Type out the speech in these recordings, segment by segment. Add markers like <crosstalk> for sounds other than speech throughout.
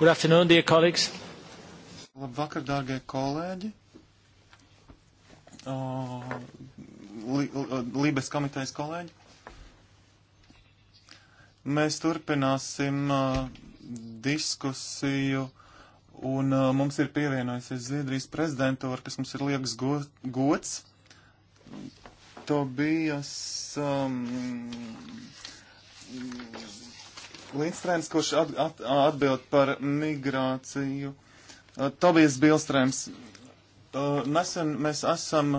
Good afternoon, dear colleagues. Labvakar, dārgie kolēģi. Uh, li, Lībes komitejas kolēģi. Mēs turpināsim uh, diskusiju, un uh, mums ir pievienojusies Zviedrijas prezidentūra, kas mums ir liekas go, gods. Tobijas um, Līdstrēms, kurš at, at, atbild par migrāciju. Uh, Tobijas Bilstrēms, uh, nesen mēs esam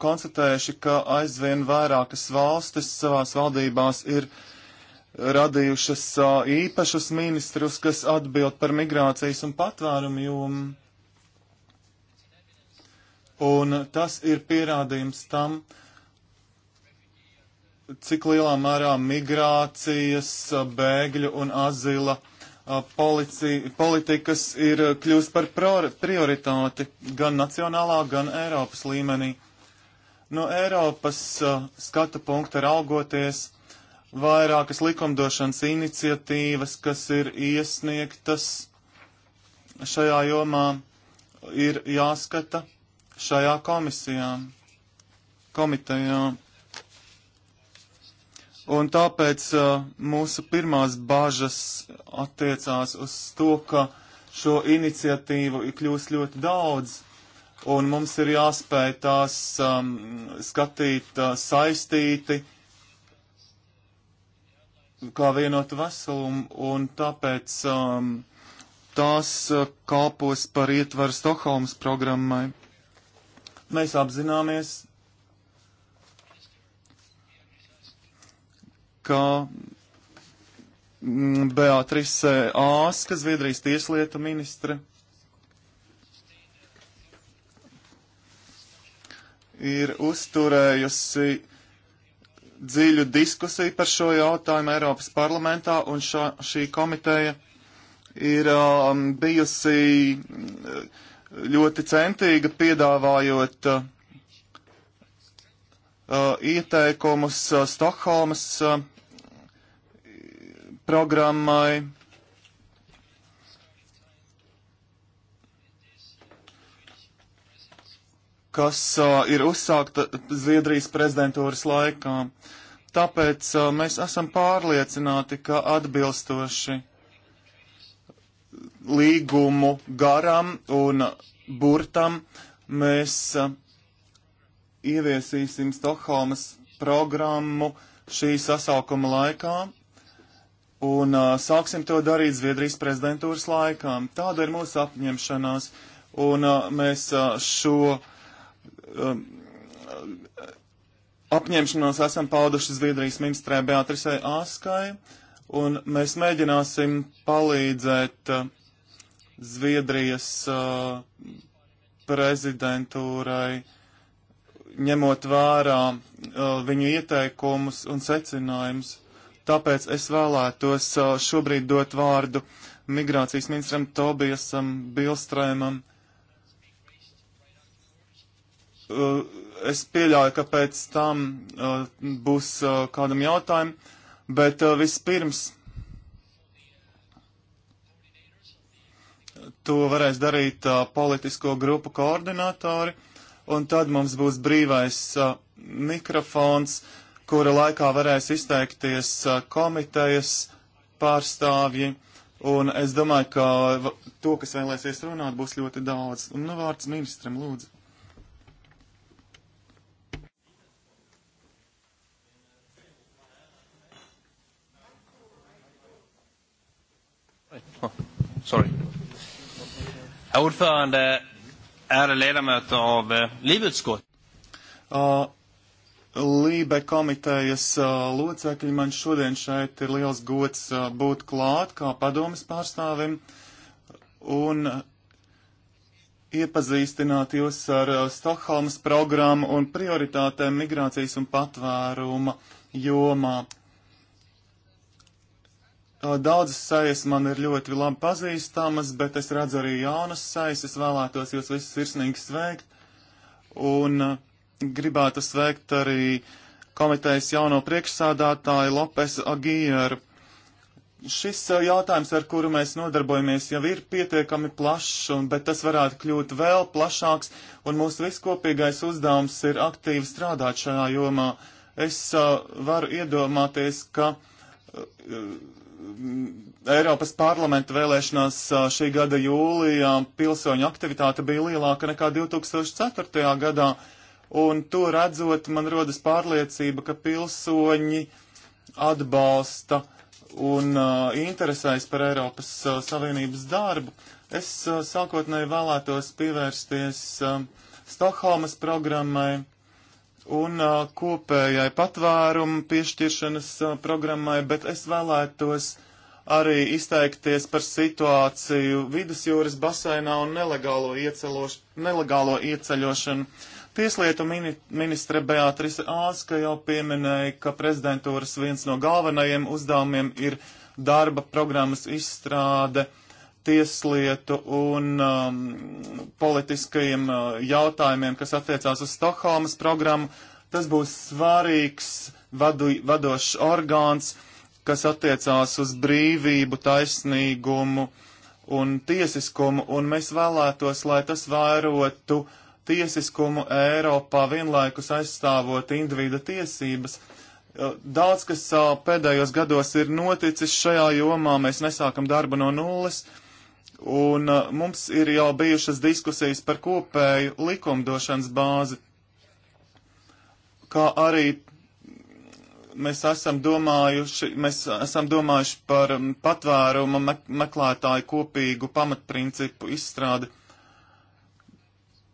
konstatējuši, ka aizvien vairākas valstis savās valdībās ir radījušas uh, īpašus ministrus, kas atbild par migrācijas un patvērumu jomu. Un tas ir pierādījums tam, uh, cik lielā mērā migrācijas, bēgļu un azila policija, politikas ir kļūst par prioritāti gan nacionālā, gan Eiropas līmenī. No Eiropas skata punkta raugoties vairākas likumdošanas iniciatīvas, kas ir iesniegtas šajā jomā, ir jāskata šajā komisijā, komitejā. Un tāpēc uh, mūsu pirmās bažas attiecās uz to, ka šo iniciatīvu kļūs ļoti daudz, un mums ir jāspēj tās um, skatīt uh, saistīti kā vienotu veselumu, un tāpēc um, tās uh, kalpos par ietvaru Stokholmas programmai. Mēs apzināmies, ka mm, Beatrise Āska, Zviedrijas tieslietu ministre, ir uzturējusi dziļu diskusiju par šo jautājumu Eiropas parlamentā, un šā, šī komiteja ir um, bijusi mm, ļoti centīga piedāvājot uh, ieteikumus uh, Stokholmas uh, programmai. kas uh, ir uzsākta Zviedrijas prezidentūras laikā. Tāpēc uh, mēs esam pārliecināti, ka atbilstoši līgumu garam un burtam mēs uh, ieviesīsim Stokholmas programmu šī sasaukuma laikā un uh, sāksim to darīt Zviedrijas prezidentūras laikā. Tāda ir mūsu apņemšanās, un uh, mēs uh, šo um, apņemšanos esam pauduši Zviedrijas ministrē Beatrisai Āskai, un mēs mēģināsim palīdzēt uh, Zviedrijas uh, prezidentūrai ņemot vērā uh, viņu ieteikumus un secinājumus Tāpēc es vēlētos uh, šobrīd dot vārdu migrācijas ministram Tobijasam Bilstrēmam. Uh, es pieļauju, ka pēc tam uh, būs kādam jautājumam, bet vispirms to varēs darīt politisko grupu koordinātori, un tad mums būs brīvais mikrofons kura laikā varēs izteikties komitejas pārstāvji. Un es domāju, ka to, kas vēlēsies runāt, būs ļoti daudz. Un nu vārds ministram, lūdzu. Sorry. Ordförande, ärade ledamöter av LIB-utskottet. Lībe komitejas locekļi man šodien šeit ir liels gods būt klāt kā padomas pārstāvim un iepazīstināt jūs ar Stokholmas programmu un prioritātēm migrācijas un patvēruma jomā. Daudzas sejas man ir ļoti labi pazīstamas, bet es redzu arī jaunas sejas. Es vēlētos jūs visus sirsnīgi sveikt. Un uh, gribētu sveikt arī komitejas jauno priekšsādātāju Lopes Agieru. Šis jautājums, ar kuru mēs nodarbojamies, jau ir pietiekami plašs, un, bet tas varētu kļūt vēl plašāks, un mūsu viskopīgais uzdevums ir aktīvi strādāt šajā jomā. Es uh, varu iedomāties, ka uh, uh Eiropas parlamenta vēlēšanās uh, šī gada jūlijā pilsoņu aktivitāte bija lielāka nekā 2004. gadā, un to redzot, man rodas pārliecība, ka pilsoņi atbalsta un uh, interesēs par Eiropas uh, Savienības darbu. Es uh, sākotnēji vēlētos pievērsties uh, Stokholmas programmai un uh, kopējai patvērumu piešķiršanas uh, programmai, bet es vēlētos arī izteikties par situāciju vidusjūras basēnā un nelegālo, ieceloš, nelegālo ieceļošanu. Uh, Tieslietu ministre Beatrice Āska jau pieminēja, ka prezidentūras viens no galvenajiem uzdevumiem ir darba programmas izstrāde tieslietu un um, politiskajiem uh, jautājumiem, kas attiecās uz Stokholmas programmu. Tas būs svarīgs vadu, vadošs orgāns, kas attiecās uz brīvību, taisnīgumu un tiesiskumu, un mēs vēlētos, lai tas vairotu uh, tiesiskumu Eiropā, vienlaikus aizstāvot individa tiesības. Daudz, kas pēdējos gados ir noticis šajā jomā, mēs nesākam darbu no nulles, un mums ir jau bijušas diskusijas par kopēju likumdošanas bāzi, kā arī mēs esam domājuši, mēs esam domājuši par patvēruma meklētāju kopīgu pamatprincipu izstrādi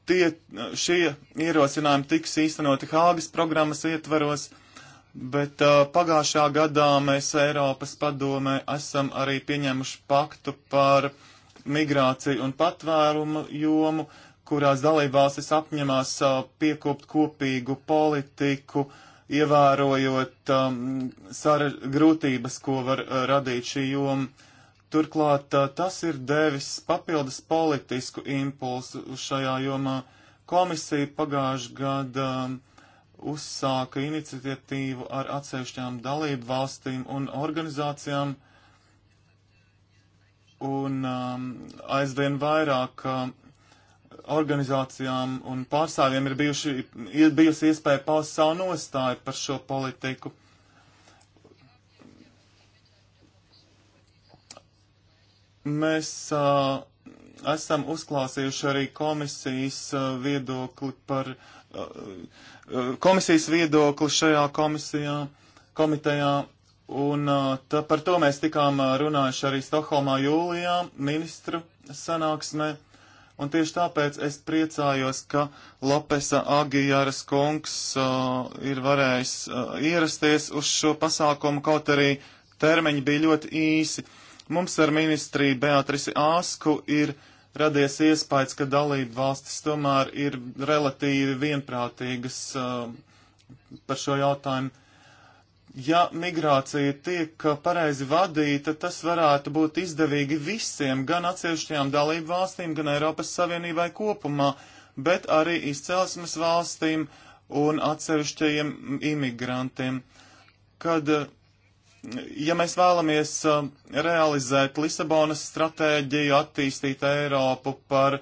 tie, šie ierosinājumi tiks īstenoti Hāgas programmas ietvaros, bet uh, pagājušā gadā mēs Eiropas padomē esam arī pieņēmuši paktu par migrāciju un patvērumu jomu, kurās dalībvalstis apņemās uh, piekopt kopīgu politiku, ievērojot um, sara grūtības, ko var uh, radīt šī joma. Turklāt tas ir devis papildus politisku impulsu šajā jomā. Komisija pagājušajā gadā uzsāka iniciatīvu ar atsevišķām dalību valstīm un organizācijām, un um, aizvien vairāk um, organizācijām un pārstāvjiem ir, bijuši, ir bijusi iespēja paust savu nostāju par šo politiku. Mēs uh, esam uzklāsījuši arī komisijas uh, viedokli par uh, komisijas viedokli šajā komisijā, komitejā, un tā, par to mēs tikām runājuši arī Stokholmā jūlijā ministru sanāksmē. Un tieši tāpēc es priecājos, ka Lopesa Agijāras kungs uh, ir varējis uh, ierasties uz šo pasākumu, kaut arī termiņi bija ļoti īsi. Uh, Mums ar ministriju Beatrisi Āsku ir radies iespējas, ka dalību valstis tomēr ir relatīvi vienprātīgas uh, par šo jautājumu. Ja migrācija tiek pareizi vadīta, tas varētu būt izdevīgi visiem, gan atsevišķajām dalību valstīm, gan Eiropas Savienībai kopumā, bet arī izcelsmes valstīm un atsevišķajiem imigrantiem. Kad uh, ja mēs vēlamies uh, realizēt Lisabonas stratēģiju, attīstīt Eiropu par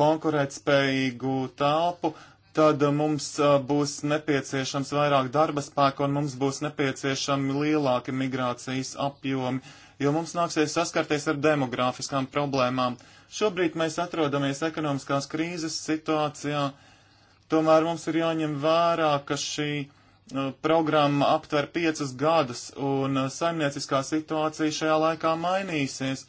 konkurētspējīgu telpu, tad mums uh, būs nepieciešams vairāk darba spēka un mums būs nepieciešami lielāki migrācijas apjomi, jo mums nāksies saskarties ar demografiskām problēmām. Šobrīd mēs atrodamies ekonomiskās krīzes situācijā, tomēr mums ir jāņem vērā, ka šī Nu, programma aptver piecus gadus, un uh, saimnieciskā situācija šajā laikā mainīsies.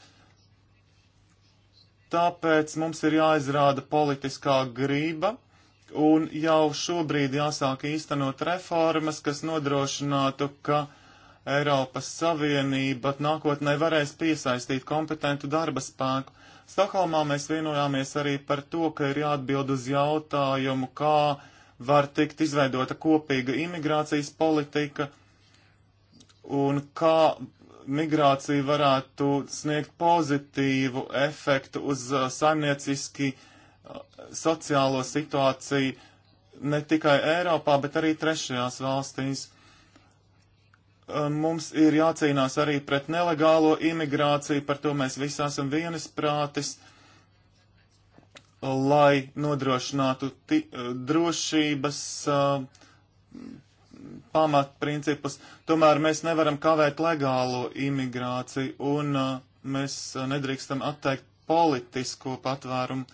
Tāpēc mums ir jāizrāda politiskā grība, un jau šobrīd jāsāk īstenot reformas, kas nodrošinātu, ka Eiropas Savienība nākotnē varēs piesaistīt kompetentu darba spēku. Stokholmā mēs vienojāmies arī par to, ka ir jāatbild uz jautājumu, kā var tikt izveidota kopīga imigrācijas politika un kā migrācija varētu sniegt pozitīvu efektu uz uh, saimnieciski uh, sociālo situāciju ne tikai Eiropā, bet arī trešajās valstīs. Uh, mums ir jācīnās arī pret nelegālo imigrāciju, par to mēs visi esam vienisprātis. prātis lai nodrošinātu ti, eh, drošības eh, pamatprincipus. Tomēr mēs nevaram kavēt legālo imigrāciju un eh, mēs nedrīkstam atteikt politisko patvērumu.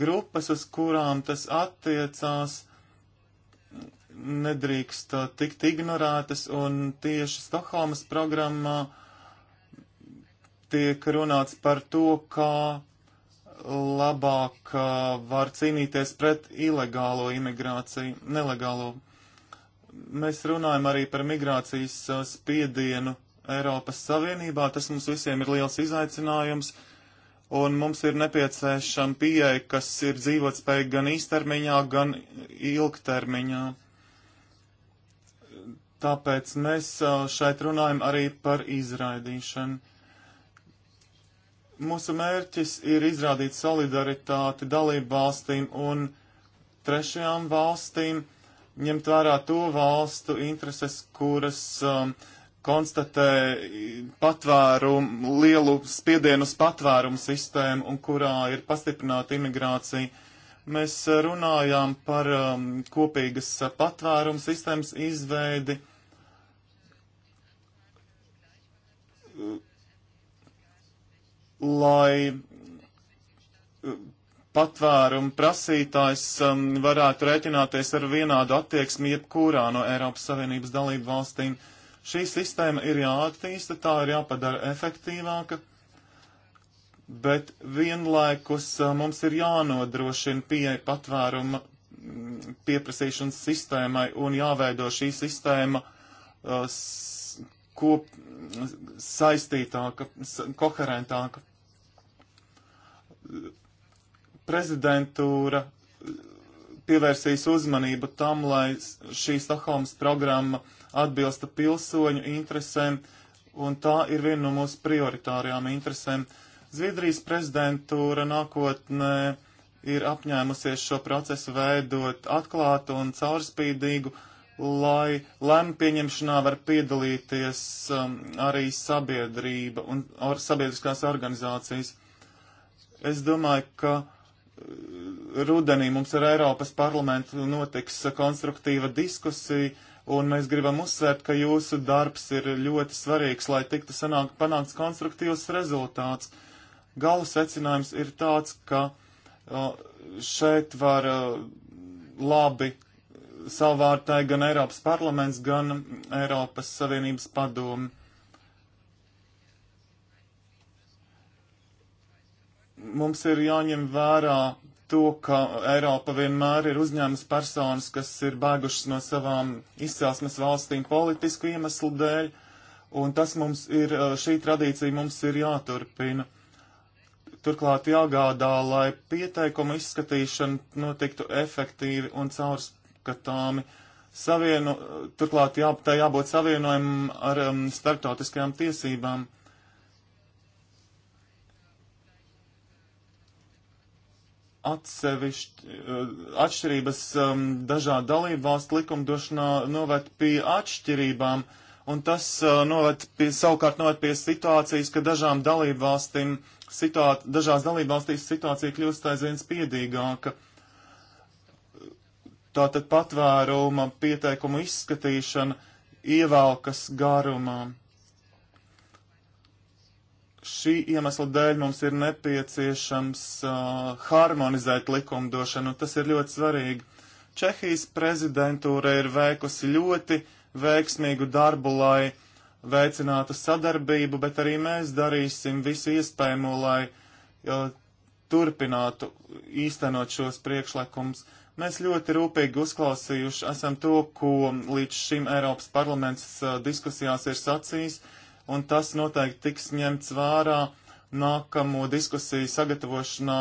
Grupas, uz kurām tas attiecās, nedrīkst tikt ignorētas, un tieši Stokholmas programmā tiek runāts par to, kā labāk uh, var cīnīties pret ilegālo imigrāciju, nelegālo. Mēs runājam arī par migrācijas uh, spiedienu Eiropas Savienībā. Tas mums visiem ir liels izaicinājums, un mums ir nepieciešama pieeja, kas ir dzīvotspēja gan īstermiņā, gan ilgtermiņā. Tāpēc mēs uh, šeit runājam arī par izraidīšanu Mūsu mērķis ir izrādīt solidaritāti dalību valstīm un trešajām valstīm, ņemt vērā to valstu intereses, kuras um, konstatē patvērumu, lielu spiedienu uz patvērumu sistēmu un kurā ir pastiprināta imigrācija. Mēs runājām par um, kopīgas uh, patvērumu sistēmas izveidi. Uh, lai uh, patvērumu prasītājs um, varētu rēķināties ar vienādu attieksmi jebkurā no Eiropas Savienības dalību valstīm. Šī sistēma ir jāattīsta, tā ir jāpadara efektīvāka, bet vienlaikus uh, mums ir jānodrošina pieeja patvēruma mm, pieprasīšanas sistēmai un jāveido šī sistēma uh, kop saistītāka, koherentāka prezidentūra eh, pievērsīs uzmanību tam, lai šī Stokholmas programma atbilsta pilsoņu interesēm, un tā ir viena no mūsu prioritārajām interesēm. Zviedrijas prezidentūra nākotnē ir apņēmusies šo procesu veidot atklātu un caurspīdīgu, lai lēmu pieņemšanā var piedalīties um, arī sabiedrība un or, sabiedriskās organizācijas. Es domāju, ka uh, rudenī mums ar Eiropas parlamentu notiks uh, konstruktīva diskusija, un mēs gribam uzsvērt, ka jūsu darbs ir ļoti svarīgs, lai tiktu sanāk, panāks konstruktīvs rezultāts. Galu secinājums ir tāds, ka uh, šeit var labi savvārtai gan Eiropas parlaments, gan Eiropas Savienības padomu. mums ir jāņem vērā to, ka Eiropa vienmēr ir uzņēmis personas, kas ir bēgušas no savām izcelsmes valstīm politisku iemeslu dēļ, un tas mums ir, šī tradīcija mums ir jāturpina. Turklāt jāgādā, lai pieteikumu izskatīšana notiktu efektīvi un caurskatāmi. Savienu, turklāt jā, tā jābūt savienojumam ar um, starptautiskajām tiesībām atsevišķi, eh, atšķirības um, dažādu dalību valstu likumdošanā noved pie atšķirībām, un tas uh, noved pie, savukārt noved pie situācijas, ka dažām dalību valstīm, situā, dažās dalību valstīs situācija kļūst aizvien spiedīgāka. Tātad patvēruma pieteikumu izskatīšana ievelkas garumā šī iemesla dēļ mums ir nepieciešams uh, harmonizēt likumdošanu. Tas ir ļoti svarīgi. Čehijas prezidentūra ir veikusi ļoti veiksmīgu darbu, lai veicinātu sadarbību, bet arī mēs darīsim visu iespējamo, lai uh, turpinātu īstenot šos priekšlikums. Mēs ļoti rūpīgi uzklausījuši esam to, ko līdz šim Eiropas parlaments uh, diskusijās ir sacījis. Uh, un tas noteikti tiks ņemts vērā nākamo diskusiju sagatavošanā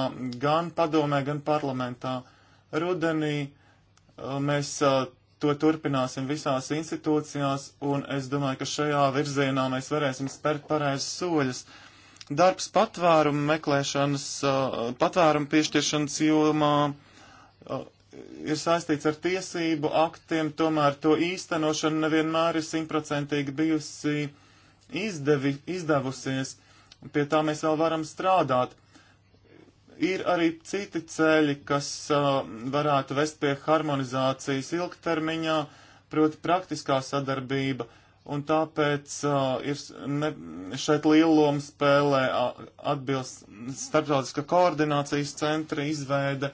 gan padomē, gan parlamentā. Rudenī uh, mēs uh, to turpināsim visās institūcijās, un es domāju, ka šajā virzienā mēs varēsim spērt pareizes soļus. Darbs patvērumu meklēšanas, uh, patvērumu piešķiršanas jomā ir saistīts ar tiesību aktiem, tomēr to īstenošana nevienmēr ir simtprocentīgi bijusi uh, izdevi, izdevusies, pie tā mēs vēl varam strādāt. Ir arī citi ceļi, kas uh, varētu vest pie harmonizācijas ilgtermiņā, proti praktiskā sadarbība, un tāpēc uh, ir ne, šeit lielu lomu spēlē atbilst starptautiska koordinācijas centra izveide,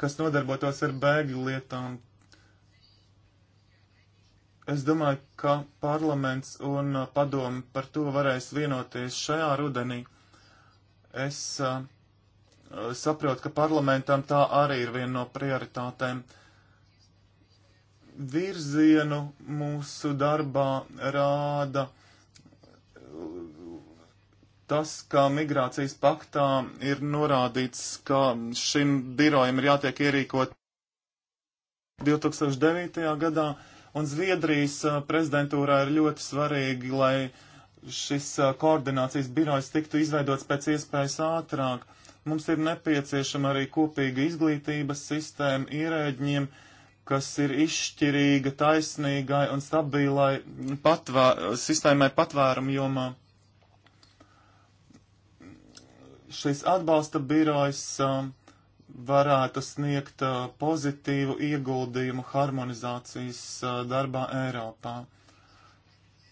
kas nodarbotos ar bēgļu lietām Es domāju, ka parlaments un uh, padomu par to varēs vienoties šajā rudenī. Es uh, uh, saprotu, ka parlamentam tā arī ir viena no prioritātēm. Virzienu mūsu darbā rāda uh, tas, ka migrācijas paktā ir norādīts, ka šim birojam ir jātiek ierīkot 2009. gadā Un Zviedrijas prezidentūrā ir ļoti svarīgi, lai šis koordinācijas birojs tiktu izveidots pēc iespējas ātrāk. Mums ir nepieciešama arī kopīga izglītības sistēma ierēģiem, kas ir izšķirīga, taisnīgai un stabilai patvā, sistēmai patvērumu jomā. Šis atbalsta birojs uh, varētu sniegt uh, pozitīvu ieguldījumu harmonizācijas uh, darbā Eiropā.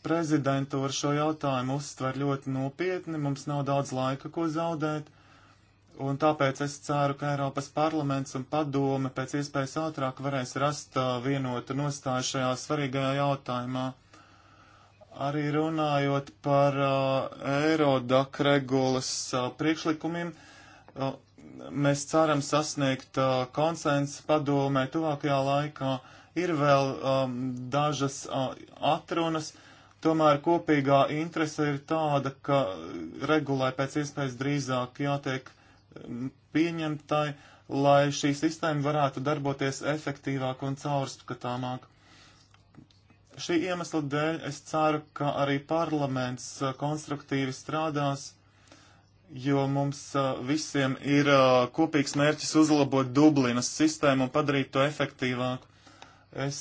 Prezidentūra šo jautājumu uztver ļoti nopietni, mums nav daudz laika, ko zaudēt, un tāpēc es ceru, ka Eiropas parlaments un padome pēc iespējas ātrāk varēs rast uh, vienotu nostāju šajā svarīgajā jautājumā. Arī runājot par uh, Eirodak regulas uh, priekšlikumiem, uh, mēs ceram sasniegt uh, konsensu padomē tuvākajā laikā. Ir vēl um, dažas uh, atrunas, tomēr kopīgā interese ir tāda, ka regulai pēc iespējas drīzāk jātiek um, pieņemtai, lai šī sistēma varētu darboties efektīvāk un caurskatāmāk. Šī iemesla dēļ es ceru, ka arī parlaments uh, konstruktīvi strādās jo mums visiem ir kopīgs mērķis uzlabot Dublinas sistēmu un padarīt to efektīvāku. Es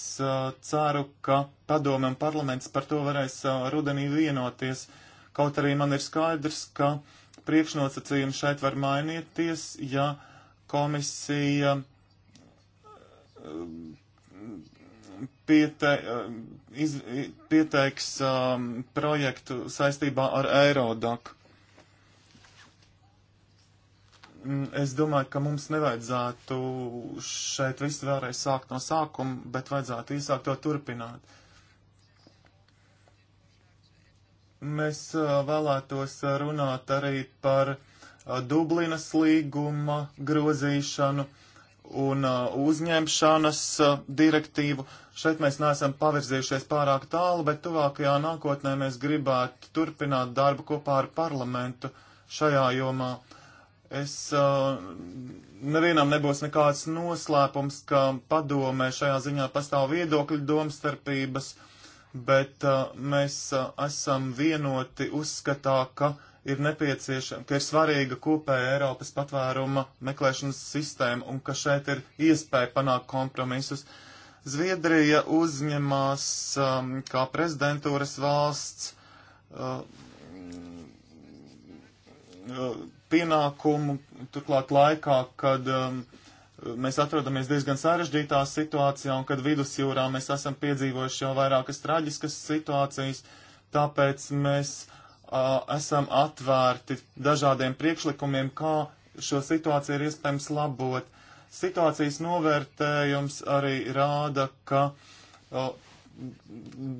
ceru, ka padome un parlaments par to varēs rudenī vienoties, kaut arī man ir skaidrs, ka priekšnosacījumi šeit var mainīties, ja komisija piete, iz, pieteiks um, projektu saistībā ar Eirodaku. Mm, es domāju, ka mums nevajadzētu šeit visu vēlreiz sākt no sākuma, bet vajadzētu īsāk to turpināt. Mēs vēlētos runāt arī par Dublinas līguma grozīšanu un uzņemšanas direktīvu. Šeit mēs neesam pavirzījušies pārāk tālu, bet tuvākajā nākotnē mēs gribētu turpināt darbu kopā ar parlamentu šajā jomā. Es nevienam nebūs nekāds noslēpums, ka padomē šajā ziņā pastāv viedokļu domstarpības, bet mēs esam vienoti uzskatā, ka ir nepieciešama, ka ir svarīga kopēja Eiropas patvēruma meklēšanas sistēma un ka šeit ir iespēja panākt kompromisus. Zviedrija uzņemās um, kā prezidentūras valsts uh, uh, pienākumu, turklāt laikā, kad um, mēs atrodamies diezgan sarežģītā situācijā un kad vidusjūrā mēs esam piedzīvojuši jau vairākas traģiskas situācijas, tāpēc mēs uh, esam atvērti dažādiem priekšlikumiem, kā šo situāciju ir iespējams labot. Situācijas novērtējums arī rāda, ka uh,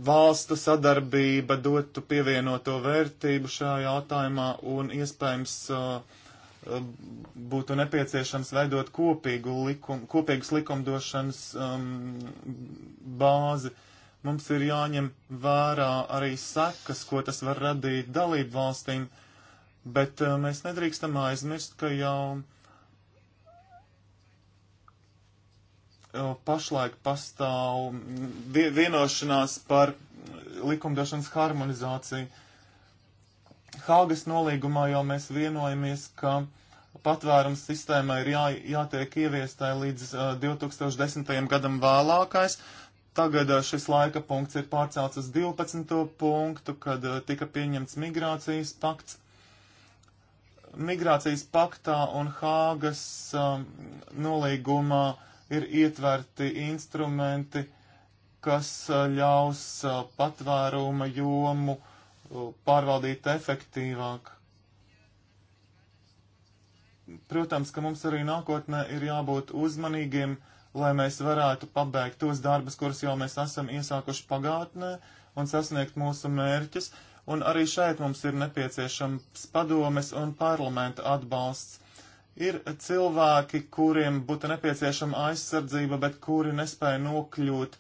valstu sadarbība dotu pievienoto vērtību šajā jautājumā un iespējams uh, uh, būtu nepieciešams veidot kopīgu likum, kopīgas likumdošanas um, bāzi. Mums ir jāņem vērā arī sekas, ko tas var radīt dalību valstīm, bet uh, mēs nedrīkstam aizmirst, ka jau uh, pašlaik pastāv vienošanās par likumdošanas harmonizāciju. Hāgas nolīgumā jau mēs vienojamies, ka patvērums sistēmai ir jā, jātiek ieviestai līdz uh, 2010. gadam vēlākais. Tagad uh, šis laika punkts ir pārcelts uz 12. punktu, kad uh, tika pieņemts migrācijas pakts. Migrācijas paktā un Hāgas uh, nolīgumā uh, ir ietverti instrumenti, kas ļaus patvēruma jomu pārvaldīt efektīvāk. Protams, ka mums arī nākotnē ir jābūt uzmanīgiem, lai mēs varētu pabeigt tos darbus, kurus jau mēs esam iesākuši pagātnē un sasniegt mūsu mērķus, un arī šeit mums ir nepieciešams padomes un parlamenta atbalsts, Ir cilvēki, kuriem būtu nepieciešama aizsardzība, bet kuri nespēja nokļūt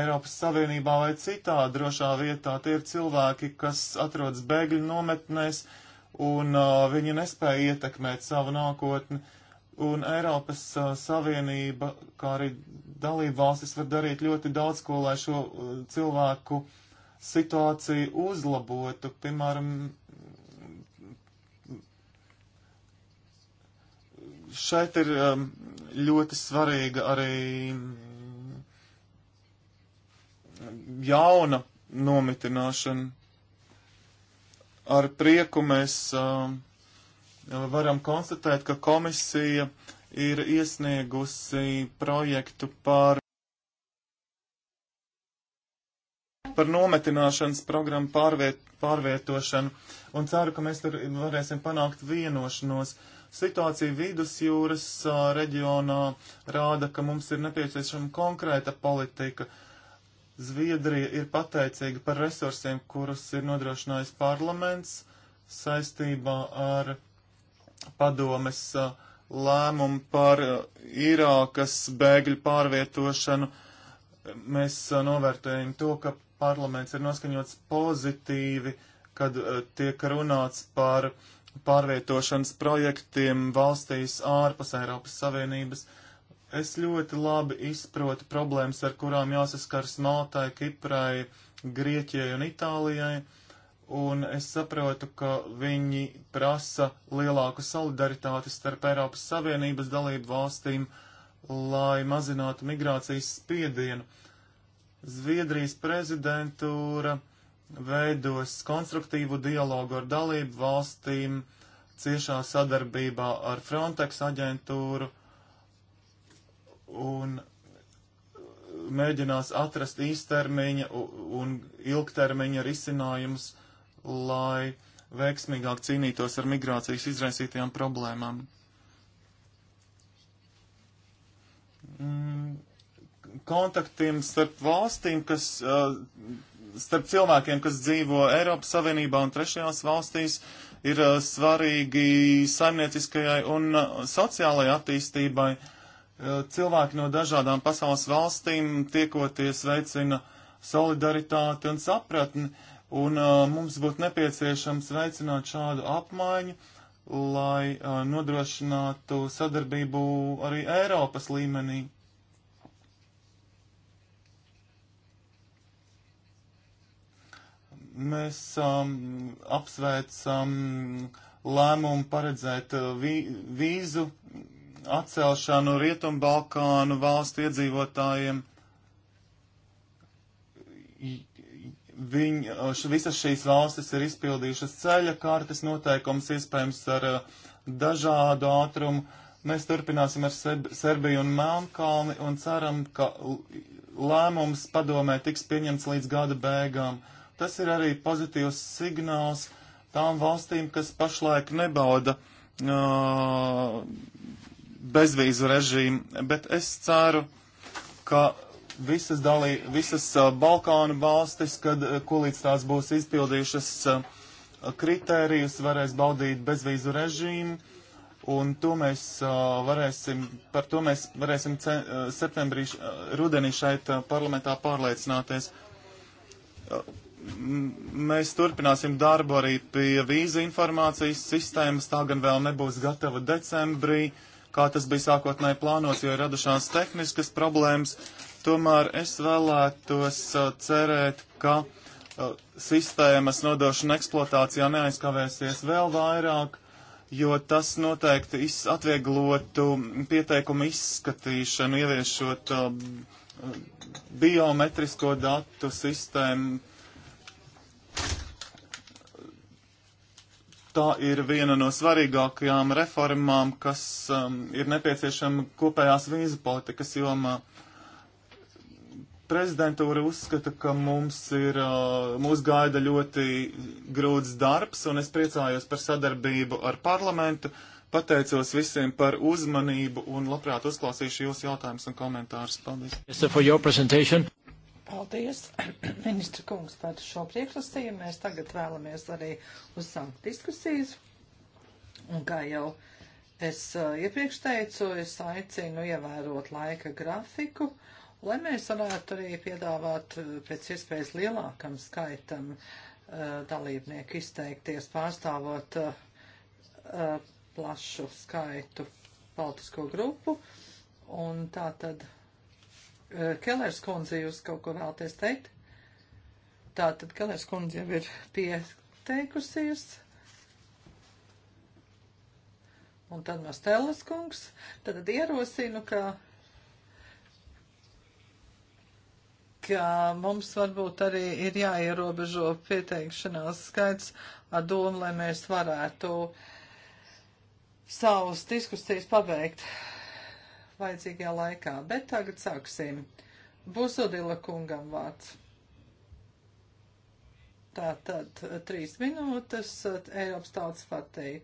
Eiropas Savienībā vai citā drošā vietā. Tie ir cilvēki, kas atrodas bēgļu nometnēs, un uh, viņi nespēja ietekmēt savu nākotni. Un Eiropas uh, Savienība, kā arī dalību valstis, var darīt ļoti daudz ko, lai šo uh, cilvēku situāciju uzlabotu. Piemēram, šeit ir um, ļoti svarīga arī jauna nomitināšana. Ar prieku mēs um, varam konstatēt, ka komisija ir iesniegusi projektu par, par nometināšanas programmu pārviet, pārvietošanu un ceru, ka mēs tur varēsim panākt vienošanos. Uh, Situācija vidusjūras reģionā rāda, ka mums ir nepieciešama konkrēta politika. Zviedrija ir pateicīga par resursiem, kurus ir nodrošinājis parlaments saistībā ar padomes lēmumu par Irākas bēgļu pārvietošanu. Mēs novērtējam to, ka parlaments ir noskaņots pozitīvi, kad tiek runāts par uh, pārvietošanas projektiem valstīs ārpus Eiropas Savienības. Es ļoti labi izprotu problēmas, ar kurām jāsaskars Maltai, Kiprai, Grieķijai un Itālijai, un es saprotu, ka viņi prasa lielāku solidaritāti starp Eiropas Savienības dalību valstīm, lai mazinātu migrācijas spiedienu. Zviedrijas prezidentūra uh, veidos konstruktīvu dialogu ar dalību valstīm, ciešā sadarbībā ar Frontex aģentūru un mēģinās atrast īstermiņa un ilgtermiņa risinājumus, lai veiksmīgāk cīnītos ar migrācijas izraisītajām problēmām. Mm, kontaktiem starp valstīm, kas uh, starp cilvēkiem, kas dzīvo Eiropas Savienībā un trešajās valstīs, ir uh, svarīgi saimnieciskajai un uh, sociālajai attīstībai. Uh, cilvēki no dažādām pasaules valstīm tiekoties veicina solidaritāti un sapratni, un mums būtu nepieciešams veicināt šādu apmaiņu, lai nodrošinātu sadarbību arī Eiropas līmenī. Mēs um, apsveicam lēmumu paredzēt uh, vī, vīzu atcelšanu Rietumbalkānu valstu iedzīvotājiem. Viņ, uh, š, visas šīs valstis ir izpildījušas ceļa kārtas noteikums, iespējams, ar uh, dažādu ātrumu. Mēs turpināsim ar Serb Serbiju un Melnkalni un ceram, ka lēmums padomē tiks pieņemts līdz gada beigām. Uh, Tas ir arī pozitīvs signāls tām valstīm, kas pašlaik nebauda uh, bezvīzu režīmu, bet es ceru, ka visas, dalī, visas uh, Balkānu valstis, kad uh, kolīdz tās būs izpildījušas uh, kritērijus, varēs baudīt bezvīzu režīmu. Un to mēs uh, varēsim, par to mēs varēsim ce, uh, septembrī, uh, rudenī šeit uh, parlamentā pārliecināties. Uh, mēs turpināsim darbu arī pie vīzu informācijas sistēmas. Tā gan vēl nebūs gatava decembrī, kā tas bija sākotnēji plānots, jo ir radušās tehniskas problēmas. Tomēr es vēlētos uh, cerēt, ka uh, sistēmas nodošana eksploatācijā neaizkavēsies vēl vairāk, jo tas noteikti atvieglotu pieteikumu izskatīšanu, ieviešot uh, biometrisko datu sistēmu tā ir viena no svarīgākajām reformām, kas um, ir nepieciešama kopējās vīzu politikas jomā. Prezidentūra uzskata, ka mums ir, uh, mūs gaida ļoti grūts darbs, un es priecājos par sadarbību ar parlamentu. Pateicos visiem par uzmanību un labprāt uzklausīšu jūsu jautājumus un komentārus. Paldies. Paldies, <clears throat> ministra kungs, par šo priekšlasījumu. Mēs tagad vēlamies arī uzsākt diskusijas. Un kā jau es uh, iepriekš teicu, es aicinu ievērot laika grafiku, lai mēs varētu arī piedāvāt eh, pēc iespējas lielākam skaitam uh, dalībnieku izteikties, pārstāvot uh, plašu skaitu politisko grupu. Un tā tad Eh, Kelers kundze, jūs kaut ko vēlaties teikt? Tā tad Kelers kundze jau ir pieteikusies. Un tad no Stēlas kungs. Tad, tad ierosinu, ka, ka mums varbūt arī ir jāierobežo pieteikšanās skaits ar domu, lai mēs varētu savus diskusijas pabeigt vajadzīgajā laikā. Bet tagad sāksim. Buzudila kungam vārds. Tātad trīs minūtes Eiropas tautas partija.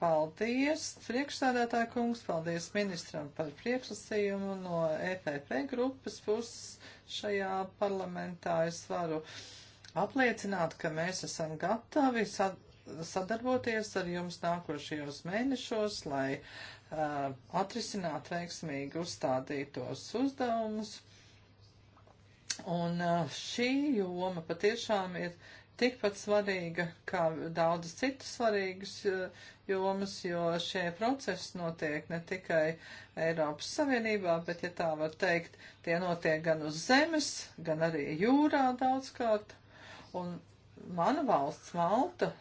Paldies, priekšsādātāja kungs, paldies ministram par priekšlasījumu no EPP grupas puses šajā parlamentā. Es varu apliecināt, ka mēs esam gatavi sadarboties ar jums nākošajos mēnešos, lai uh, atrisināt veiksmīgi uzstādītos uzdevumus. Un uh, šī joma patiešām ir tikpat svarīga kā daudzas citas svarīgas uh, jomas, jo šie procesi notiek ne tikai Eiropas Savienībā, bet, ja tā var teikt, tie notiek gan uz zemes, gan arī jūrā daudzkārt. Un mana valsts Malta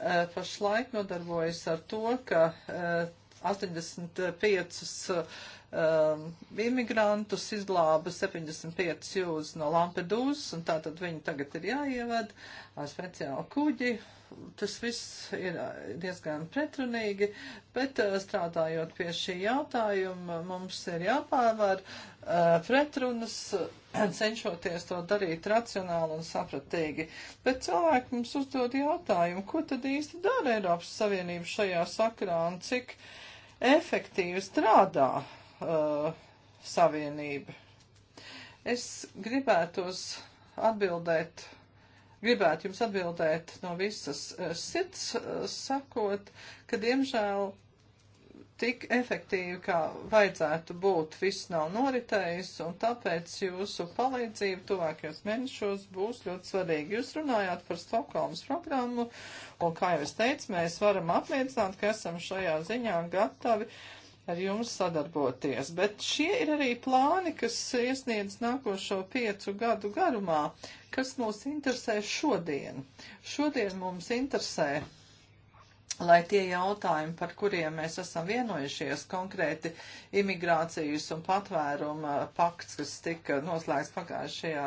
Eh, pašlaik nodarbojas ar to, ka 85 eh, um, eh, imigrantus izglāba 75 jūras no Lampedūzas, un tātad viņi tagad ir jāievada ar speciālu kuģi, tas viss ir uh, diezgan pretrunīgi, bet uh, strādājot pie šī jautājuma, mums ir jāpārvar uh, pretrunas, <clears throat> cenšoties to darīt racionāli un sapratīgi. Bet cilvēki mums uzdod jautājumu, ko tad īsti dara Eiropas Savienība šajā sakrā un cik efektīvi strādā uh, Savienība. Es gribētos atbildēt gribētu jums atbildēt no visas eh, sirds, eh, sakot, ka diemžēl tik efektīvi, kā vajadzētu būt, viss nav noritējis, un tāpēc jūsu palīdzība tuvākajos mēnešos būs ļoti svarīga. Jūs runājāt par Stokholmas programmu, un, kā jau es teicu, mēs varam apliecināt, ka esam šajā ziņā gatavi ar jums sadarboties. Bet šie ir arī plāni, kas iesniedz nākošo piecu gadu garumā. Kas mūs interesē šodien? Šodien mums interesē, lai tie jautājumi, par kuriem mēs esam vienojušies, konkrēti imigrācijas un patvēruma pakts, kas tika noslēgts pagājušajā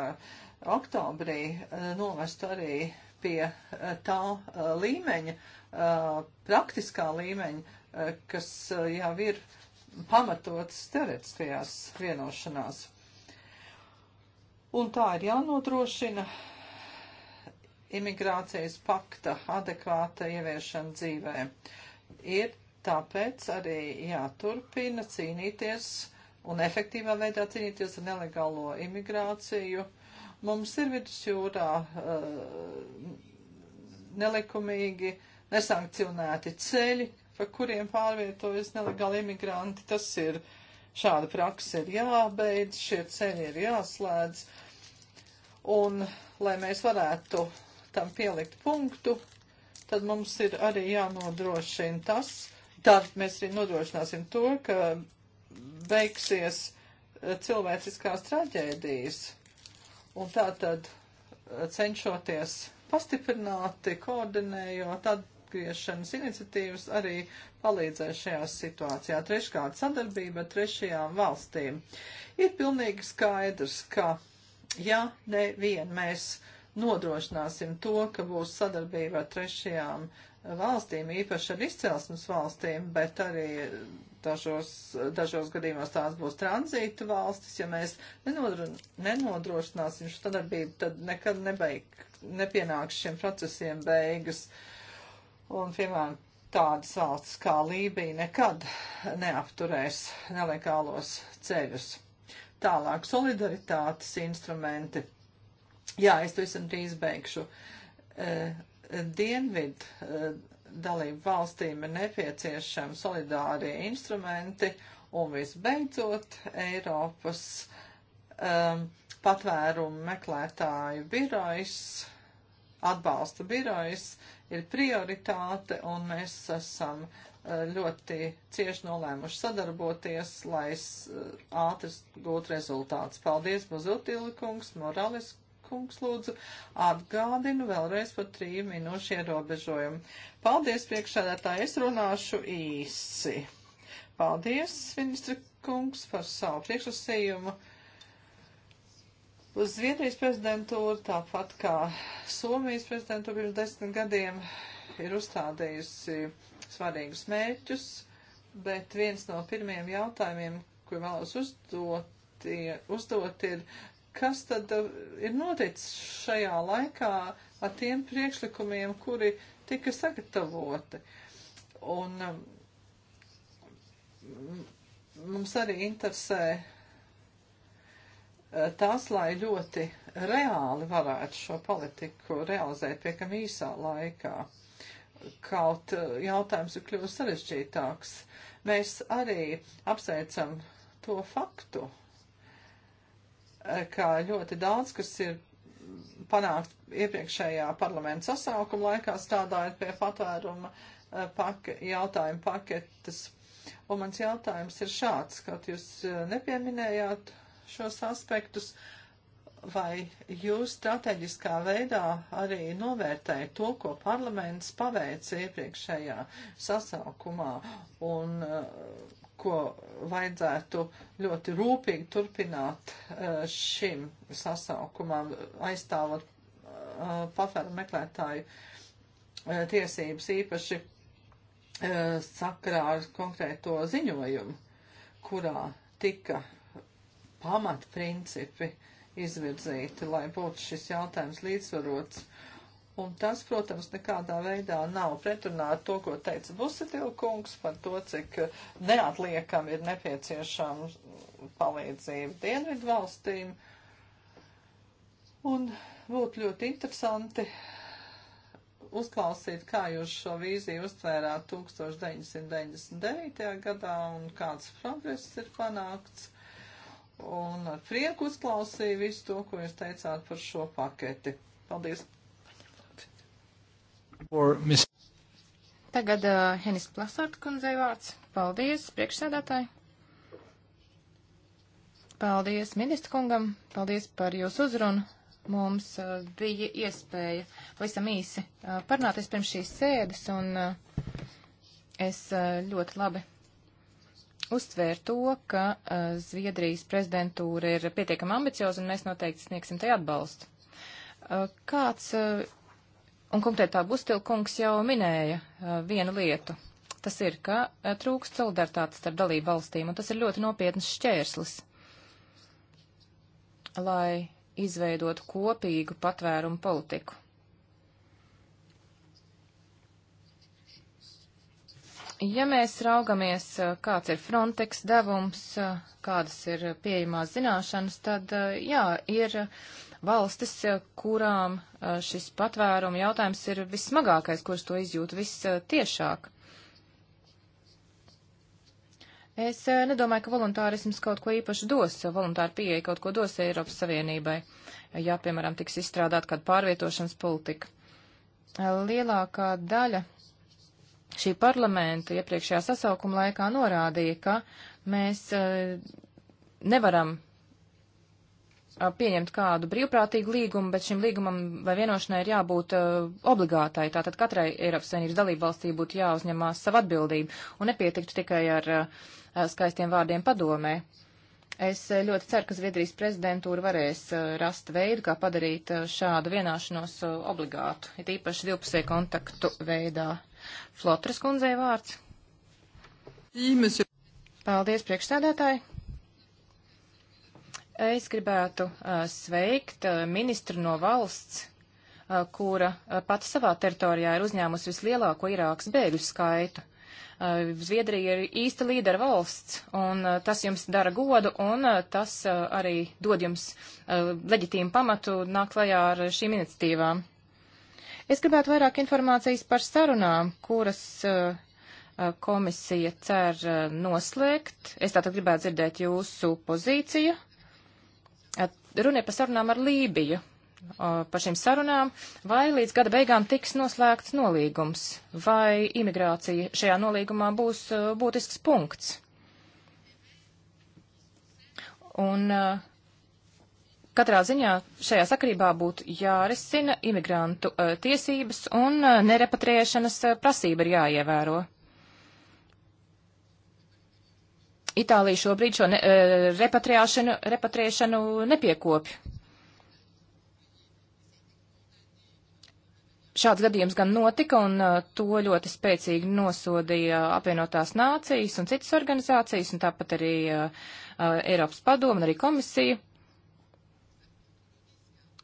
oktobrī, novestu arī pie eh, tā eh, līmeņa, eh, praktiskā līmeņa, kas jau ir pamatots teoretiskajās vienošanās. Un tā ir jānodrošina imigrācijas pakta adekvāta ieviešana dzīvē. Ir tāpēc arī jāturpina cīnīties un efektīvā veidā cīnīties ar nelegālo imigrāciju. Mums ir vidusjūrā uh, nelikumīgi nesankcionēti ceļi, pa kuriem pārvietojas nelegāli imigranti. Tas ir uh, Šāda praksa ir jābeidz, šie ceļi ir jāslēdz. Un, lai mēs varētu tam pielikt punktu, tad mums ir arī jānodrošina tas, tad mēs arī nodrošināsim to, ka beigsies eh, cilvēciskās traģēdijas. Un tā tad eh, cenšoties pastiprināti, koordinējot, tad iekviešanas iniciatīvas arī palīdzēs šajā situācijā. Treškārt, sadarbība ar trešajām valstīm. Ir pilnīgi skaidrs, ka ja nevien mēs nodrošināsim to, ka būs sadarbība ar trešajām valstīm, īpaši ar izcelsmes valstīm, bet arī dažos, dažos gadījumos tās būs tranzīta valstis. Ja mēs nenodru, nenodrošināsim šo sadarbību, tad nekad nebeig, nepienāks šiem procesiem beigas. Uh, Un, piemēram, tādas valsts kā Lībija nekad neapturēs nelegālos ceļus. Tālāk solidaritātes instrumenti. Jā, es to esam drīz beigšu. E, Dienvidu e, dalību valstīm ir nepieciešami solidārie instrumenti un visbeidzot Eiropas um, patvērumu meklētāju birojs atbalsta birojas ir prioritāte, un mēs esam eh, ļoti cieši nolēmuši sadarboties, lai eh, ātri gūtu rezultātus. Paldies, Bazotīla kungs, Morales kungs, lūdzu, atgādinu vēlreiz par trīju minūšu ierobežojumu. Paldies, priekšsēdētāji, es runāšu īsi. Paldies, ministra kungs, par savu priekšlasījumu. Uz Zviedrijas prezidentūru, tāpat kā Somijas prezidentūra pirms desmit gadiem, ir uzstādījusi svarīgus mērķus, bet viens no pirmiem jautājumiem, ko vēlos uzdot, uzdot ir, kas tad uh, ir noticis šajā laikā ar tiem priekšlikumiem, kuri tika sagatavoti. Un um, mums arī interesē Eh, tas, lai ļoti reāli varētu šo politiku realizēt piekam īsā laikā. Kaut eh, jautājums ir kļūst sarežģītāks. Mēs arī apsveicam to faktu, eh, ka ļoti daudz, kas ir panākt iepriekšējā parlamenta sasaukuma laikā, strādājot pie patvēruma pake, jautājuma paketes. Un mans jautājums ir šāds, kaut jūs nepieminējāt šos aspektus, vai jūs strateģiskā veidā arī novērtējat to, ko parlaments paveica iepriekšējā sasaukumā un uh, ko vajadzētu ļoti rūpīgi turpināt uh, šim sasaukumam, aizstāvot uh, paferu meklētāju tiesības īpaši sakarā ar konkrēto ziņojumu, kurā tika pamatprincipi izvirzīti, lai būtu šis jautājums līdzsvarots. Un tas, protams, nekādā veidā nav pretrunā ar to, ko teica Busetilkungs par to, cik neatliekam ir nepieciešama palīdzība dienvidu valstīm. Un būtu ļoti interesanti uzklausīt, kā jūs šo vīziju uztvērāt 1999. gadā un kāds progress ir panākts un ar prieku uzklausīju visu to, ko jūs teicāt par šo paketi. Paldies! Tagad uh, Henis Plasārta kundzei vārds. Paldies, priekšsēdētāji! Paldies ministra kungam, paldies par jūsu uzrunu. Mums uh, bija iespēja visam īsi uh, parunāties pirms šīs sēdes, un uh, es uh, ļoti labi uztvēra to, ka uh, Zviedrijas prezidentūra ir pietiekami ambicioza un mēs noteikti sniegsim tai atbalstu. Uh, kāds, uh, un konkrēt tā Bustilkungs jau minēja uh, vienu lietu, tas ir, ka uh, trūkst solidaritātes starp dalību valstīm, un tas ir ļoti nopietnas šķērslis, lai izveidotu kopīgu patvērumu politiku. Ja mēs raugamies, kāds ir Frontex devums, kādas ir pieejamās zināšanas, tad jā, ir valstis, kurām šis patvērumu jautājums ir vissmagākais, kuras to izjūt vistiešāk. Es nedomāju, ka voluntārisms kaut ko īpaši dos, voluntāra pieeja kaut ko dos Eiropas Savienībai, ja, piemēram, tiks izstrādāt kāda pārvietošanas politika. Lielākā daļa šī parlamenta iepriekšējā sasaukuma laikā norādīja, ka mēs eh, nevaram eh, pieņemt kādu brīvprātīgu līgumu, bet šim līgumam vai vienošanai ir jābūt uh, obligātai. Tātad katrai Eiropas Savienības dalībvalstī būtu jāuzņemās savu atbildību un nepietiktu tikai ar uh, skaistiem vārdiem padomē. Es uh, ļoti ceru, ka Zviedrijas prezidentūra varēs rast veidu, kā padarīt šādu vienāšanos obligātu, it īpaši divpusē kontaktu veidā. Flotras kundzei vārds. Paldies, priekšstādātāji! Es gribētu uh, sveikt uh, ministru no valsts, uh, kura pati savā teritorijā ir uzņēmusi vislielāko Irākas bēgļu skaitu. Zviedrija ir īsta līdera valsts, un tas jums dara godu, un tas arī dod jums leģitīmu pamatu nāk klajā ar šīm iniciatīvām. Es gribētu vairāk informācijas par sarunām, kuras uh, komisija cer uh, noslēgt. Es tātad gribētu dzirdēt jūsu pozīciju. Uh, Runa ir par sarunām ar Lībiju. Par šīm sarunām, vai līdz gada beigām tiks noslēgts nolīgums, vai imigrācija šajā nolīgumā būs būtisks punkts. Un uh, Katrā ziņā šajā sakarībā būtu jārisina imigrantu uh, tiesības un uh, nerepatriešanas uh, prasība ir jāievēro. Itālija šobrīd šo ne, repatriāšanu, repatriešanu nepiekopja. Šāds gadījums gan notika, un to ļoti spēcīgi nosodīja apvienotās nācijas un citas organizācijas, un tāpat arī Eiropas padomu un arī komisija.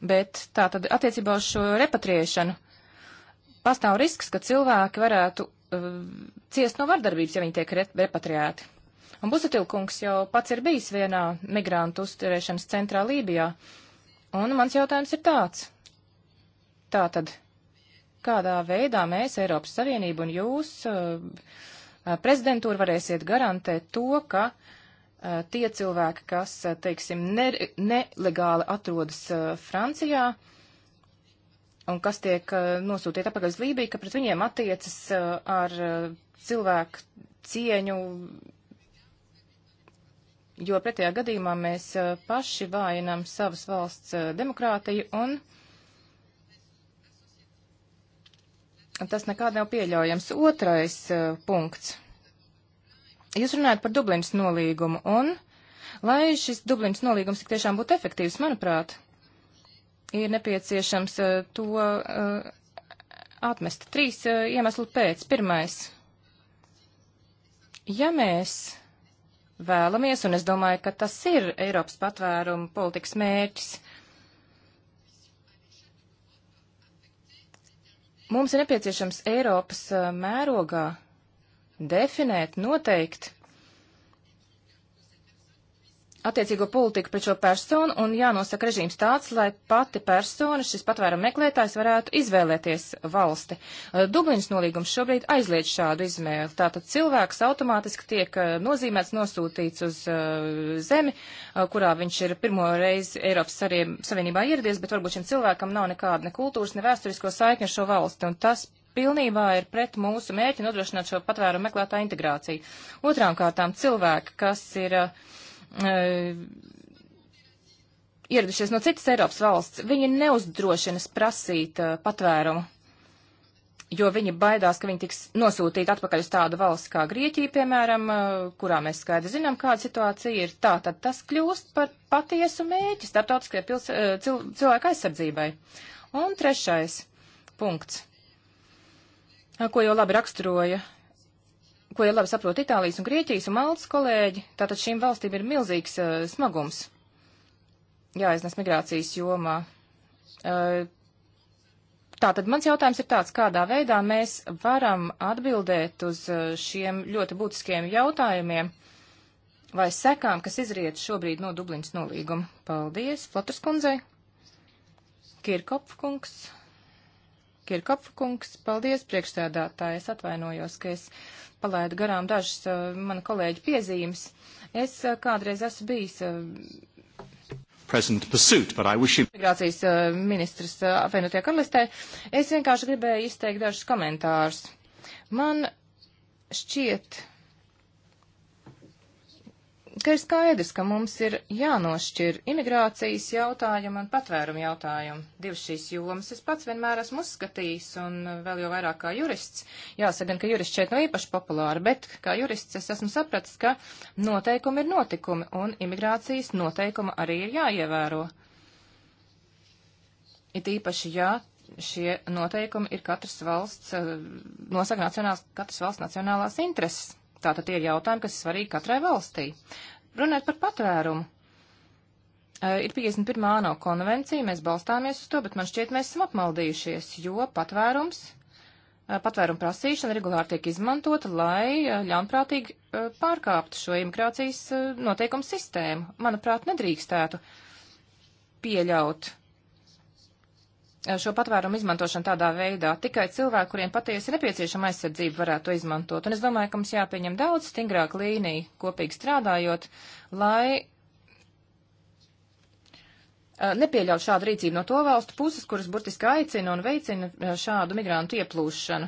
Bet tā tad attiecībā uz šo repatriešanu pastāv risks, ka cilvēki varētu uh, ciest no vardarbības, ja viņi tiek re repatriēti. Un Busatilkungs jau pats ir bijis vienā migrantu uzturēšanas centrā Lībijā. Un mans jautājums ir tāds. Tātad, kādā veidā mēs, Eiropas Savienība un jūs, uh, prezidentūra varēsiet garantēt to, ka tie cilvēki, kas, teiksim, ne, nelegāli atrodas Francijā un kas tiek nosūtīti atpakaļ uz Lībiju, ka pret viņiem attiecas ar cilvēku cieņu, jo pretējā gadījumā mēs paši vājinām savas valsts demokrātiju un. Tas nekād nav pieļaujams. Otrais uh, punkts Jūs runājat par Dublinas nolīgumu, un, lai šis Dublinas nolīgums tik tiešām būtu efektīvs, manuprāt, ir nepieciešams uh, to uh, atmest. Trīs uh, eh, iemeslu pēc. Pirmais. Ja mēs vēlamies, un es domāju, ka tas ir Eiropas patvērumu politikas mērķis, mums ir nepieciešams Eiropas mērogā definēt, noteikt attiecīgo politiku pret šo personu un jānosaka režīms tāds, lai pati persona, šis patvērum meklētājs, varētu izvēlēties valsti. Eh, Dubliņas nolīgums šobrīd aizliedz šādu izmēli. Tātad cilvēks automātiski tiek eh, nozīmēts, nosūtīts uz uh, zemi, uh, kurā viņš ir pirmo reizi Eiropas Savienībā ieradies, bet varbūt šim cilvēkam nav nekāda ne kultūras, ne vēsturisko saikni ar šo valsti. Un tas pilnībā ir pret mūsu mērķi nodrošināt šo patvērumu meklētāju integrāciju. Otrām kārtām cilvēki, kas ir uh, uh, ieradušies no citas Eiropas valsts, viņi neuzdrošinas prasīt uh, patvērumu, jo viņi baidās, ka viņi tiks nosūtīti atpakaļ uz tādu valsti kā Grieķija, piemēram, uh, kurā mēs skaidri zinām, kāda situācija ir. Tā tad tas kļūst par patiesu mēķi starptautiskajai uh, cil, cilvēku aizsardzībai. Un trešais punkts. Ah, ko jau labi raksturoja, ko jau labi saprot Itālijas un Grieķijas un Maltas kolēģi, tātad šīm valstīm ir milzīgs uh, smagums jāiznes migrācijas jomā. Uh, tātad mans jautājums ir tāds, kādā veidā mēs varam atbildēt uz uh, šiem ļoti būtiskiem jautājumiem vai sekām, kas izriet šobrīd no Dubliņas nolīguma. Paldies, Flotras kundzei, Kirkopkungs. Kirkopa kungs. Paldies, priekšsēdātāji. Es atvainojos, ka es palaidu garām dažas uh, mana kolēģa piezīmes. Es uh, kādreiz esmu bijis. Uh, pursuit, you... Migrācijas uh, ministrs uh, apvienotie karalistē. Es vienkārši gribēju izteikt dažus komentārus. Man šķiet, ka ir skaidrs, ka mums ir jānošķir imigrācijas jautājumi un patvērumu jautājumi. Divas šīs jomas es pats vienmēr esmu uzskatījis, un vēl jau vairāk kā jurists. Jāsaka, gan, ka jurists šeit nav īpaši populāri, bet kā jurists es esmu sapratis, ka noteikumi ir notikumi, un imigrācijas noteikumi arī ir jāievēro. It īpaši, ja šie noteikumi ir katras valsts, eh, nosaka nacionāls, katras valsts nacionālās intereses. Tātad tie ir jautājumi, kas ir svarīgi katrai valstī. Runājot par patvērumu. Ir 51. ANO konvencija, mēs balstāmies uz to, bet man šķiet, mēs esam apmaldījušies, jo patvērums, patvērumu prasīšana regulāri tiek izmantota, lai ļaunprātīgi pārkāptu šo imigrācijas noteikumu sistēmu. Manuprāt, nedrīkstētu pieļaut Eh, šo patvērumu izmantošanu tādā veidā. Tikai cilvēki, kuriem patiesi nepieciešama aizsardzība, varētu to izmantot. Un es domāju, ka mums jāpieņem daudz stingrāk līnija, kopīgi strādājot, lai eh, nepieļaut šādu rīcību no to valstu puses, kuras burtiski aicina un veicina eh, šādu migrantu ieplūšanu.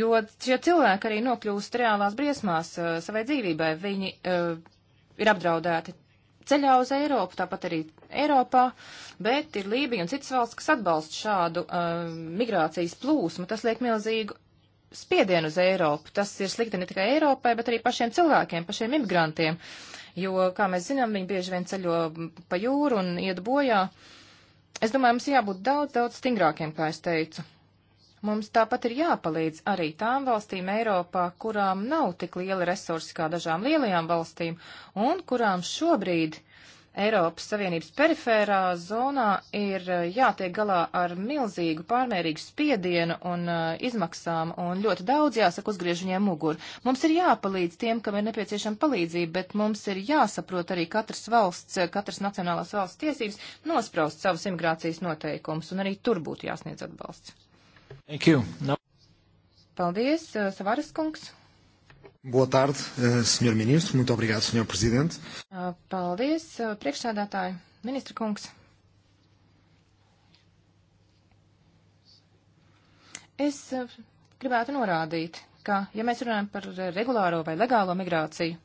Jo šie cilvēki arī nokļūst reālās briesmās savai dzīvībai. Viņi uh, ir apdraudēti ceļā uz Eiropu, tāpat arī Eiropā, bet ir Lībija un citas valsts, kas atbalsta šādu uh, migrācijas plūsmu. Tas liek milzīgu spiedienu uz Eiropu. Tas ir slikti ne tikai Eiropai, bet arī pašiem cilvēkiem, pašiem imigrantiem, jo, kā mēs zinām, viņi bieži vien ceļo pa jūru un iet bojā. Es domāju, mums jābūt daudz, daudz stingrākiem, kā es teicu. Mums tāpat ir jāpalīdz arī tām valstīm Eiropā, kurām nav tik liela resursi kā dažām lielajām valstīm, un kurām šobrīd Eiropas Savienības perifērā zonā ir eh, jātiek galā ar milzīgu pārmērīgu spiedienu un uh, izmaksām, un ļoti daudz jāsaka uzgriež viņiem muguru. Mums ir jāpalīdz tiem, kam ir nepieciešama palīdzība, bet mums ir jāsaprot arī katras valsts, eh, katras nacionālās valsts tiesības nospraust savus imigrācijas noteikumus, un arī tur būtu jāsniedz atbalsts. Thank you. No. Paldies, uh, Savaras kungs. Boa tarde, uh, senhor ministro. Muito obrigado, senhor presidente. Uh, paldies, priekšsādātāji. Ministra kungs. Es gribētu norādīt, ka, ja mēs runājam par regulāro vai legālo migrāciju,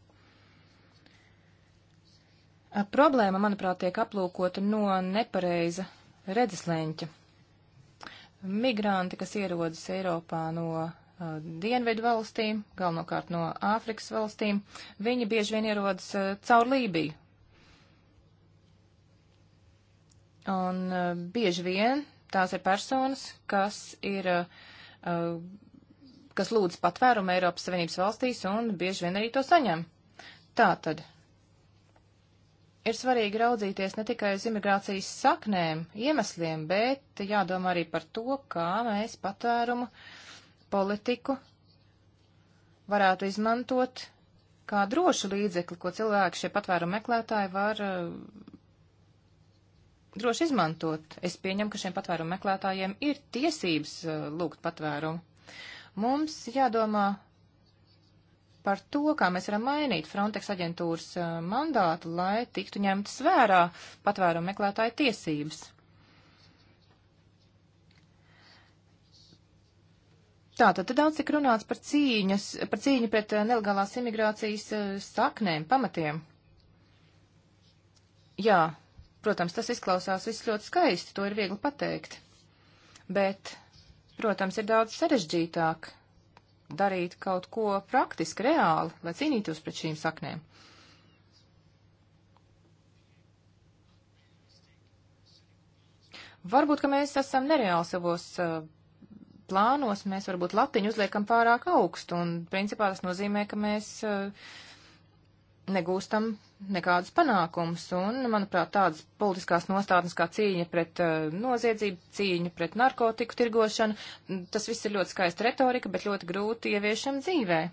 problēma, manuprāt, tiek aplūkota no nepareiza redzeslēņķa migranti, kas ierodas Eiropā no uh, dienvedu valstīm, galvenokārt no Āfrikas valstīm, viņi bieži vien ierodas uh, caur Lībiju. Un uh, bieži vien tās ir personas, kas ir, kas lūdz patvērumu Eiropas Savienības valstīs un bieži vien arī to saņem. Tātad ir svarīgi raudzīties ne tikai uz imigrācijas saknēm, iemesliem, bet jādomā arī par to, kā mēs patvērumu politiku varētu izmantot kā drošu līdzekli, ko cilvēki šie patvērumu meklētāji var uh, droši izmantot. Es pieņemu, ka šiem patvērumu meklētājiem ir tiesības uh, lūgt patvērumu. Mums jādomā par to, kā mēs varam mainīt Frontex aģentūras uh, mandātu, lai tiktu ņemtas vērā patvērumu meklētāju tiesības. Tātad te daudz tik runāts par, cīņas, par cīņu pret uh, nelegālās imigrācijas uh, saknēm, pamatiem. Jā, protams, tas izklausās viss ļoti skaisti, to ir viegli pateikt. Bet, protams, ir daudz sarežģītāk darīt kaut ko praktiski, reāli, lai cīnītos pret šīm saknēm. Varbūt, ka mēs esam nereāli savos uh, plānos, mēs varbūt latiņu uzliekam pārāk augstu, un principā tas nozīmē, ka mēs uh, negūstam nekādus panākumus, un, manuprāt, tādas politiskās nostādnes kā cīņa pret uh, noziedzību, cīņa pret narkotiku tirgošanu, tas viss ir ļoti skaista retorika, bet ļoti grūti ieviešam dzīvē.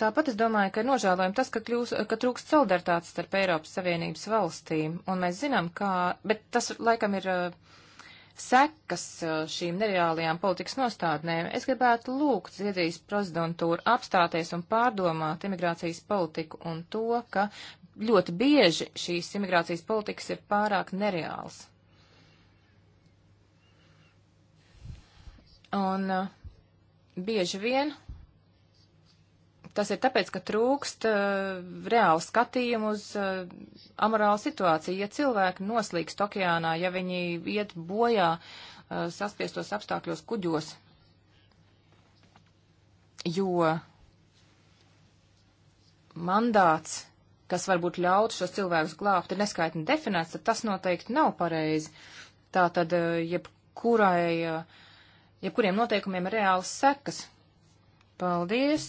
Tāpat es domāju, ka nožēlojam tas, ka, kļūs, ka trūkst solidaritātes starp Eiropas Savienības valstīm, un mēs zinām, kā, bet tas laikam ir uh, sekas eh, šīm nereālajām politikas nostādnēm, es gribētu lūgt Zviedrijas prezidentūru apstāties un pārdomāt imigrācijas politiku un to, ka ļoti bieži šīs imigrācijas politikas ir pārāk nereāls. Un uh, bieži vien tas ir tāpēc, ka trūkst uh, reāla skatījuma uz uh, amorālu situāciju. Ja cilvēki noslīkst okeānā, ja viņi iet bojā uh, saspiestos apstākļos kuģos, jo mandāts kas varbūt ļautu šos cilvēkus glābt, ir neskaitni definēts, tad tas noteikti nav pareizi. Tā tad eh, jebkurai, eh, jebkuriem noteikumiem ir reāls sekas. Paldies.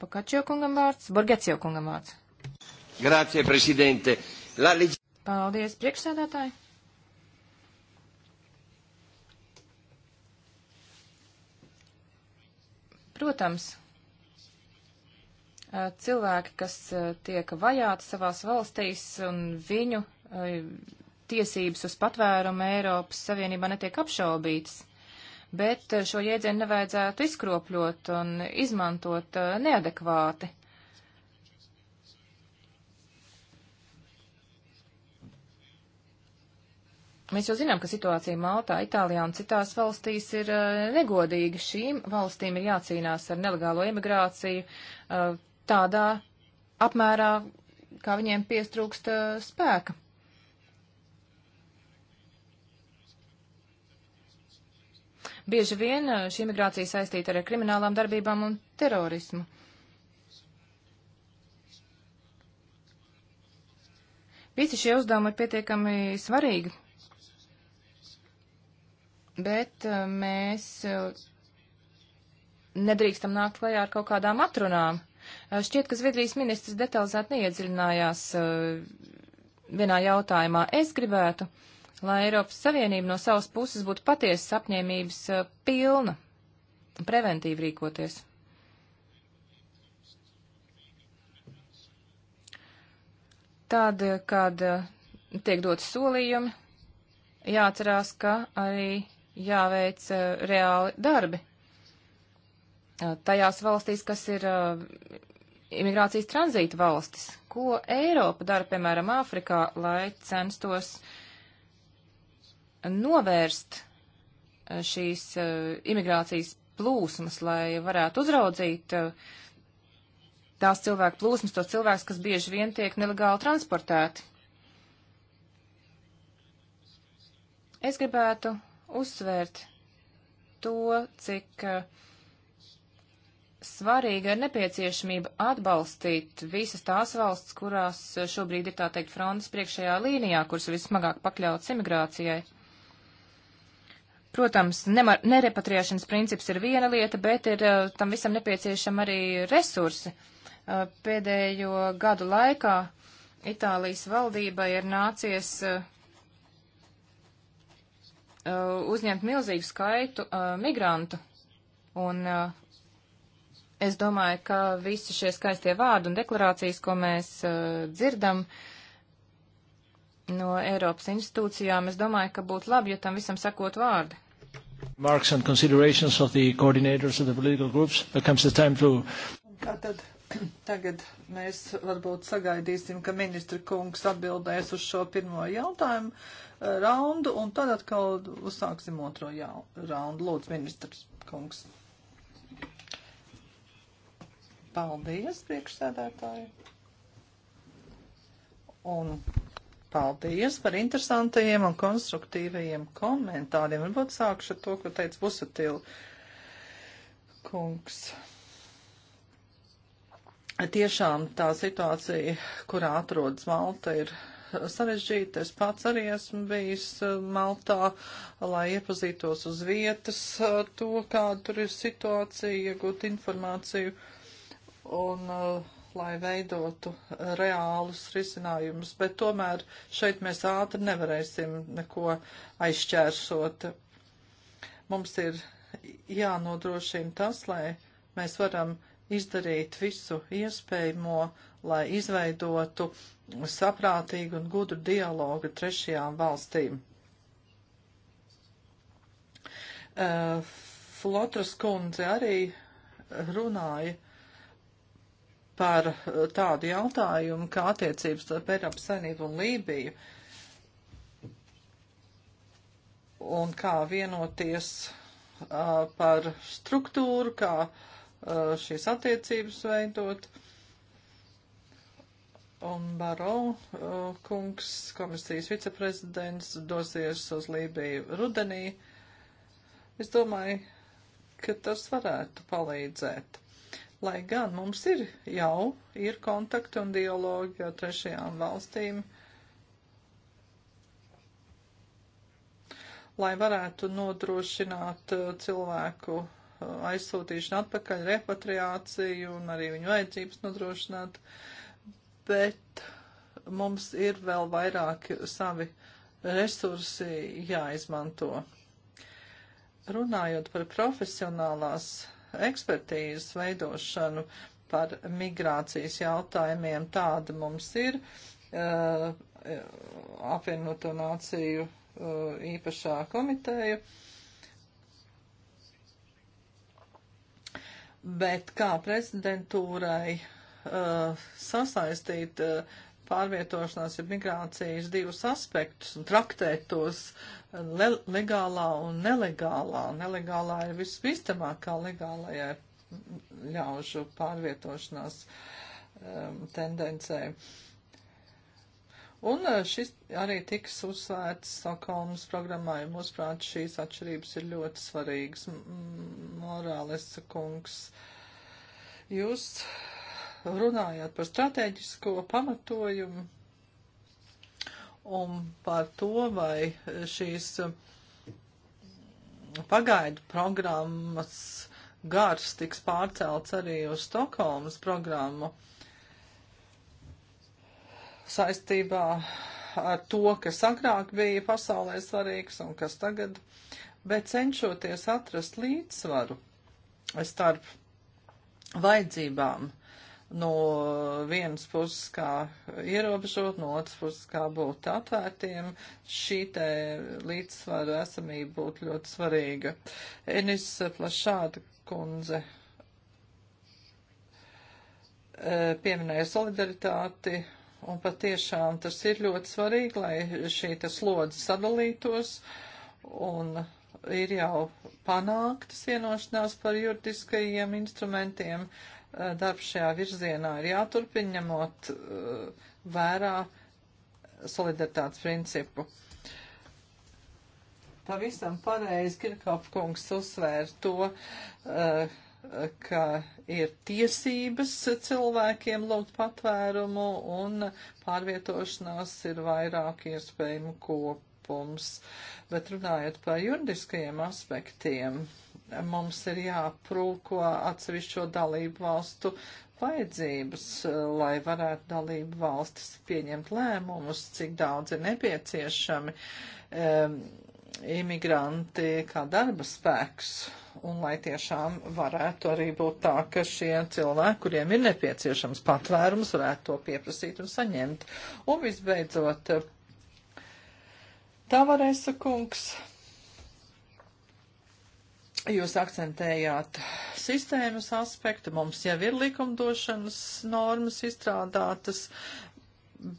Pakačio kungam vārds, Borgecijo kungam vārds. Grācie, prezidente. La... Paldies, priekšsēdētāji. Protams, cilvēki, kas tiek vajāti savās valstīs un viņu tiesības uz patvērumu Eiropas Savienībā netiek apšaubītas. Bet šo jēdzienu nevajadzētu izkropļot un izmantot neadekvāti. Mēs jau zinām, ka situācija Maltā, Itālijā un citās valstīs ir negodīga. Šīm valstīm ir jācīnās ar nelegālo imigrāciju, tādā apmērā, kā viņiem pietrūkst uh, spēka. Bieži vien uh, šī migrācija saistīta ar kriminālām darbībām un terorismu. Visi šie uzdevumi ir pietiekami svarīgi, bet uh, mēs nedrīkstam nākt klajā ar kaut kādām atrunām. Šķiet, ka Zviedrijas ministrs detalizēti neiedziļinājās vienā jautājumā. Es gribētu, lai Eiropas Savienība no savas puses būtu patiesas apņēmības pilna preventīvi rīkoties. Tad, kad tiek dot solījumi, jāatcerās, ka arī jāveic reāli darbi tajās valstīs, kas ir imigrācijas tranzīta valstis. Ko Eiropa dara, piemēram, Āfrikā, lai censtos novērst šīs imigrācijas plūsmas, lai varētu uzraudzīt tās cilvēku plūsmas, tos cilvēkus, kas bieži vien tiek nelegāli transportēti. Es gribētu uzsvērt to, cik uh, svarīga ir nepieciešamība atbalstīt visas tās valsts, kurās šobrīd ir tā teikt frontes priekšējā līnijā, kuras ir vismagāk pakļautas imigrācijai. Protams, nerepatriēšanas princips ir viena lieta, bet ir eh, tam visam nepieciešama arī resursi. Eh, pēdējo gadu laikā Itālijas valdībai ir nācies eh, uzņemt milzīgu skaitu migrantu, un Es domāju, ka visi šie skaistie vārdi un deklarācijas, ko mēs uh, dzirdam no Eiropas institūcijām, es domāju, ka būtu labi, ja tam visam sakot vārdi. Marks and considerations of the coordinators of the political groups becomes the time to. Tātad <clears throat> tagad mēs varbūt sagaidīsim, ka ministra kungs atbildēs uz šo pirmo jautājumu uh, raundu, un tad atkal uzsāksim otro jau, raundu. Lūdzu, ministrs kungs. Paldies, priekšsēdētāji. Un paldies par interesantajiem un konstruktīvajiem komentāriem. Varbūt sākšu ar to, ko teica Busatil kungs. Tiešām tā situācija, kurā atrodas Malta, ir sarežģīta. Es pats arī esmu bijis eh, Maltā, lai iepazītos uz vietas eh, to, kāda tur ir situācija, iegūt informāciju. Uh, un eh, lai veidotu eh, reālus risinājumus, bet tomēr šeit mēs ātri nevarēsim neko aizšķērsot. Mums ir jānodrošina tas, lai mēs varam izdarīt visu iespējamo, lai izveidotu saprātīgu un gudru dialogu trešajām valstīm. Uh, Flotras kundze arī runāja par eh, tādu jautājumu, kā attiecības starp Eiropas Savienību un Lībiju un kā vienoties uh, par struktūru, kā uh, šīs attiecības veidot. Un Baro uh, kungs, komisijas viceprezidents, dosies uz Lībiju rudenī. Es domāju, ka tas varētu palīdzēt Lai gan mums ir jau ir kontakti un dialogi ar trešajām valstīm, lai varētu nodrošināt uh, cilvēku uh, aizsūtīšanu atpakaļ, repatriāciju un arī viņu vajadzības nodrošināt, bet mums ir vēl vairāk savi resursi jāizmanto. Runājot par profesionālās ekspertīzes veidošanu par migrācijas jautājumiem. Tāda mums ir uh, apvienoto nāciju uh, īpašā komiteja. Bet kā prezidentūrai uh, sasaistīt uh, pārvietošanās, ja migrācijas divus aspektus un traktēt tos le legālā un nelegālā. Nelegālā ir visbīstamākā legālajai ļaužu pārvietošanās um, tendencē. Un uh, šis arī tiks uzsvērts Stokholmas programmā, ja mūsuprāt šīs atšķirības ir ļoti svarīgas. Morāles kungs, jūs runājāt par strateģisko pamatojumu un par to, vai šīs um, pagaidu programmas gars tiks pārcelts arī uz Stokholmas programmu saistībā ar to, kas agrāk bija pasaulē svarīgs un kas tagad, bet cenšoties atrast līdzsvaru starp vajadzībām no vienas puses kā ierobežot, no otras puses kā būt atvērtiem. Šī te līdzsvaru esamība būtu ļoti svarīga. Enis Plašāda kundze e, pieminēja solidaritāti, un patiešām tas ir ļoti svarīgi, lai šī te slodze sadalītos, un ir jau panāktas vienošanās par juridiskajiem instrumentiem, uh, Eh, darbs šajā virzienā ir jāturpina, ņemot eh, vērā solidaritātes principu. Pavisam pareizi Kirkopkungs uzsvēra to, eh, ka ir tiesības cilvēkiem lūgt patvērumu un pārvietošanās ir vairāk iespējumu kopums. Bet runājot par juridiskajiem aspektiem, mums ir jāaprūko atsevišķo dalību valstu vajadzības, lai varētu dalību valstis pieņemt lēmumus, cik daudz ir nepieciešami um, imigranti kā darba spēks, un lai tiešām varētu arī būt tā, ka šie cilvēki, kuriem ir nepieciešams patvērums, varētu to pieprasīt un saņemt. Un visbeidzot, tā varēs, kungs Jūs akcentējāt sistēmas aspektu, mums jau ir likumdošanas normas izstrādātas,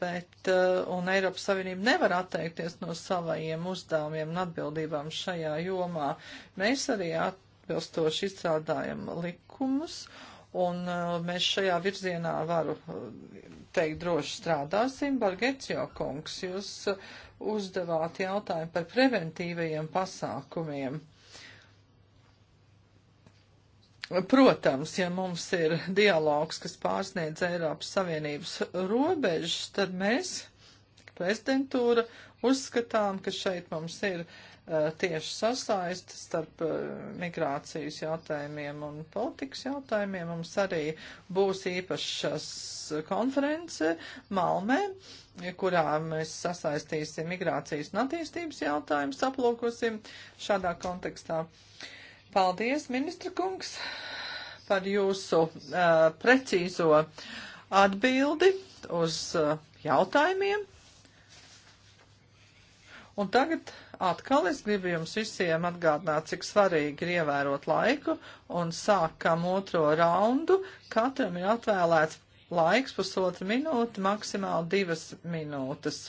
bet, uh, un Eiropas Savienība nevar atteikties no savajiem uzdevumiem un atbildībām šajā jomā. Mēs arī atbilstoši izstrādājam likumus, un uh, mēs šajā virzienā varu uh, teikt droši strādāsim. Bargecio kungs, jūs uzdevāt jautājumu par preventīvajiem pasākumiem Protams, ja mums ir dialogs, kas pārsniedz Eiropas Savienības robežas, tad mēs, prezidentūra, uzskatām, ka šeit mums ir uh, tieši sasaist starp uh, migrācijas jautājumiem un politikas jautājumiem. Mums arī būs īpašas konference Malmē, kurā mēs sasaistīsim migrācijas un attīstības jautājumus, aplūkosim šādā kontekstā. Uh, Paldies, ministra kungs, par jūsu uh, precīzo atbildi uz uh, jautājumiem. Un tagad atkal es gribu jums visiem atgādināt, cik svarīgi ir ievērot laiku un sākam otro raundu. Katram ir atvēlēts laiks pusotra minūte, maksimāli divas minūtes.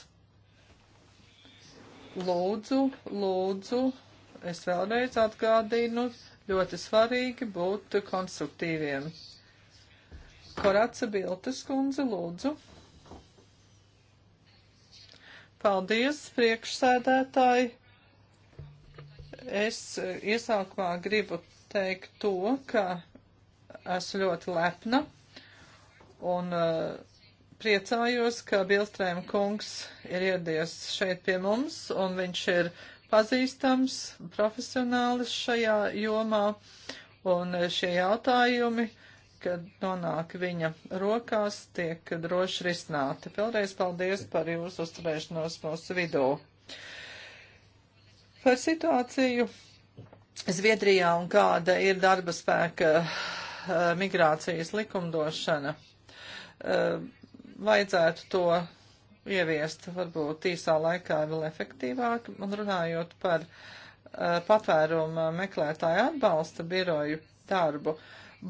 Lūdzu, lūdzu, es vēlreiz atgādinu, ļoti svarīgi būt konstruktīviem. Koraca Biltas kundze, lūdzu. Paldies, priekšsēdētāji. Es eh, iesākumā gribu teikt to, ka esmu ļoti lepna un uh, priecājos, ka Bilstrēm kungs ir iedies šeit pie mums un viņš ir pazīstams profesionālis šajā jomā, un šie jautājumi, kad nonāk viņa rokās, tiek droši risināti. Vēlreiz paldies par jūsu uzturēšanos mūsu vidū. Par situāciju Zviedrijā un kāda ir darba spēka eh, migrācijas likumdošana. Eh, vajadzētu to ieviest varbūt īsā laikā vēl efektīvāk. Un runājot par uh, patvērumu meklētāju atbalsta biroju darbu,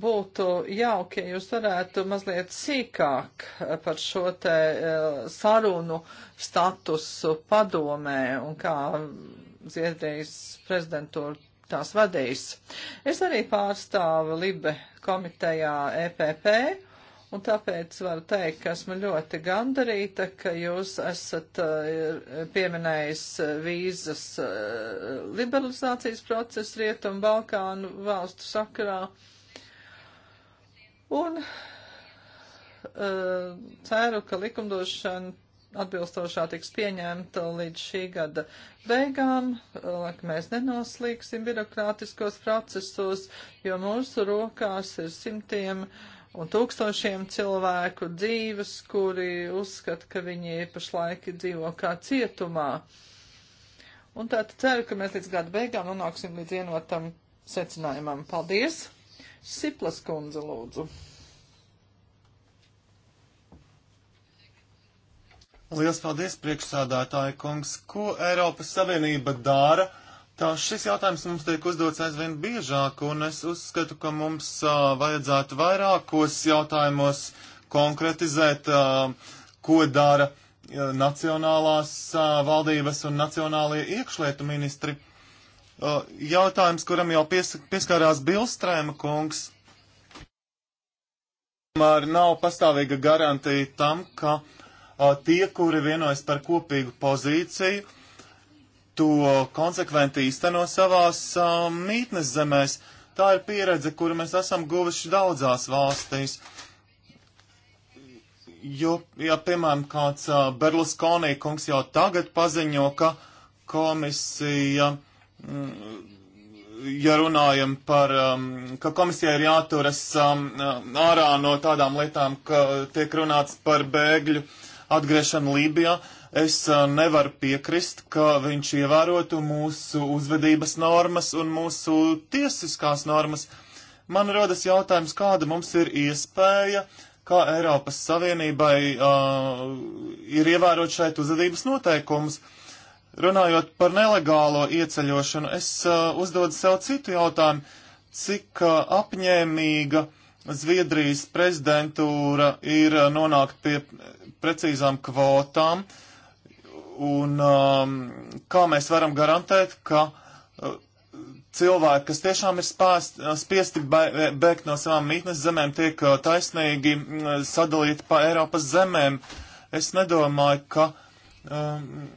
būtu jauki, ja jūs varētu mazliet sīkāk eh, par šo te uh, sarunu statusu padomē un kā Zviedrijas prezidentūra tās vadīs. Es arī pārstāvu Libe komitejā EPP Un tāpēc varu teikt, ka esmu ļoti gandarīta, ka jūs esat eh, pieminējis eh, vīzas eh, liberalizācijas procesu Rietumu Balkānu valstu sakarā. Un ceru, ka likumdošana atbilstošā tiks pieņemta līdz šī gada beigām, lai mēs nenoslīgsim birokrātiskos procesos, jo mūsu rokās ir simtiem uh, un tūkstošiem cilvēku dzīves, kuri uzskata, ka viņi pašlaik dzīvo kā cietumā. Un tā ceru, ka mēs līdz gada beigām nonāksim līdz vienotam secinājumam. Paldies! Siplas kundze lūdzu. Liels paldies, priekšsādātāja kungs, ko Eiropas Savienība dara? Tā šis jautājums mums tiek uzdots aizvien biežāk, un es uzskatu, ka mums uh, vajadzētu vairākos jautājumos konkretizēt, uh, ko dara uh, nacionālās uh, valdības un nacionālie iekšlietu ministri. Uh, jautājums, kuram jau pies, pieskārās Bilstrēma kungs, tomēr nav pastāvīga garantija tam, ka uh, tie, kuri vienojas par kopīgu pozīciju, to konsekventi īsteno savās uh, mītnes zemēs. Tā ir pieredze, kuru mēs esam guvuši daudzās valstīs. Jo, ja, piemēram, kāds uh, Berluskonī kungs jau tagad paziņo, ka komisija, mm, ja runājam par, um, ka komisija ir jāturas um, ārā no tādām lietām, ka tiek runāts par bēgļu atgriešanu Lībijā, uh, Es nevaru piekrist, ka viņš ievērotu mūsu uzvedības normas un mūsu tiesiskās normas. Man rodas jautājums, kāda mums ir iespēja, kā Eiropas Savienībai uh, ir ievērot šeit uzvedības noteikumus. Runājot par nelegālo ieceļošanu, es uh, uzdodu sev citu jautājumu, cik uh, apņēmīga Zviedrijas prezidentūra ir nonākt pie precīzām kvotām, uh, Un um, kā mēs varam garantēt, ka uh, cilvēki, kas tiešām ir spāst, uh, spiesti bēgt no savām mītnes zemēm, tiek uh, taisnīgi uh, sadalīti pa Eiropas zemēm? Es nedomāju, ka. Um,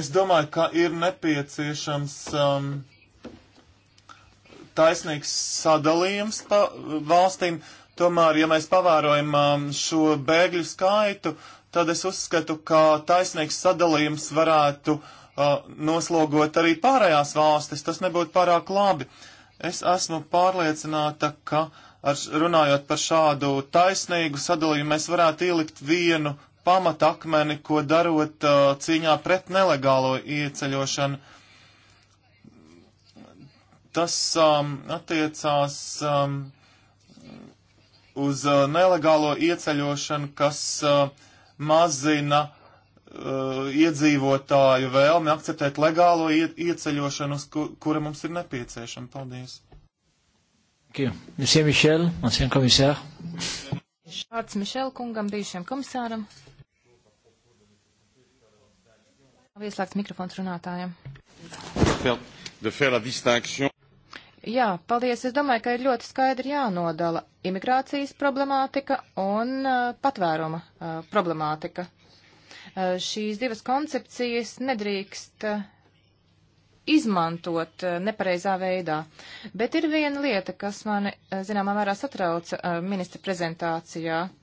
es domāju, ka ir nepieciešams. Um, taisnīgs sadalījums pa uh, valstīm. Tomēr, ja mēs pavērojam um, šo bēgļu skaitu, tad es uzskatu, ka taisnīgs sadalījums varētu uh, noslogot arī pārējās valstis. Tas nebūtu pārāk labi. Es esmu pārliecināta, ka ar, runājot par šādu taisnīgu sadalījumu, mēs varētu ielikt vienu pamatakmeni, ko darot uh, cīņā pret nelegālo ieceļošanu. Tas um, attiecās um, uz uh, nelegālo ieceļošanu, kas uh, mazina uh, iedzīvotāju vēlmi akceptēt legālo ie ieceļošanu, uz ku kura mums ir nepieciešama. Paldies! Monsieur Michel, ancien komisār. Vārds Mišel kungam, bijušiem komisāram. Nav ieslēgts mikrofons runātājiem. De faire la distinction Jā, paldies. Es domāju, ka ir ļoti skaidri jānodala imigrācijas problemātika un uh, patvēruma uh, problemātika. Uh, šīs divas koncepcijas nedrīkst uh, izmantot uh, nepareizā veidā. Bet ir viena lieta, kas mani, uh, zināmā mērā, satrauca uh, ministra prezentācijā. Uh,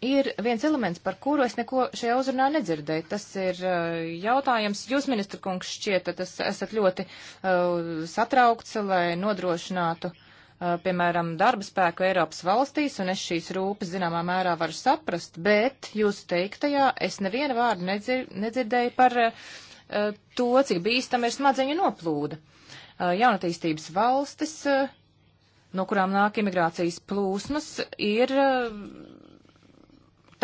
ir viens elements, par kuru es neko šajā uzrunā nedzirdēju. Tas ir uh, jautājums. Jūs, ministra kungs, šķiet, tas esat ļoti uh, satraukts, lai nodrošinātu, uh, piemēram, darba spēku Eiropas valstīs, un es šīs rūpes zināmā mērā varu saprast, bet jūsu teiktajā es nevienu vārdu nedzir nedzirdēju par to, cik bīstam ir smadzeņu noplūda. Jaunatīstības valstis, no kurām nāk imigrācijas plūsmas, ir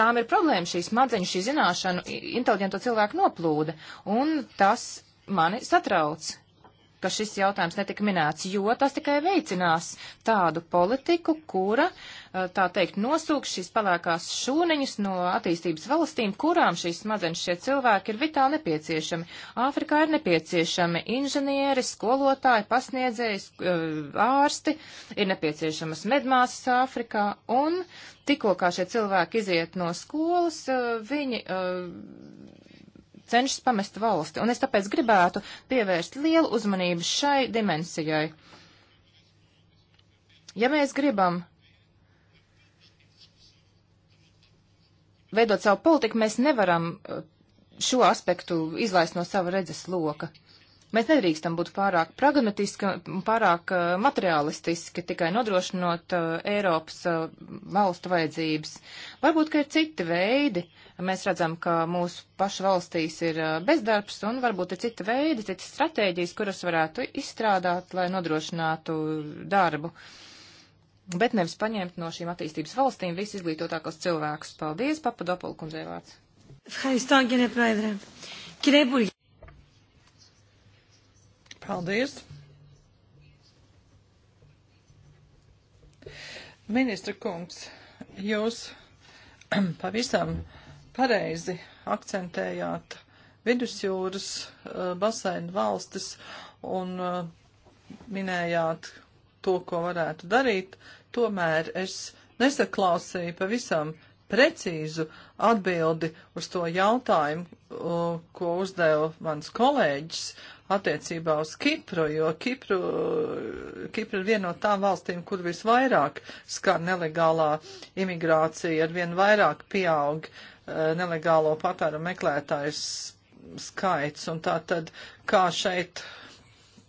tām ir problēma šī smadzeņu, šī zināšanu, inteliģento cilvēku noplūde, un tas mani satrauc ka šis jautājums netika minēts, jo tas tikai veicinās tādu politiku, kura, eh, tā teikt, nosūks šīs palēkās šūniņas no attīstības valstīm, kurām šīs smadzenes šie cilvēki ir vitāli nepieciešami. Āfrikā ir nepieciešami inženieri, skolotāji, pasniedzēji, eh, ārsti, ir nepieciešamas medmāsas Āfrikā, un tikko kā šie cilvēki iziet no skolas, eh, viņi cenšas pamest valsti. Un es tāpēc gribētu pievērst lielu uzmanību šai dimensijai. Ja mēs gribam veidot savu politiku, mēs nevaram eh, šo aspektu izlaist no sava redzes loka. Mēs nedrīkstam būt pārāk pragmatiski un pārāk uh, materialistiski, tikai nodrošinot uh, Eiropas uh, valstu vajadzības. Varbūt, ka ir citi veidi. Mēs redzam, ka mūsu pašu valstīs ir bezdarbs un varbūt ir citi veidi, citas stratēģijas, kuras varētu izstrādāt, lai nodrošinātu darbu. Bet nevis paņemt no šīm attīstības valstīm visu izglītotākos cilvēkus. Paldies, Papadopulu kundzei vārds. Ευχαριστώ κύριε Πρόεδρε. Κύριε Υπουργέ, Paldies! Ministra kungs, jūs <clears throat> pavisam pareizi akcentējāt vidusjūras eh, baseinu valstis un eh, minējāt to, ko varētu darīt, tomēr es nesaklausīju pavisam precīzu atbildi uz to jautājumu, eh, ko uzdeva mans kolēģis attiecībā uz Kipru, jo Kipru, Kipru ir viena no tām valstīm, kur visvairāk skar nelegālā imigrācija, ar vien vairāk pieaug uh, nelegālo patēru meklētājs skaits. Un tā tad, kā šeit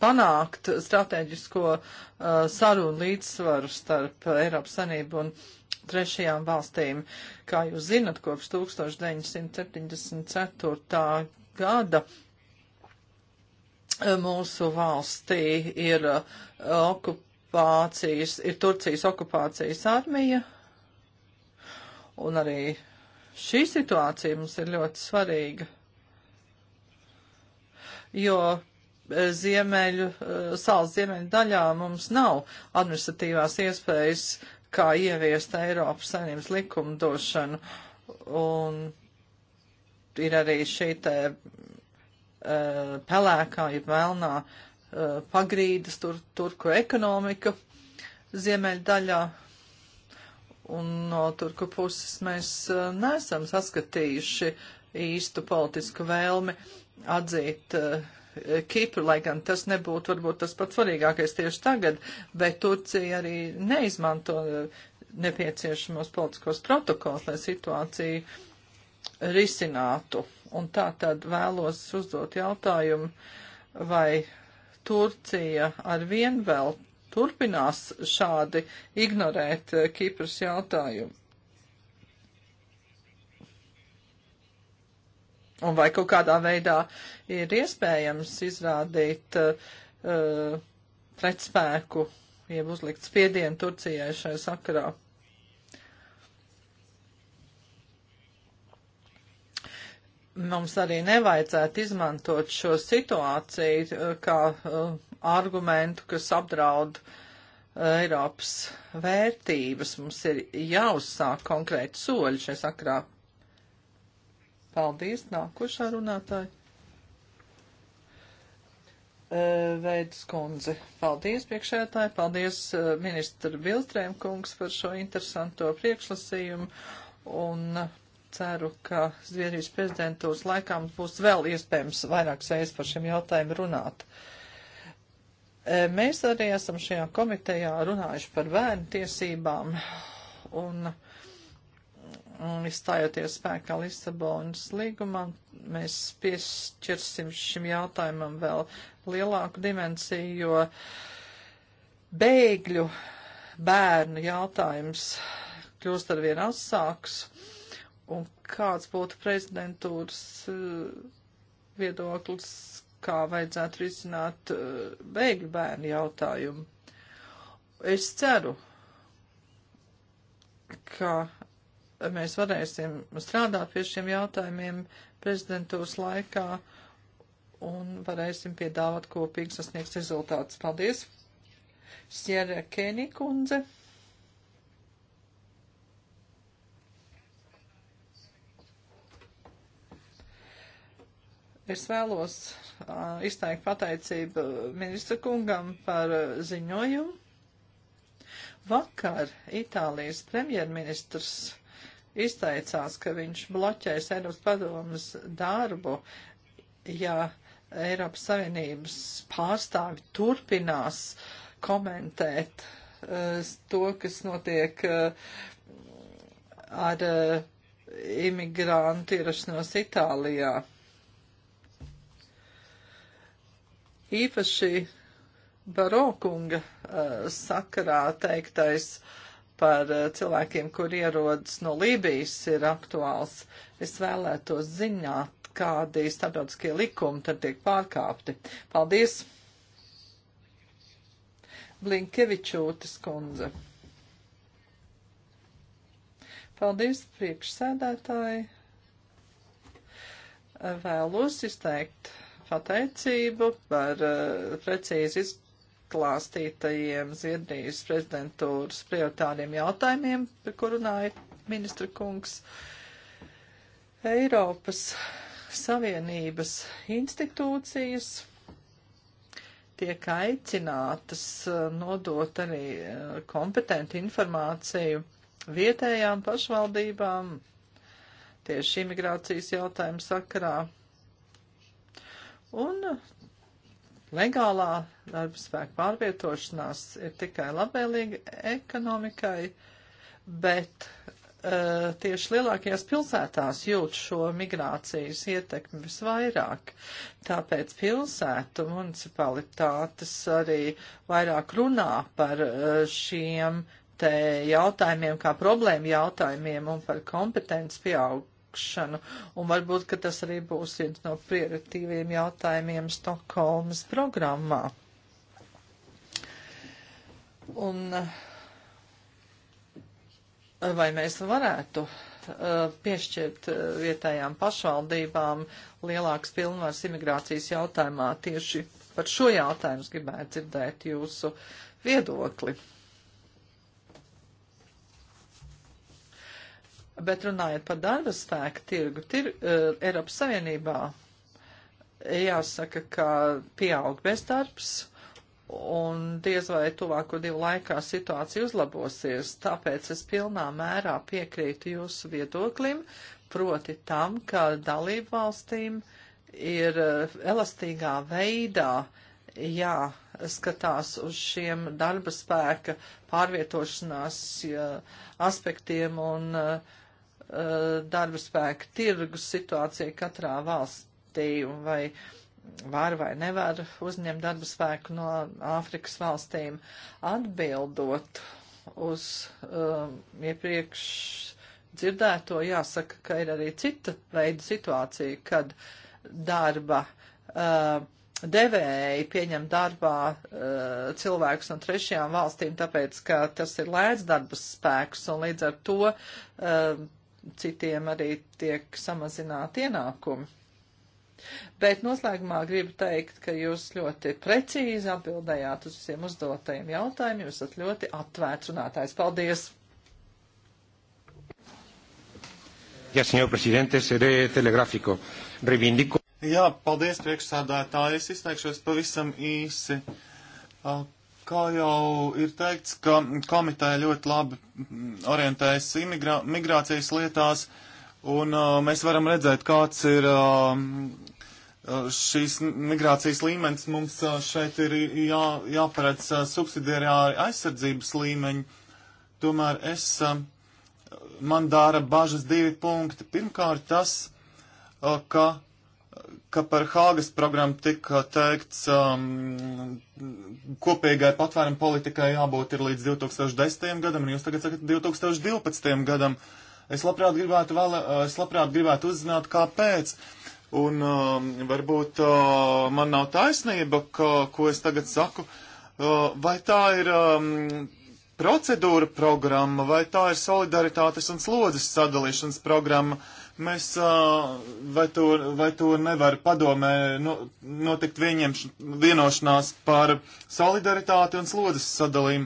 panākt strateģisko uh, sarunu līdzsvaru starp Eiropas Sanību un trešajām valstīm. Kā jūs zinat, kopš 1974. gada mūsu valstī ir uh, okupācijas, ir Turcijas okupācijas armija, un arī šī situācija mums ir ļoti svarīga, jo uh, ziemeļu, uh, salas ziemeļu daļā mums nav administratīvās iespējas, kā ieviest Eiropas saimnības likumdošanu, un ir arī šī te Eh, pelēkā, ja melnā eh, pagrīdas tur, turku ekonomika ziemeļdaļā. Un no turku puses mēs eh, nesam saskatījuši īstu politisku vēlmi atzīt uh, Kipru, lai gan tas nebūtu varbūt tas pats svarīgākais tieši tagad, bet Turcija arī neizmanto nepieciešamos politiskos protokols, lai situāciju risinātu un tā tad vēlos uzdot jautājumu, vai Turcija ar vien vēl turpinās šādi ignorēt Kipras jautājumu. Un vai kaut kādā veidā ir iespējams izrādīt uh, uh pretspēku, jeb uzlikt spiedienu Turcijai šai sakarā? mums arī nevajadzētu izmantot šo situāciju eh, kā uh, argumentu, kas apdraud eh, Eiropas vērtības. Mums ir jāuzsāk konkrēti soļi šajā sakrā. Paldies, nākošā runātāja. Uh, Veids kundze, paldies priekšētāji, paldies uh, ministra Biltrēm kungs par šo interesanto priekšlasījumu un ceru, ka Zviedrijas prezidentūras laikā mums būs vēl iespējams vairāk sēs par šiem jautājumiem runāt. E, mēs arī esam šajā komitejā runājuši par bērnu tiesībām un, un izstājoties spēkā Lisabonas līgumam, mēs piešķirsim šim jautājumam vēl lielāku dimensiju, jo bēgļu bērnu jautājums kļūst arvien asāks. Uh, un kāds būtu prezidentūras eh, viedoklis, kā vajadzētu risināt eh, bēgļu bērnu jautājumu. Es ceru, ka mēs varēsim strādāt pie šiem jautājumiem prezidentūras laikā un varēsim piedāvāt kopīgi sasniegts rezultāts. Paldies! Sierra Kēnī kundze. Es vēlos uh, izteikt pateicību ministra kungam par uh, ziņojumu. Vakar Itālijas premjerministrs izteicās, ka viņš bloķēs Eiropas padomas darbu, ja Eiropas Savienības pārstāvi turpinās komentēt uh, to, kas notiek uh, ar uh, imigrantu ierašanos Itālijā. īpaši Barokunga eh, sakarā teiktais par eh, cilvēkiem, kur ierodas no Lībijas, ir aktuāls. Es vēlētos ziņāt, kādi starptautiskie likumi tad tiek pārkāpti. Paldies! Blinkevičūtis kundze. Paldies, priekšsēdētāji! Vēlos izteikt pateicību par uh, precīzi izklāstītajiem Zviedrijas prezidentūras prioritāriem jautājumiem, par kur runāja ministra kungs. Eiropas Savienības institūcijas tiek aicinātas eh, nodot arī eh, kompetentu informāciju vietējām pašvaldībām tieši imigrācijas jautājumu sakarā. Un uh, legālā darba spēka pārvietošanās ir tikai labvēlīga ekonomikai, bet uh, tieši lielākajās pilsētās jūt šo migrācijas ietekmi visvairāk. Tāpēc pilsētu municipalitātes arī vairāk runā par uh, šiem te jautājumiem kā problēmu jautājumiem un par kompetences pieaug, sākšanu. Un varbūt, ka tas arī būs viens no prioritīviem jautājumiem Stokholmas programmā. Un eh, vai mēs varētu eh, piešķirt eh, vietējām pašvaldībām lielāks pilnvars imigrācijas jautājumā. Tieši par šo jautājumu gribētu dzirdēt jūsu viedokli. Bet runājot par darba spēku tirgu, tir, uh, Eiropas Savienībā jāsaka, ka pieaug bezdarbs un diez vai tuvāko divu laikā situācija uzlabosies. Tāpēc es pilnā mērā piekrītu jūsu viedoklim, proti tam, ka dalību valstīm ir uh, elastīgā veidā jāskatās uz šiem darba spēka pārvietošanās uh, aspektiem un uh, Uh, darba spēka tirgus situācija katrā valstī un vai var vai nevar uzņemt darba spēku no Āfrikas valstīm. Atbildot uz um, iepriekš dzirdēto, jāsaka, ka ir arī cita veida situācija, kad darba uh, devēji pieņem darbā uh, cilvēkus no trešajām valstīm, tāpēc, ka tas ir lēts darbas spēks, un līdz ar to uh, citiem arī tiek samazināti ienākumi. Bet noslēgumā gribu teikt, ka jūs ļoti precīzi atbildējāt uz visiem uzdotajiem jautājumiem. Jūs esat ļoti atvērts runātājs. Paldies! Jā, senjor prezidente, serē telegrafiko. Reivindiku. Jā, paldies priekšsādātāji. Es izteikšos pavisam īsi. Uh, Kā jau ir teikts, ka komiteja ļoti labi orientējas imigrā, migrācijas lietās, un uh, mēs varam redzēt, kāds ir uh, uh, šīs migrācijas līmenis. Mums uh, šeit ir jā, jāparedz uh, subsidiariāri aizsardzības līmeņi. Tomēr es, uh, man dara bažas divi punkti. Pirmkārt, tas, uh, ka ka par Hāgas programmu tika teikts, um, kopīgai patvērumu politikai jābūt ir līdz 2010. gadam, un jūs tagad sakat 2012. gadam. Es labprāt gribētu, vēl, es labprāt gribētu uzzināt, kāpēc. Un um, varbūt uh, man nav taisnība, ka, ko es tagad saku, uh, vai tā ir um, procedūra programma, vai tā ir solidaritātes un slodzes sadalīšanas programma. Uh, Mēs, vai to, vai to nevar padomē notikt viņiem vienošanās par solidaritāti un slodzes sadalījumu?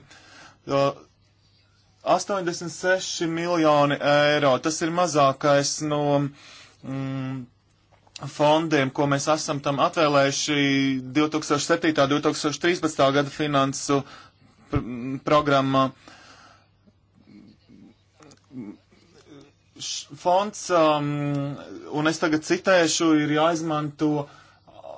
86 miljoni eiro, tas ir mazākais no mm, fondiem, ko mēs esam tam atvēlējuši 2007. 2013. gada finansu pr programmā. Uh, fonds, um, un es tagad citēšu, ir jāizmanto uh,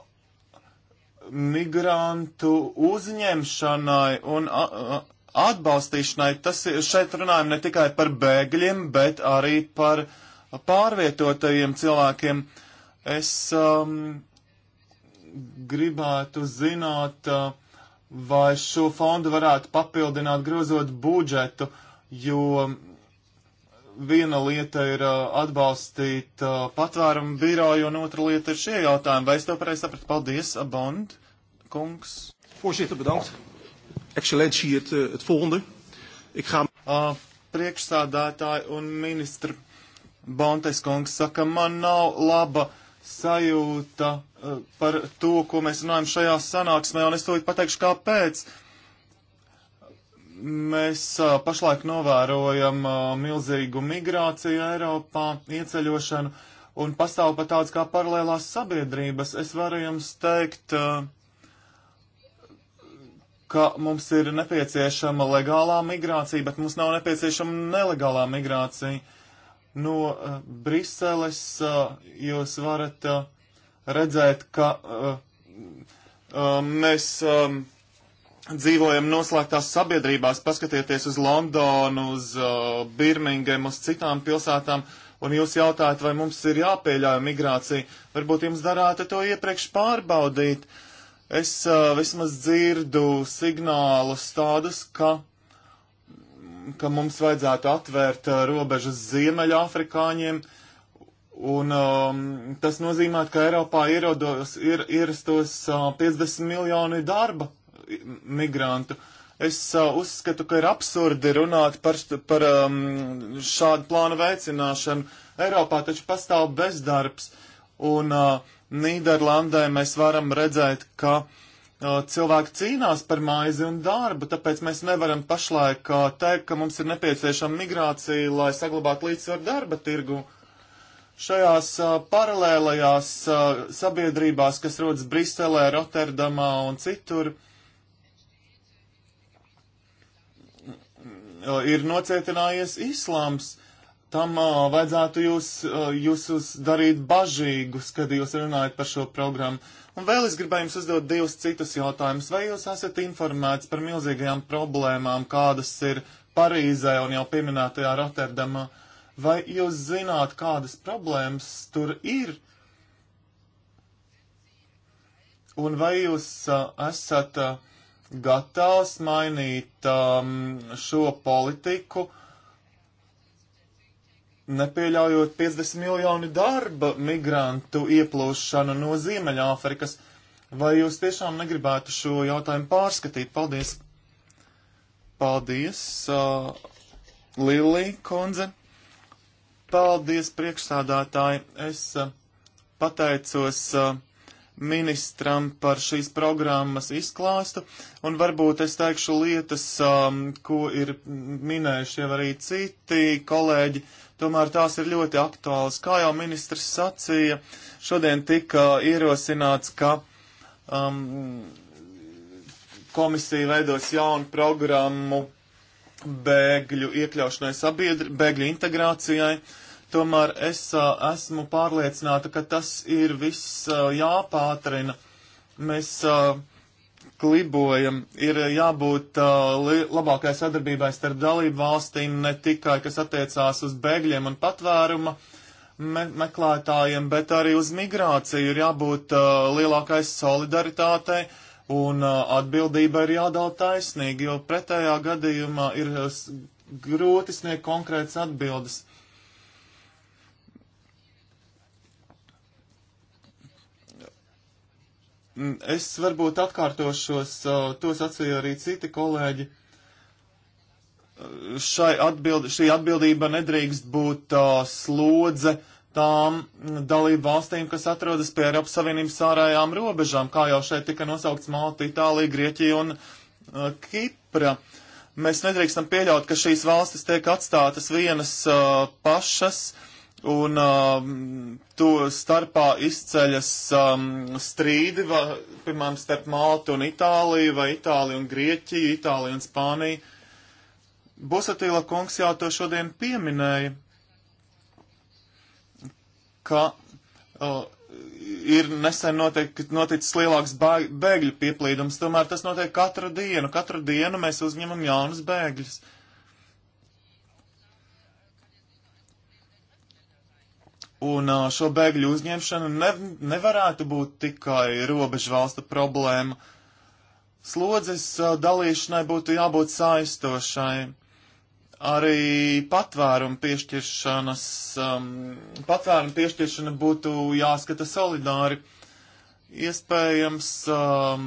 migrantu uzņemšanai un atbalstīšanai. Tas šeit runājam ne tikai par bēgļiem, bet arī par pārvietotajiem cilvēkiem. Es um, gribētu zināt, uh, vai šo fondu varētu papildināt grozot budžetu, jo viena lieta ir atbalstīt patvērumu biroju, un otra lieta ir šie jautājumi. Vai es to pareizi sapratu? Paldies, Bond, kungs. Voorzitter, bedankt. Excellentie, het, het volgende. Ik ga... Uh, priekšsādātāji un ministri Bontes kungs saka, man nav laba sajūta uh, par to, ko mēs runājam šajā sanāksmē, un es to pateikšu kāpēc. Uh, Mēs a, pašlaik novērojam a, milzīgu migrāciju Eiropā, ieceļošanu, un pastāv pat tāds kā paralēlās sabiedrības. Es varu jums teikt, a, ka mums ir nepieciešama legālā migrācija, bet mums nav nepieciešama nelegālā migrācija. No Briseles jūs varat redzēt, ka mēs. Um, dzīvojam noslēgtās sabiedrībās, paskatieties uz Londonu, uz uh, Birmingham, uz citām pilsētām, un jūs jautājat, vai mums ir jāpieļauj migrācija. Varbūt jums darāte to iepriekš pārbaudīt. Es uh, vismaz dzirdu signālus tādus, ka, ka mums vajadzētu atvērt uh, robežas ziemeļāfrikāņiem, un um, tas nozīmē, ka Eiropā ierodos, ir, ierastos uh, 50 miljoni darba migrantu. Es uh, uzskatu, ka ir absurdi runāt par, par um, šādu plānu veicināšanu. Eiropā taču pastāv bezdarbs, un uh, Nīderlandē mēs varam redzēt, ka uh, cilvēki cīnās par maizi un darbu, tāpēc mēs nevaram pašlaik uh, teikt, ka mums ir nepieciešama migrācija, lai saglabātu līdzsvaru darba tirgu. Šajās uh, paralēlajās uh, sabiedrībās, kas rodas Briselē, Rotterdamā un citur, uh, Uh, ir nocietinājies islāms. Tam uh, vajadzētu jūs, uh, jūs darīt bažīgus, kad jūs runājat par šo programmu. Un vēl es gribēju jums uzdot divus citus jautājumus. Vai jūs esat informēts par milzīgajām problēmām, kādas ir Parīzē un jau pieminētajā Rotterdamā? Vai jūs zināt, kādas problēmas tur ir? Un vai jūs uh, esat. Uh, gatavs mainīt um, šo politiku, nepieļaujot 50 miljonu darba migrantu ieplūšanu no Ziemeļāfrikas. Vai jūs tiešām negribētu šo jautājumu pārskatīt? Paldies! Paldies, uh, Lilī kundze! Paldies, priekšsādātāji! Es uh, pateicos. Uh, ministram par šīs programmas izklāstu, un varbūt es teikšu lietas, um, ko ir minējuši jau arī citi kolēģi, tomēr tās ir ļoti aktuālas. Kā jau ministrs sacīja, šodien tika ierosināts, ka um, komisija veidos jaunu programmu bēgļu iekļaušanai sabiedri, bēgļu integrācijai. Uh, Tomēr es esmu pārliecināta, ka tas ir viss jāpātrina. Mēs klibojam, ir jābūt labākai sadarbībai starp dalību valstīm, ne tikai kas attiecās uz bēgļiem un patvēruma me meklētājiem, bet arī uz migrāciju ir jābūt lielākai solidaritātei. Un atbildība ir jādala taisnīgi, jo pretējā gadījumā ir grūti sniegt konkrētas atbildes. Mm, es varbūt atkārtošos, uh, tos atsēja arī citi kolēģi. Uh, šai atbild, šī atbildība nedrīkst būt uh, slodze tām dalību valstīm, kas atrodas pie Eiropas Savienības ārējām robežām, kā jau šeit tika nosaukts Malta, Itālija, Grieķija un uh, Kipra. Mēs nedrīkstam pieļaut, ka šīs valstis tiek atstātas vienas uh, pašas uh, Un um, to starpā izceļas um, strīdi, va, piemēram, starp Maltu un Itāliju, vai Itāliju un Grieķiju, Itāliju un Spāniju. Busatīla kungs jau to šodien pieminēja, ka uh, ir nesen notiek, noticis lielāks bēgļu pieplīdums, tomēr tas notiek katru dienu. Katru dienu mēs uzņemam jaunus bēgļus. Uh, Un šo bēgļu uzņemšanu ne, nevarētu būt tikai robežu valsta problēma. Slodzes dalīšanai būtu jābūt saistošai. Arī patvērumu piešķiršanas, um, patvērumu piešķiršana būtu jāskata solidāri. Iespējams, um,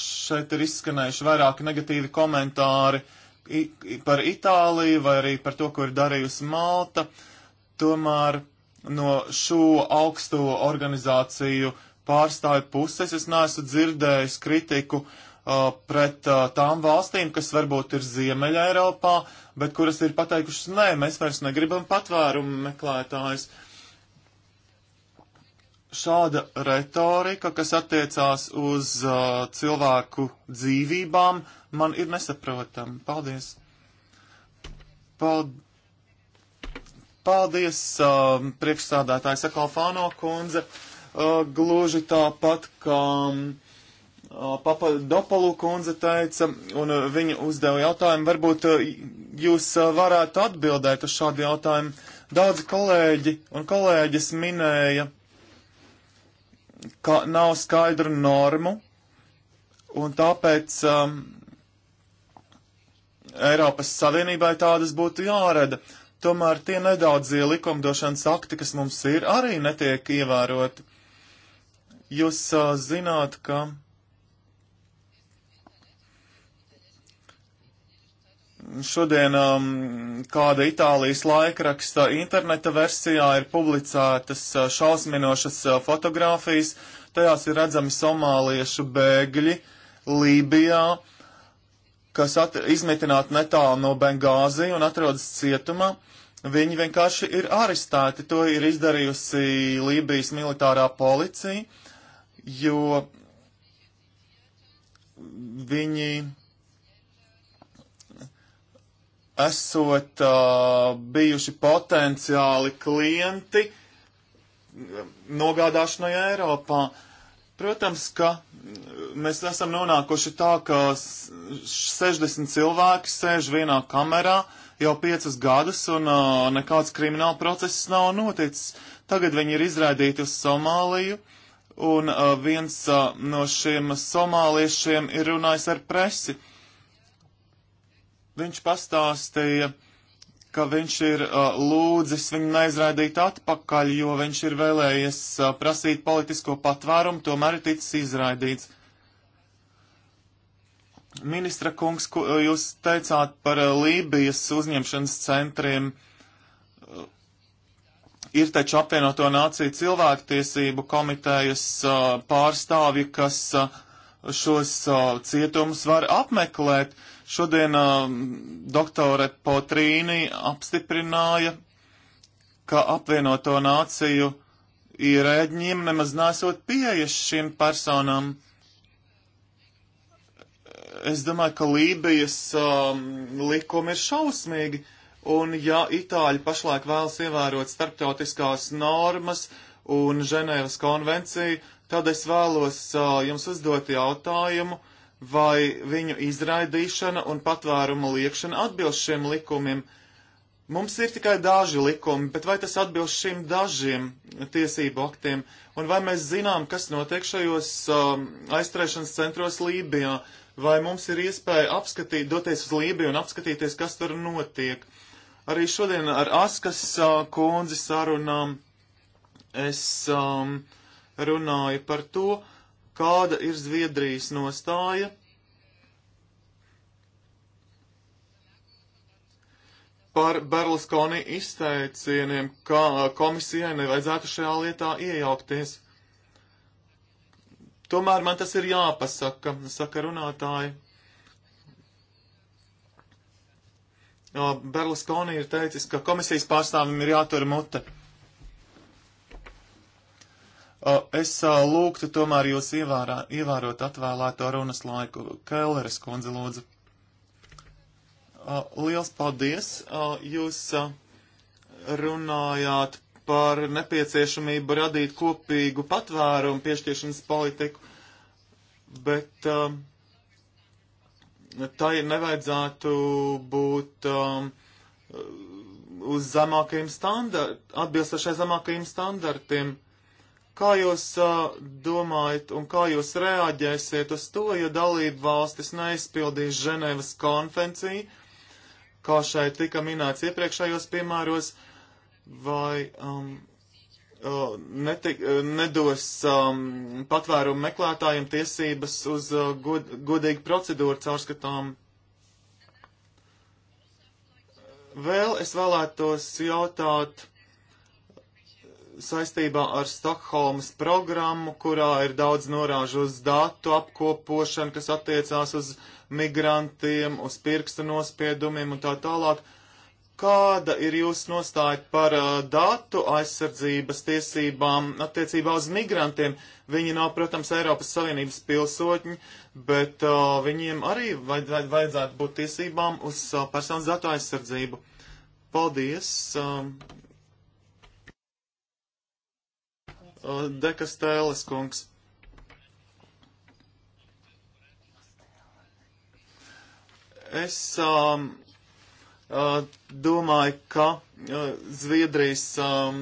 šeit ir izskanējuši vairāki negatīvi komentāri par Itāliju vai arī par to, ko ir darījusi Malta. Tomēr no šo augstu organizāciju pārstāju puses es neesmu dzirdējis kritiku uh, pret uh, tām valstīm, kas varbūt ir Ziemeļa Eiropā, bet kuras ir pateikušas, nē, mēs vairs negribam patvērumu meklētājus. Šāda retorika, kas attiecās uz uh, cilvēku dzīvībām, man ir nesaprotama. Paldies! Paldies! Paldies, uh, priekšsādātājs Akalfāno kundze. Uh, gluži tāpat, kā um, uh, Papadopalu kundze teica, un uh, viņa uzdeva jautājumu, varbūt uh, jūs uh, varētu atbildēt uz šādu jautājumu. Daudzi kolēģi un kolēģis minēja, ka nav skaidru normu, un tāpēc um, Eiropas Savienībai tādas būtu jārada. Uh, tomēr tie nedaudzie likumdošanas akti, kas mums ir, arī netiek ievēroti. Jūs uh, zināt, ka šodien um, kāda Itālijas laikraksta interneta versijā ir publicētas uh, šausminošas uh, fotogrāfijas. Tajās ir redzami somāliešu bēgļi Lībijā. Uh, kas izmitināti netālu no Bengāzi un atrodas cietumā. Viņi vienkārši ir arestēti. To ir izdarījusi Lībijas militārā policija, jo viņi esot uh, bijuši potenciāli klienti nogādāšanai Eiropā. Uh, Protams, ka mm, mēs esam nonākuši tā, ka 60 cilvēki sēž vienā kamerā jau 5 gadus un uh, nekāds krimināla process nav noticis. Tagad viņi ir izraidīti uz Somāliju un uh, viens uh, no šiem somāliešiem ir runājis ar presi. Viņš pastāstīja, uh, ka viņš ir uh, lūdzis viņu neizraidīt atpakaļ, jo viņš ir vēlējies uh, prasīt politisko patvērumu, tomēr ir ticis izraidīts. Ministra kungs, ko, jūs teicāt par uh, Lībijas uzņemšanas centriem. Uh, ir taču apvienoto nāciju cilvēktiesību komitejas uh, pārstāvi, kas uh, šos uh, cietumus var apmeklēt. Uh, Šodien uh, doktore Potrīni apstiprināja, ka apvienoto nāciju ierēģiem nemaz nesot pieejas šīm personām. Es domāju, ka Lībijas um, likumi ir šausmīgi, un ja Itāļi pašlaik vēlas ievērot starptautiskās normas un Ženēvas konvenciju, tad es vēlos uh, jums uzdot jautājumu, uh, vai viņu izraidīšana un patvērumu liekšana atbilst šiem likumiem. Mums ir tikai daži likumi, bet vai tas atbilst šiem dažiem tiesību aktiem, un vai mēs zinām, kas notiek šajos um, aizturēšanas centros Lībijā, vai mums ir iespēja apskatīt, doties uz Lībiju un apskatīties, kas tur notiek. Arī šodien ar Askas uh, kundzi sarunām es um, runāju par to, uh, kāda ir Zviedrijas nostāja par Berluskoni izteicieniem, ka komisijai nevajadzētu šajā lietā iejaukties. Tomēr man tas ir jāpasaka, saka runātāji. Berluskoni ir teicis, ka komisijas pārstāvim ir jātur mute. Es lūgtu tomēr jūs ievārā, ievērot atvēlēto runas laiku. Kelleres kundze lūdzu. Liels paldies! Jūs runājāt par nepieciešamību radīt kopīgu patvērumu piešķiršanas politiku, bet tai nevajadzētu būt uz zemākajiem standartiem, atbilstošai zemākajiem standartiem Kā jūs uh, domājat un kā jūs reaģēsiet uz to, ja dalību valstis neizpildīs Ženēvas konvenciju, kā šeit tika minēts iepriekšējos piemēros, vai um, uh, netik, uh, nedos um, patvērumu meklētājiem tiesības uz uh, god, godīgu procedūru caurskatām? Vēl es vēlētos jautāt saistībā ar Stokholmas programmu, kurā ir daudz norāžu uz datu apkopošanu, kas attiecās uz migrantiem, uz pirksta nospiedumiem un tā tālāk. Kāda ir jūsu nostāja par uh, datu aizsardzības tiesībām attiecībā uz migrantiem? Viņi nav, protams, Eiropas Savienības pilsoņi, bet uh, viņiem arī vajad, vajad, vajadzētu būt tiesībām uz uh, personas datu aizsardzību. Paldies! Uh, Dekas Tēles kungs. Es um, Uh, domāju, ka uh, Zviedrijas um,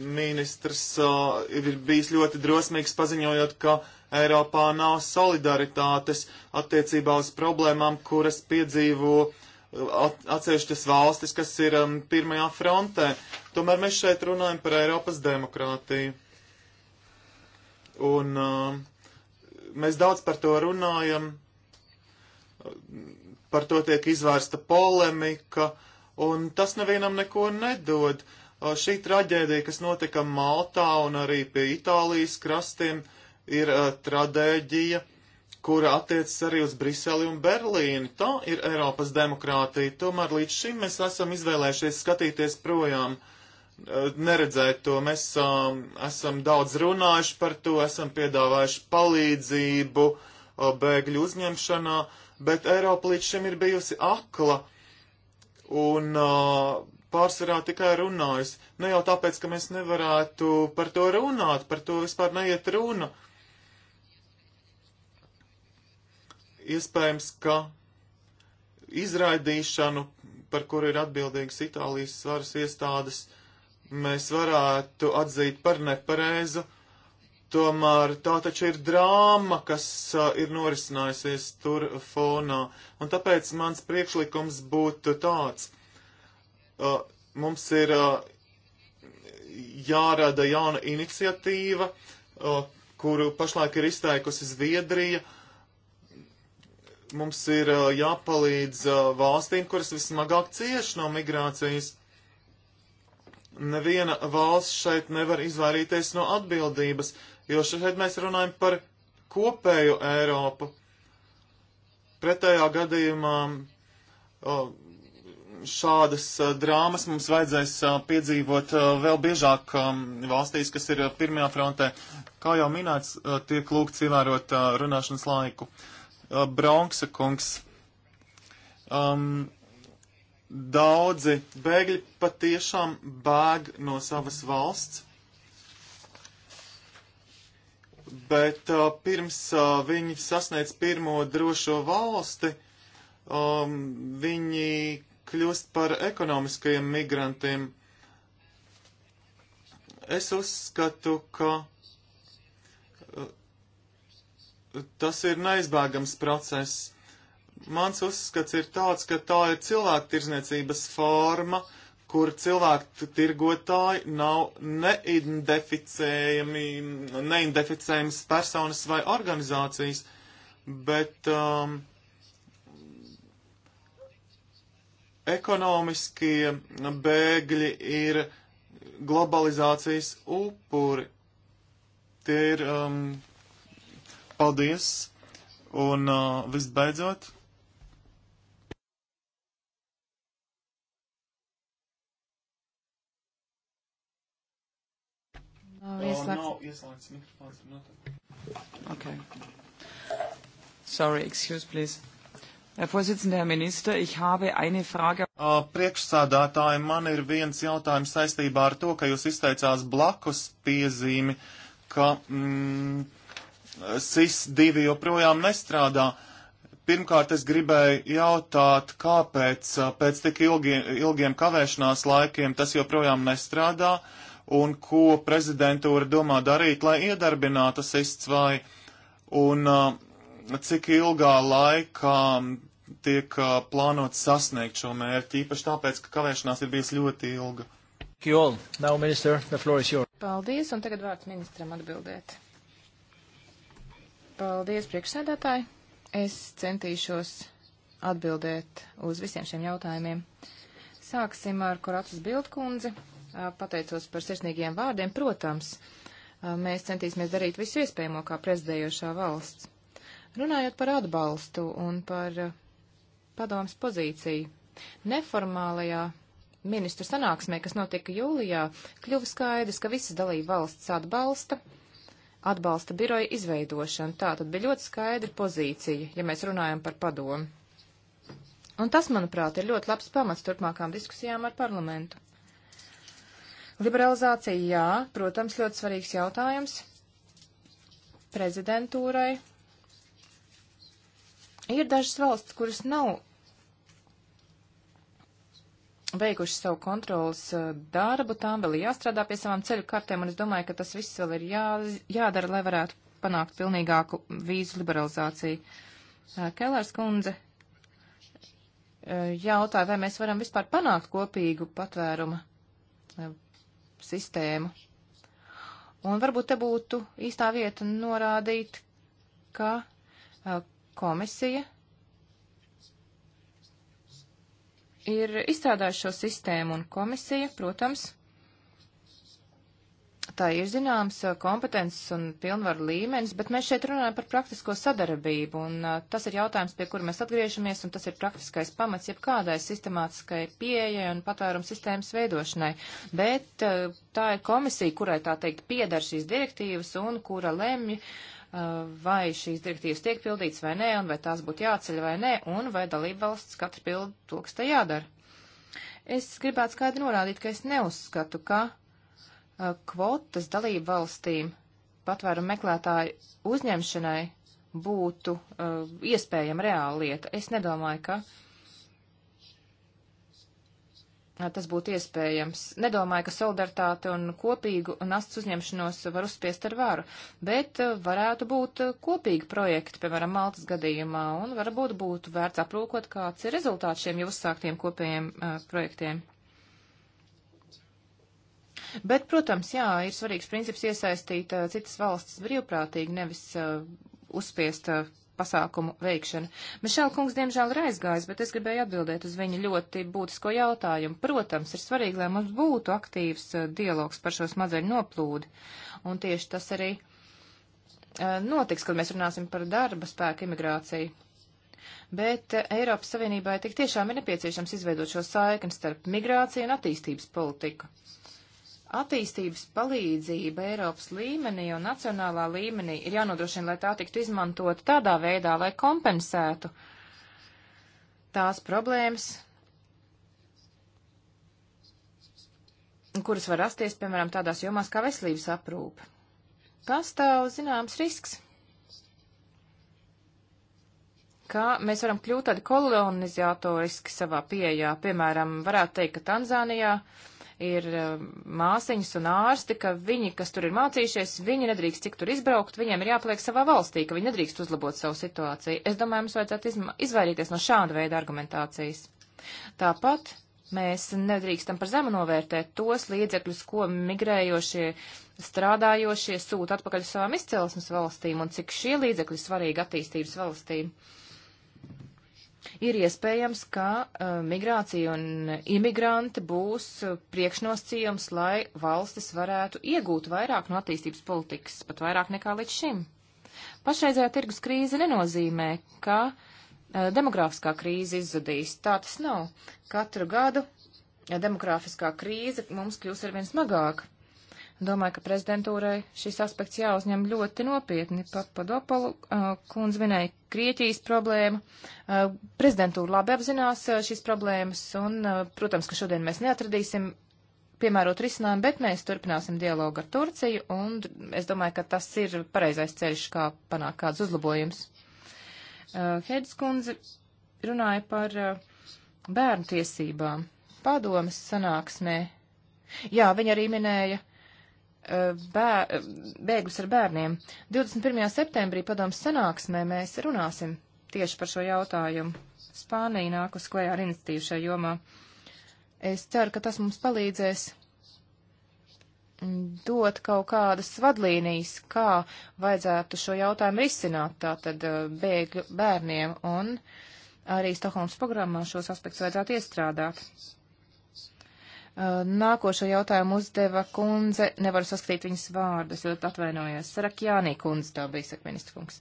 ministrs uh, ir bijis ļoti drosmīgs paziņojot, ka Eiropā nav solidaritātes attiecībā uz problēmām, kuras piedzīvo at atsevišķas valstis, kas ir um, pirmajā frontē. Tomēr mēs šeit runājam par Eiropas demokrātiju. Un uh, mēs daudz par to runājam, par to tiek izvērsta polemika, un tas nevienam neko nedod. Uh, šī traģēdija, kas notika Maltā un arī pie Itālijas krastiem, ir uh, traģēdija, kura attiecas arī uz Briseli un Berlīnu. Tā ir Eiropas demokrātija. Tomēr līdz šim mēs esam izvēlējušies skatīties projām uh, Eh, neredzēt to. Mēs um, esam daudz runājuši par to, esam piedāvājuši palīdzību eh, bēgļu uzņemšanā, bet Eiropa līdz šim ir bijusi akla un uh, pārsvarā tikai runājusi. Ne nu, jau tāpēc, ka mēs nevarētu par to runāt, par to vispār neiet runa. Iespējams, ka izraidīšanu, par kuru ir atbildīgas Itālijas svaras iestādes, mēs varētu atzīt par nepareizu. Tomēr tā taču ir drāma, kas uh, ir norisinājusies tur fonā. Un tāpēc mans priekšlikums būtu tāds. Uh, mums ir uh, jārada jauna iniciatīva, uh, kuru pašlaik ir izteikusi Zviedrija. Mums ir uh, jāpalīdz uh, valstīm, kuras vismagāk cieš no migrācijas. Uh, neviena valsts šeit nevar izvairīties no atbildības, jo šeit mēs runājam par kopēju Eiropu. Pretējā gadījumā šādas drāmas mums vajadzēs piedzīvot vēl biežāk valstīs, kas ir pirmajā frontē. Kā jau minēts, tiek lūgts ievērot runāšanas laiku. Bronksa kungs. Um, Daudzi bēgļi patiešām bēg no savas valsts, bet uh, pirms uh, viņi sasniedz pirmo drošo valsti, um, viņi kļūst par ekonomiskajiem migrantiem. Es uzskatu, ka uh, tas ir neizbēgams process mans uzskats ir tāds, ka tā ir cilvēku tirzniecības forma, kur cilvēku tirgotāji nav neidentificējami, neidentificējams personas vai organizācijas, bet um, ekonomiskie bēgļi ir globalizācijas upuri. Tie ir, um, paldies, un uh, visbeidzot. Nav oh, oh, ieslēgts. Nav ieslēgts mikrofons. Nu ok. Sorry, excuse please. Herr Vorsitzender, Herr Minister, ich habe eine Frage. Uh, priekšsādātāji, man ir viens jautājums saistībā ar to, ka jūs izteicās blakus piezīmi, ka mm, SIS-2 joprojām nestrādā. Pirmkārt, es gribēju jautāt, kāpēc uh, pēc tik ilgi, ilgiem kavēšanās laikiem tas joprojām nestrādā. Uh, un ko prezidentūra domā darīt, lai iedarbinātu SISTS vai un uh, cik ilgā laikā tiek uh, plānots sasniegt šo mērķi, īpaši tāpēc, ka kavēšanās ir bijis ļoti ilga. Now, minister, Paldies, un tagad vārds ministram atbildēt. Paldies, priekšsēdētāji. Es centīšos atbildēt uz visiem šiem jautājumiem. Sāksim ar Koratas Bildkundzi. kundzi pateicos par sirsnīgiem vārdiem. Protams, mēs centīsimies darīt visu iespējamo kā prezidējošā valsts. Runājot par atbalstu un par padomas pozīciju, neformālajā ministru sanāksmē, kas notika jūlijā, kļuva skaidrs, ka visas dalība valsts atbalsta atbalsta biroja izveidošanu. Tā tad bija ļoti skaidra pozīcija, ja mēs runājam par padomu. Un tas, manuprāt, ir ļoti labs pamats turpmākām diskusijām ar parlamentu. Liberalizācija, jā, protams, ļoti svarīgs jautājums prezidentūrai. Ir dažas valsts, kuras nav veikuši savu kontrolas eh, darbu, tām vēl jāstrādā pie savām ceļu kartēm, un es domāju, ka tas viss vēl ir jā, jādara, lai varētu panākt pilnīgāku vīzu liberalizāciju. Eh, Kelārs kundze eh, jautāja, vai mēs varam vispār panākt kopīgu patvērumu sistēmu. Un varbūt te būtu īstā vieta norādīt, ka komisija ir izstrādājusi šo sistēmu, un komisija, protams, tā ir zināms kompetences un pilnvaru līmenis, bet mēs šeit runājam par praktisko sadarbību, un tas ir jautājums, pie kura mēs atgriežamies, un tas ir praktiskais pamats jebkādai sistemātiskai pieejai un patvērumu sistēmas veidošanai. Bet tā ir komisija, kurai tā teikt piedar šīs direktīvas un kura lemj, vai šīs direktīvas tiek pildītas vai nē, un vai tās būtu jāceļ vai nē, un vai dalība valsts katra pild to, kas tā jādara. Es gribētu skaidri norādīt, ka es neuzskatu, ka Uh, kvotas dalību valstīm patvērumu meklētāju uzņemšanai būtu uh, iespējama reāla lieta. Es nedomāju, ka uh, tas būtu iespējams. Nedomāju, ka solidaritāte un kopīgu nasts uzņemšanos var uzspiest ar varu, bet uh, varētu būt uh, kopīgi projekti, piemēram, Maltas gadījumā, un varbūt būtu vērts aprūkot, kāds ir rezultāts šiem jau uzsāktiem kopējiem uh, projektiem. Bet, protams, jā, ir svarīgs princips iesaistīt uh, citas valstis brīvprātīgi, nevis uh, uzspiest uh, pasākumu veikšanu. Mišēl kungs, diemžēl, ir aizgājis, bet es gribēju atbildēt uz viņa ļoti būtisko jautājumu. Protams, ir svarīgi, lai mums būtu aktīvs uh, dialogs par šo smadzeņu noplūdi. Un tieši tas arī uh, notiks, kad mēs runāsim par darba spēku imigrāciju. Bet uh, Eiropas Savienībai tik tiešām ir nepieciešams izveidot šo saikni starp migrāciju un attīstības politiku. Attīstības palīdzība Eiropas līmenī un nacionālā līmenī ir jānodrošina, lai tā tiktu izmantota tādā veidā, lai kompensētu tās problēmas, kuras var rasties, piemēram, tādās jomās kā veselības aprūpe. Pastāv zināms risks, ka mēs varam kļūt tādi kolonizatoriski savā pieejā, piemēram, varētu teikt, ka Tanzānijā uh, ir um, māsiņas un ārsti, ka viņi, kas tur ir mācījušies, viņi nedrīkst tik tur izbraukt, viņiem ir jāpaliek savā valstī, ka viņi nedrīkst uzlabot savu situāciju. Es domāju, mums vajadzētu izvairīties no šāda veida argumentācijas. Tāpat mēs nedrīkstam par zemu novērtēt tos līdzekļus, ko migrējošie strādājošie sūta atpakaļ uz savām izcelsmes valstīm un cik šie līdzekļi svarīgi attīstības valstīm. Uh, ir iespējams, ka uh, migrācija un imigranti būs uh, priekšnosacījums, lai valstis varētu iegūt vairāk no attīstības politikas, pat vairāk nekā līdz šim. Pašreizējā tirgus krīze nenozīmē, ka uh, demogrāfiskā krīze izzudīs. Tā tas nav. Katru gadu ja demografiskā krīze mums kļūs arvien smagāka. Domāju, ka prezidentūrai šis aspekts jāuzņem ļoti nopietni. Papadopolu uh, kundze minēja Krieķijas problēmu. Uh, prezidentūra labi apzinās uh, šīs problēmas un, protams, ka šodien mēs neatradīsim piemērot risinājumu, bet mēs turpināsim dialogu ar Turciju, un es domāju, ka tas ir pareizais ceļš, kā panākt kādus uzlabojumus. Uh, Hedis kundze runāja par uh, bērnu tiesībām padomas sanāksmē. Jā, viņa arī minēja bēr, bēgļus ar bērniem. 21. septembrī padoms sanāksmē mēs runāsim tieši par šo jautājumu. Spānija nāk uz klējā ar iniciatīvu šajā jomā. Es ceru, ka tas mums palīdzēs dot kaut kādas vadlīnijas, kā vajadzētu šo jautājumu risināt tātad uh, bēgļu bērniem, un arī Stokholmas programmā šos aspektus vajadzētu iestrādāt. Uh, nākošo jautājumu uzdeva kundze, nevaru saskatīt viņas vārdus, ļoti atvainojos. Sarakjānī kundze tā bija, saka ministra kungs.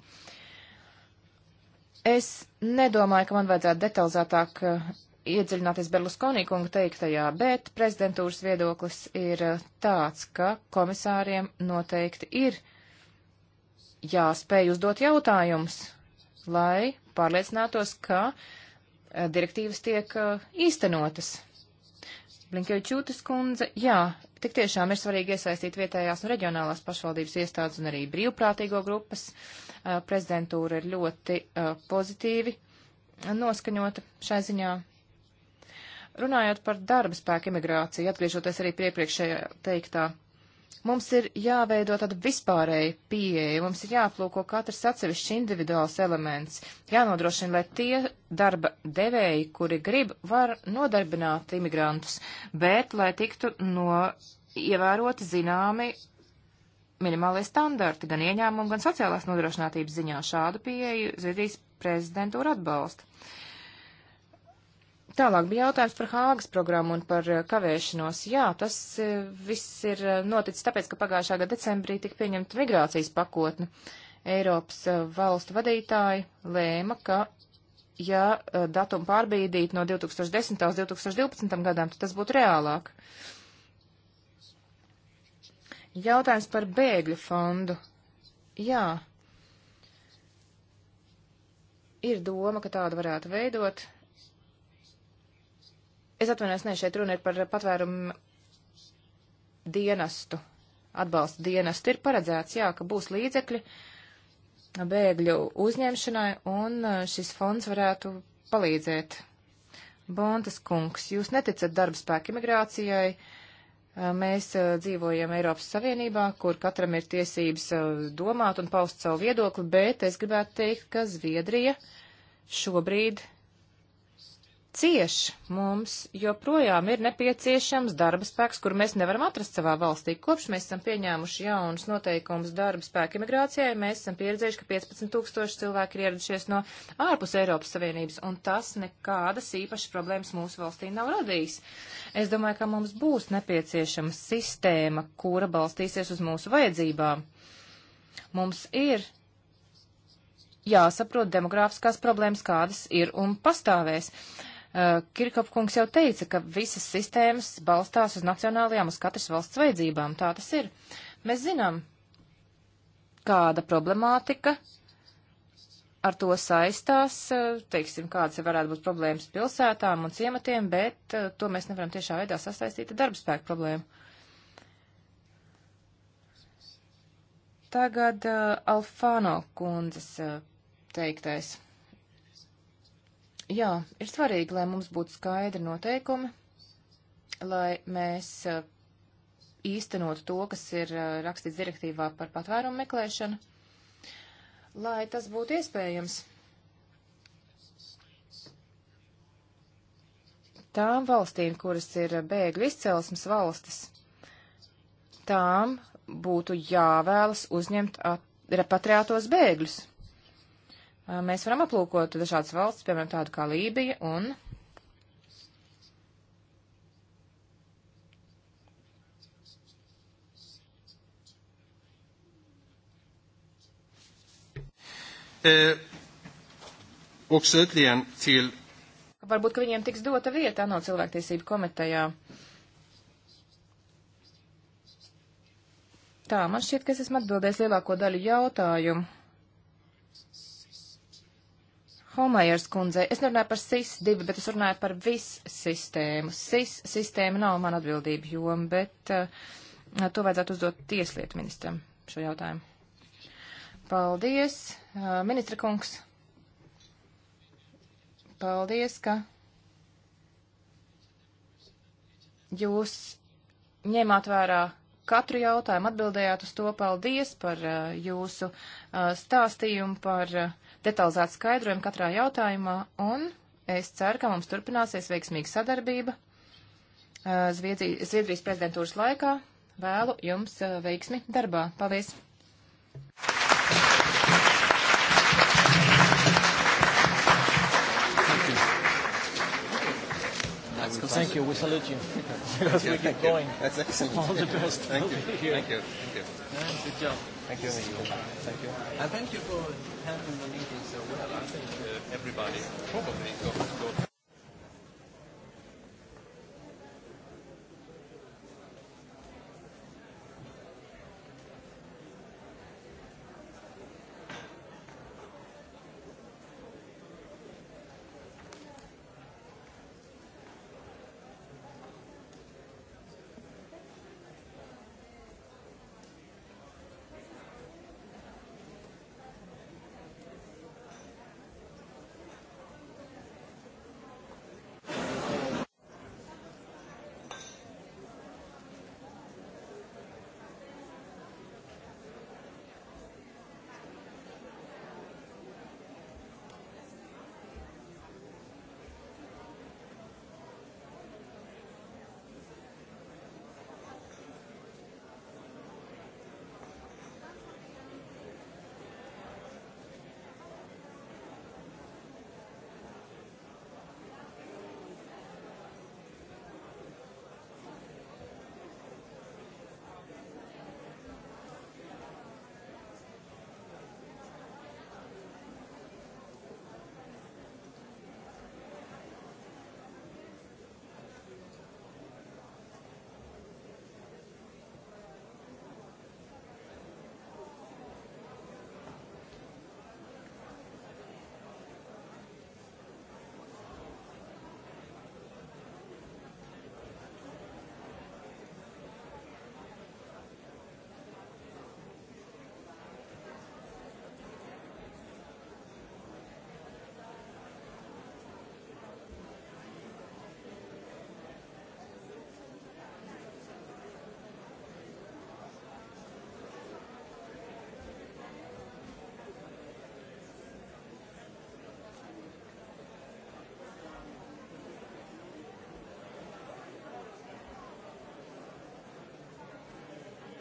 Es nedomāju, ka man vajadzētu detalizētāk uh, iedziļināties Berluskonī kunga teiktajā, bet prezidentūras viedoklis ir uh, tāds, ka komisāriem noteikti ir jāspēj uzdot jautājumus, lai pārliecinātos, ka direktīvas tiek īstenotas. Blinkevičūtas kundze, jā, tik tiešām ir svarīgi iesaistīt vietējās un reģionālās pašvaldības iestādes un arī brīvprātīgo grupas. Prezidentūra ir ļoti pozitīvi noskaņota šai ziņā. Runājot par darba spēku imigrāciju, atgriežoties arī piepriekšējā teiktā, Mums ir jāveido tāda vispārēja pieeja, mums ir jāplūko katrs atsevišķi individuāls elements, jānodrošina, lai tie darba devēji, kuri grib, var nodarbināt imigrantus, bet lai tiktu no ievēroti zināmi minimālie standarti gan ieņēmumu, gan sociālās nodrošinātības ziņā. Šādu pieeju Zviedrijas prezidentūra atbalsta. Uh, Tālāk bija jautājums par Hāgas programmu un par eh, kavēšanos. Jā, tas eh, viss ir eh, noticis tāpēc, ka pagājušā gada decembrī tika pieņemta migrācijas pakotne. Eiropas valstu vadītāji lēma, ka ja datumu pārbīdīt no 2010. līdz 2012. gadam, tad tas būtu reālāk. Jautājums par bēgļu fondu. Jā. Ir doma, ka tādu varētu veidot. Es atvainojos, ne, šeit runa ir par patvērumu dienestu, atbalsta dienestu. Ir paredzēts, jā, ka būs līdzekļi bēgļu uzņemšanai, un šis fonds varētu palīdzēt. Bontas kungs, jūs neticat darbspēku imigrācijai. Mēs dzīvojam Eiropas Savienībā, kur katram ir tiesības domāt un paust savu viedokli, bet es gribētu teikt, ka Zviedrija šobrīd cieš, mums joprojām ir nepieciešams darba spēks, kur mēs nevaram atrast savā valstī. Kopš mēs esam pieņēmuši jaunus noteikumus darba spēka imigrācijai, mēs esam pieredzējuši, ka 15 tūkstoši cilvēki ir ieradušies no ārpus Eiropas Savienības, un tas nekādas īpašas problēmas mūsu valstī nav radījis. Es domāju, ka mums būs nepieciešama sistēma, kura balstīsies uz mūsu vajadzībām. Mums ir jāsaprot demogrāfiskās problēmas, kādas ir un pastāvēs. Uh, Eh, Kirkopkungs jau teica, ka visas sistēmas balstās uz nacionālajām, uz katras valsts vajadzībām. Tā tas ir. Mēs zinām, kāda problemātika ar to saistās, eh, teiksim, kādas varētu būt problēmas pilsētām un ciematiem, bet eh, to mēs nevaram tiešā veidā sasaistīt ar darbspēku problēmu. Tagad uh, Alfāno kundzes uh, teiktais. Jā, ir svarīgi, lai mums būtu skaidri noteikumi, lai mēs uh, īstenotu to, kas ir uh, rakstīts direktīvā par patvērumu meklēšanu, lai tas būtu iespējams. Tām valstīm, kuras ir uh, bēgļu izcelsmes valstis, tām būtu jāvēlas uzņemt repatriētos bēgļus mēs varam aplūkot dažādas valsts, piemēram, tādu kā Lībija, un Eh, och slutligen till... Varbūt, ka viņiem tiks dota vieta no cilvēktiesību komitejā. Tā, man šķiet, ka es esmu atbildējis lielāko daļu jautājumu. Homajers kundzei, es nerunāju par SIS-2, bet es runāju par visu sistēmu. SIS-sistēma nav man atbildība joma, bet uh, to vajadzētu uzdot tieslietu ministram šo jautājumu. Paldies, uh, ministra kungs. Paldies, ka jūs ņēmāt vērā katru jautājumu, atbildējāt uz to. Paldies par uh, jūsu uh, stāstījumu par. Uh, detalizētu skaidrojumu katrā jautājumā, un es ceru, ka mums turpināsies veiksmīga sadarbība uh, Zviedri, Zviedrijas prezidentūras laikā. Vēlu jums uh, veiksmi darbā. Paldies! Thank you. We salute you <laughs> because Thank we keep you. going. That's excellent. All the best. Thank you. Thank you. Thank you. Thank you. Good job. Thank you. Thank you. And thank you for handling the meeting so well. I think uh, everybody probably got. got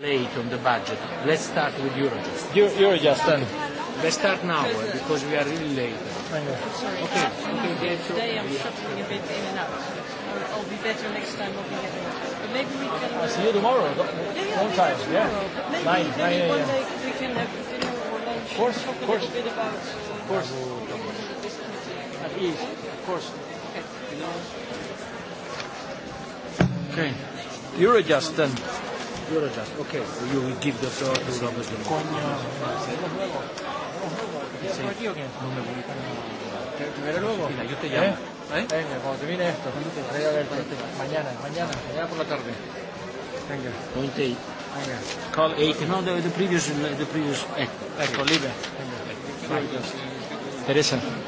late on the budget. Let's start with Eurojust. Eurojust, then. Let's start now uh, because we are really late. I know. Sorry. Okay. Uh, okay. okay. Today I'm shuffling a bit in and out. I'll, I'll be better next time. I'll be getting But maybe we can. Uh, I'll see you tomorrow. Yeah, yeah, Long time. Tomorrow. Yeah. But maybe, nine, maybe nine, one yeah. day we can have dinner or lunch. Of course, talk of course. A bit about. Uh, of course. At ease. Of course. Okay. You know. Okay. Eurojust then. Eurojust. Okay, you will give the floor to López de Coño. Sí. No me voy. ¿Te, te veré luego? Mira, yo te ¿Eh? llamo. ¿Eh? ¿Eh? Venga, cuando te viene esto. ¿Cuándo te vas? Voy a verte. ¿Cuándo te vas? Mañana, mañana, mañana por la tarde. Venga. Ponte ahí. Venga. Call 8. No, the, the previous, the previous. Eh. Ecco, libre. Venga. Teresa. Venga.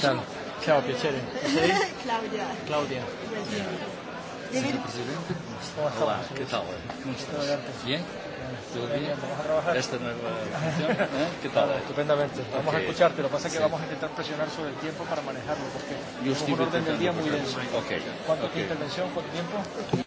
tal? Ciao, piacere. Claudia. Claudia. Señor <laughs> presidente, hola, ¿qué tal? ¿Cómo estás? Bien. ¿Todo bien? Esta nueva función, ¿eh? ¿Qué tal? Vale, estupendamente. Vamos okay. a escucharte. Lo que pasa es que sí. vamos a intentar presionar sobre el tiempo para manejarlo, porque Yo tenemos un orden del día muy denso. Okay. ¿Cuánto okay. tiempo intervención? ¿Cuánto tiempo?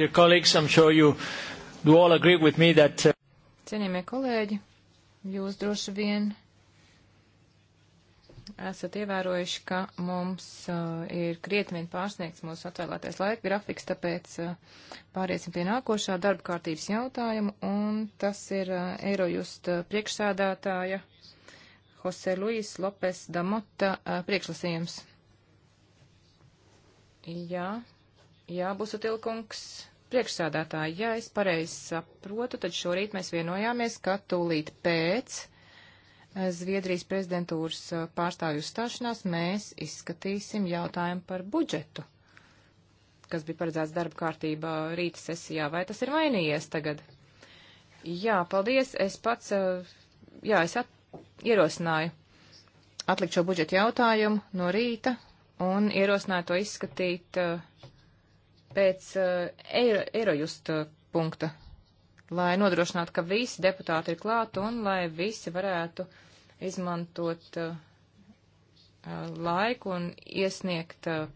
Dear colleagues, I'm sure you do all agree with me that. Uh, Cienījamie kolēģi, jūs droši vien esat ievērojuši, ka mums uh, ir krietni pārsniegts mūsu atvēlētais laika grafiks, tāpēc uh, pāriesim pie nākošā darba kārtības jautājuma, un tas ir uh, Eirojust uh, priekšsēdētāja Jose Luis Lopes Damota uh, priekšlasījums. Jā, jā, būs utilkungs. Priekšsādātāji, ja es pareizi saprotu, tad šorīt mēs vienojāmies, ka tūlīt pēc eh, Zviedrijas prezidentūras eh, pārstāvju stāšanās mēs izskatīsim jautājumu par budžetu, kas bija paredzēts darba kārtībā rīta sesijā. Vai tas ir mainījies tagad? Jā, paldies. Es pats, eh, jā, es at, ierosināju atlikt šo budžetu jautājumu no rīta un ierosināju to izskatīt uh, pēc eh, eiro, Eirojust eh, punkta, lai nodrošinātu, ka visi deputāti ir klāt un lai visi varētu izmantot uh, laiku un iesniegt uh,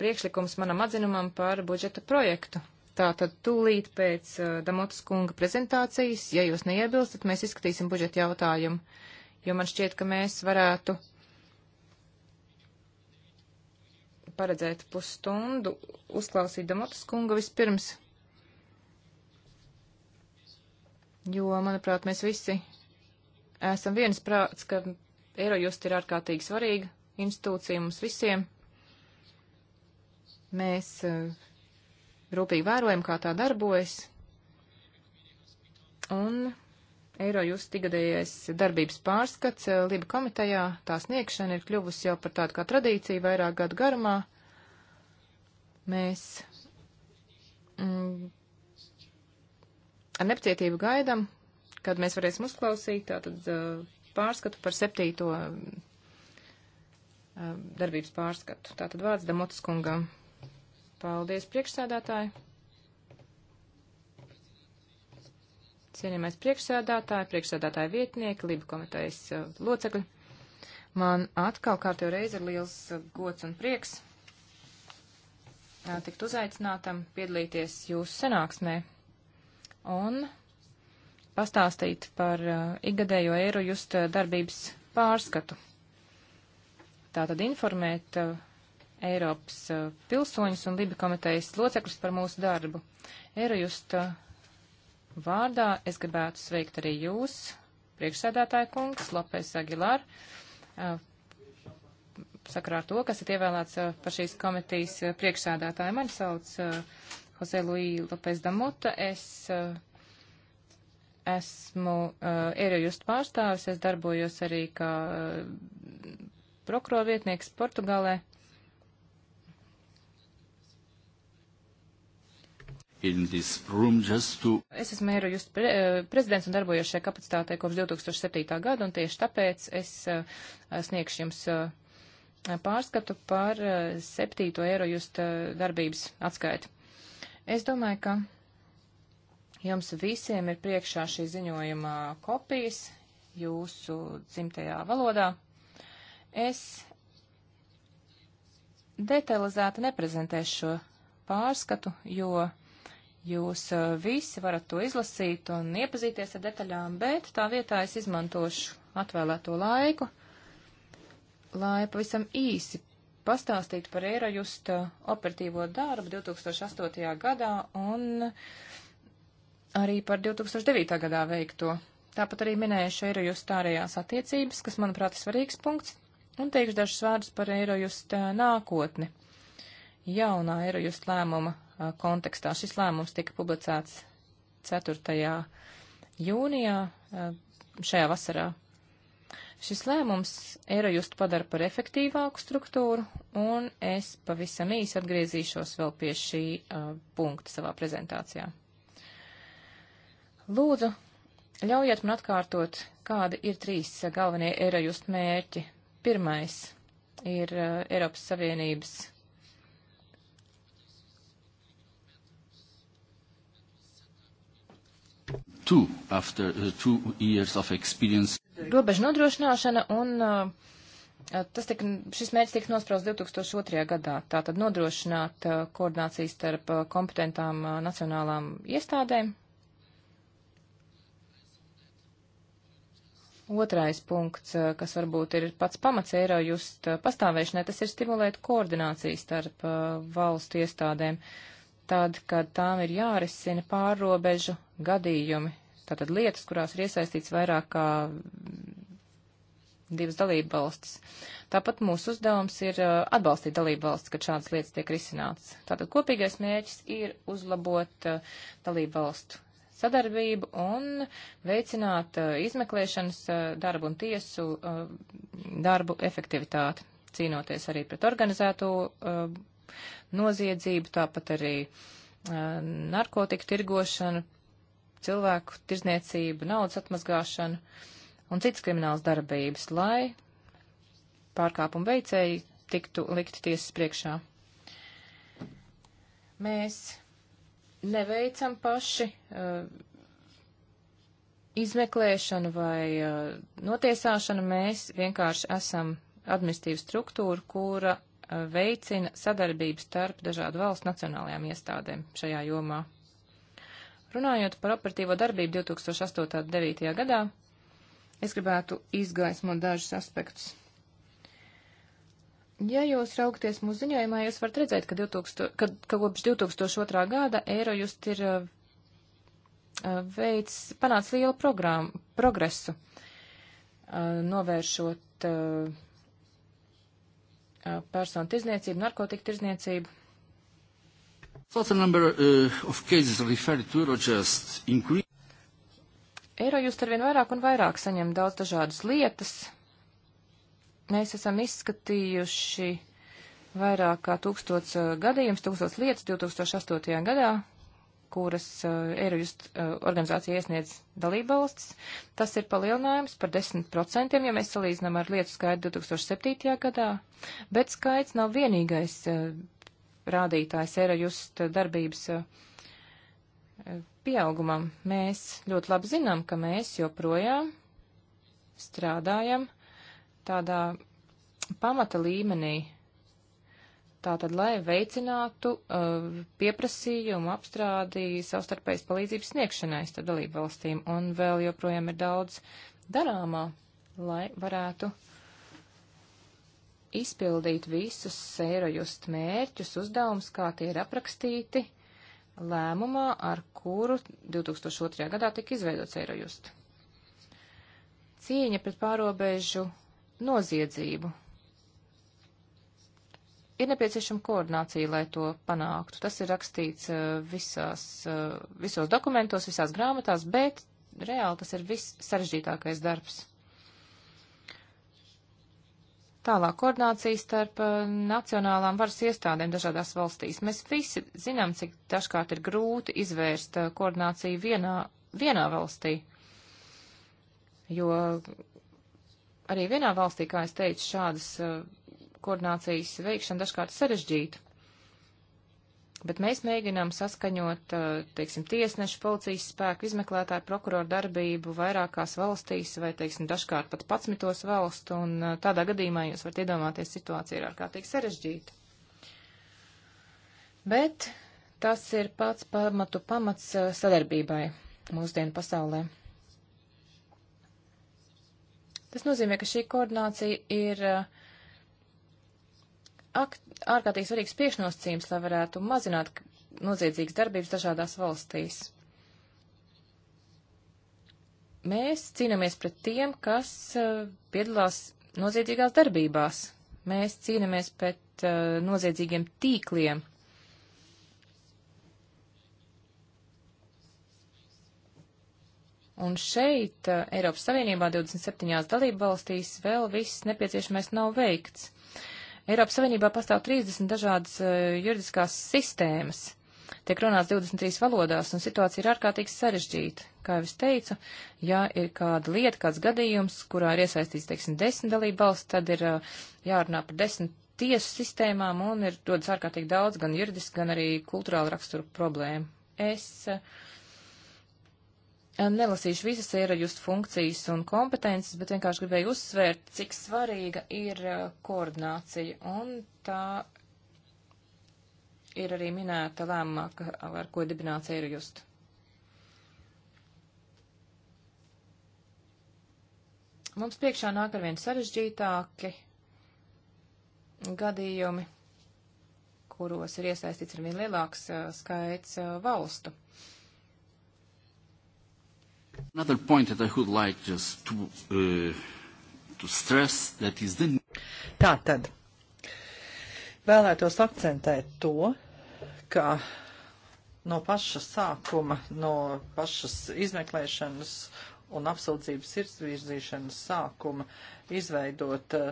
priekšlikums manam atzinumam par budžeta projektu. Tātad tūlīt pēc uh, Damotas kunga prezentācijas, ja jūs neiebilstat, mēs izskatīsim budžeta jautājumu, jo man šķiet, ka mēs varētu paredzēt pusstundu, uzklausīt Damotas kunga vispirms. Jo, manuprāt, mēs visi esam viens prāts, ka Eirojust ir ārkārtīgi svarīga institūcija mums visiem. Mēs uh, rūpīgi vērojam, kā tā darbojas. Un Eiro jūs tigadējais darbības pārskats eh, Liba komitejā, tā sniegšana ir kļuvusi jau par tādu kā tradīciju vairāk gadu garumā. Mēs mm, ar nepacietību gaidam, kad mēs varēsim uzklausīt tātad eh, pārskatu par septīto eh, darbības pārskatu. Tātad vārds Damotas kungam. Paldies, priekšsēdētāji! cienījamais priekšsēdātāji, priekšsēdātāji vietnieki, Liba komitejas uh, locekļi. Man atkal kārtējo reizi ir liels uh, gods un prieks uh, tikt uzaicinātam piedalīties jūsu senāksmē un pastāstīt par uh, ikgadējo eiro just uh, darbības pārskatu. Tātad informēt uh, Eiropas pilsoņus un Liba komitejas locekļus par mūsu darbu. Eiro just uh, vārdā es gribētu sveikt arī jūs, priekšsēdētāja kungs, Lopes Agilar, sakarā ar to, kas ir ievēlēts par šīs komitīs priekšsēdētāju. Mani sauc Jose Luī Lopes Damuta, es esmu ierojust pārstāvis, es darbojos arī kā prokurorvietnieks Portugālē. To... Es esmu Eirojust pre, eh, prezidents un darbojos šajā kapacitātē kopš 2007. gada, un tieši tāpēc es eh, sniegšu jums eh, pārskatu par septīto Eirojust darbības atskaiti. Es domāju, ka jums visiem ir priekšā šī ziņojuma kopijas jūsu dzimtajā valodā. Es detalizēti neprezentēšu šo pārskatu, jo Jūs eh, visi varat to izlasīt un iepazīties ar detaļām, bet tā vietā es izmantošu atvēlēto laiku, lai pavisam īsi pastāstītu par Eirojust eh, operatīvo darbu 2008. gadā un arī par 2009. gadā veikto. Tāpat arī minējuši Eirojust ārējās attiecības, kas, manuprāt, ir svarīgs punkts, un teikšu dažus vārdus par Eirojust eh, nākotni. Jaunā Eirojust lēmuma Uh, kontekstā. Šis lēmums tika publicēts 4. jūnijā uh, šajā vasarā. Šis lēmums Eirojust padara par efektīvāku struktūru, un es pavisam īsi atgriezīšos vēl pie šī uh, punkta savā prezentācijā. Lūdzu, ļaujiet man atkārtot, kādi ir trīs uh, galvenie Eirojust mērķi. Pirmais ir uh, Eiropas Savienības two after uh, two years of experience. Robežu nodrošināšana un uh, uh tas tika, šis mērķis tika nospraust 2002. gadā. Tātad nodrošināt uh, koordinācijas starp uh, kompetentām uh, nacionālām iestādēm. Otrais punkts, uh, kas varbūt ir pats pamats eiro just uh, pastāvēšanai, tas ir stimulēt koordināciju starp uh, valstu iestādēm. Uh, tad, kad tām ir jārisina pārrobežu gadījumi tātad lietas, kurās ir iesaistīts vairāk kā mm, divas dalību valstis. Tāpat mūsu uzdevums ir uh, atbalstīt dalību valstis, kad šādas lietas tiek risināts. Tātad kopīgais mērķis ir uzlabot uh, dalību valstu sadarbību un veicināt uh, izmeklēšanas darbu un tiesu darbu efektivitāti, cīnoties arī pret organizēto noziedzību, tāpat arī narkotiku tirgošanu, cilvēku tirzniecību, naudas atmazgāšanu un citas kriminālas darbības, lai pārkāpumu veicēji tiktu likti tiesas priekšā. Mēs neveicam paši uh, izmeklēšanu vai uh, notiesāšanu, mēs vienkārši esam administīva struktūra, kura uh, veicina sadarbību starp dažādu valstu nacionālajām iestādēm šajā jomā. Runājot par operatīvo darbību 2008.9. gadā, es gribētu izgaismot dažus aspektus. Ja jūs raugties mūsu ziņojumā, jūs varat redzēt, ka, 2000, ka, ka kopš 2002. gada Eirojust ir uh, uh veids panācis lielu programmu, progresu, uh, novēršot uh, uh, personu tirzniecību, narkotiku tirzniecību. Such a number uh, of cases referred to Eurojust increase. Eirojust arvien vairāk un vairāk saņem daudz dažādas lietas. Mēs esam izskatījuši vairāk kā tūkstots uh, gadījums, tūkstots lietas 2008. gadā, kuras uh, Eirojust uh, organizācija iesniedz dalībvalstis. Tas ir palielinājums par 10%, ja mēs salīdzinām ar lietu skaitu 2007. gadā, bet skaits nav vienīgais uh, rādītājs Eirojust darbības eh, pieaugumam. Mēs ļoti labi zinām, ka mēs joprojām strādājam tādā pamata līmenī, tātad, lai veicinātu uh, pieprasījumu apstrādi savstarpējas palīdzības sniegšanai starp dalību valstīm, un vēl joprojām ir daudz darāmā, lai varētu uh, izpildīt visus Eirojust mērķus, uzdevums, kā tie ir aprakstīti lēmumā, ar kuru 2002. gadā tika izveidots Eirojust. Cīņa pret pārobežu noziedzību. Ir nepieciešama koordinācija, lai to panāktu. Tas ir rakstīts uh, visās, uh, visos dokumentos, visās grāmatās, bet reāli tas ir viss sarežģītākais darbs. Tālāk koordinācija starp uh, nacionālām varas iestādēm dažādās valstīs. Mēs visi zinām, cik dažkārt ir grūti izvērst uh, koordināciju vienā, vienā valstī, jo arī vienā valstī, kā es teicu, šādas uh, koordinācijas veikšana dažkārt sarežģīta. Bet mēs mēģinām saskaņot, eh, teiksim, tiesnešu, policijas spēku, izmeklētāju, prokuroru darbību vairākās valstīs vai, teiksim, dažkārt pat patsmitos valstu, un eh, tādā gadījumā jūs varat iedomāties situācija ir ārkārtīgi sarežģīta. Bet tas ir pats pamatu pamats eh, sadarbībai mūsdienu pasaulē. Tas nozīmē, ka šī koordinācija ir uh, ārkārtīgi svarīgs priekšnosacījums, lai varētu mazināt noziedzīgas darbības dažādās valstīs. Mēs cīnāmies pret tiem, kas uh, piedalās noziedzīgās darbībās. Mēs cīnāmies pret uh, noziedzīgiem tīkliem. Un šeit uh, Eiropas Savienībā 27. dalību valstīs vēl viss nepieciešamais nav veikts. Eiropas Savienībā pastāv 30 dažādas e, juridiskās sistēmas. Tiek runāts 23 valodās, un situācija ir ārkārtīgi sarežģīta. Kā jau es teicu, ja ir kāda lieta, kāds gadījums, kurā ir iesaistīts, teiksim, desmit dalība valsts, tad ir e, jārunā par desmit tiesu sistēmām un ir dodas ārkārtīgi daudz gan juridiski, gan arī kultūrāli raksturu problēmu. Es uh, Nelasīšu visas ierajust funkcijas un kompetences, bet vienkārši gribēju uzsvērt, cik svarīga ir uh, koordinācija. Un tā ir arī minēta lēmumā, ar ko dibināts ierajust. Mums priekšā nāk ar vien sarežģītāki gadījumi, kuros ir iesaistīts ar vien lielāks uh, skaits uh, valstu. Uh, Another point that I would like just to, uh, to stress that is the... Tā tad. Vēlētos akcentēt to, ka no paša sākuma, no pašas izmeklēšanas un apsūdzības sirdsvirzīšanas sākuma izveidot uh,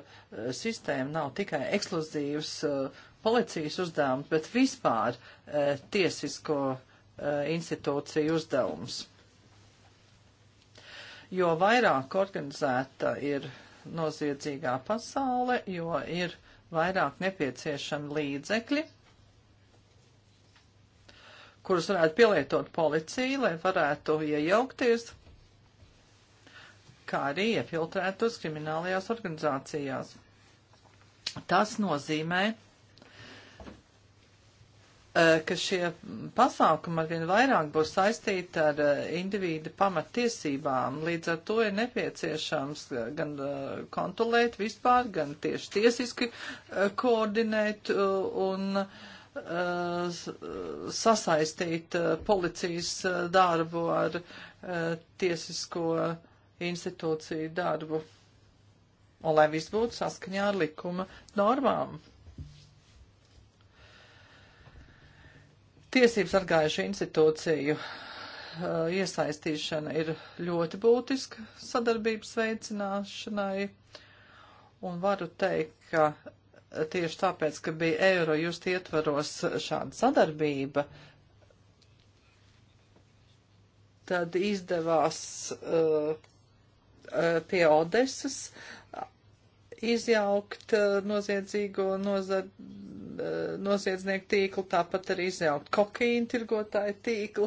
sistēmu nav tikai ekskluzīvs uh, policijas uzdevums, bet vispār uh, tiesisko uh, institūciju uzdevums jo vairāk organizēta ir noziedzīgā pasaule, jo ir vairāk nepieciešami līdzekļi, kurus varētu pielietot policija, lai varētu iejaukties, kā arī iefiltrētos kriminālajās organizācijās. Tas nozīmē, Eh, ka šie pasākumi arvien vairāk būs saistīti ar eh, individu pamatiesībām. Līdz ar to ir nepieciešams eh, gan kontrolēt vispār, gan tieši tiesiski koordinēt un sasaistīt policijas darbu ar tiesisko institūciju darbu. Un lai viss būtu saskaņā ar likuma normām. tiesības sargājušu institūciju uh, iesaistīšana ir ļoti būtiska sadarbības veicināšanai. Un varu teikt, ka tieši tāpēc, ka bija eiro just ietvaros šāda sadarbība, tad izdevās uh, uh pie Odesas izjaukt uh, noziedzīgo nozari Eh, noziedznieku tīklu, tāpat arī izjaukt kokaīnu tirgotāju tīklu.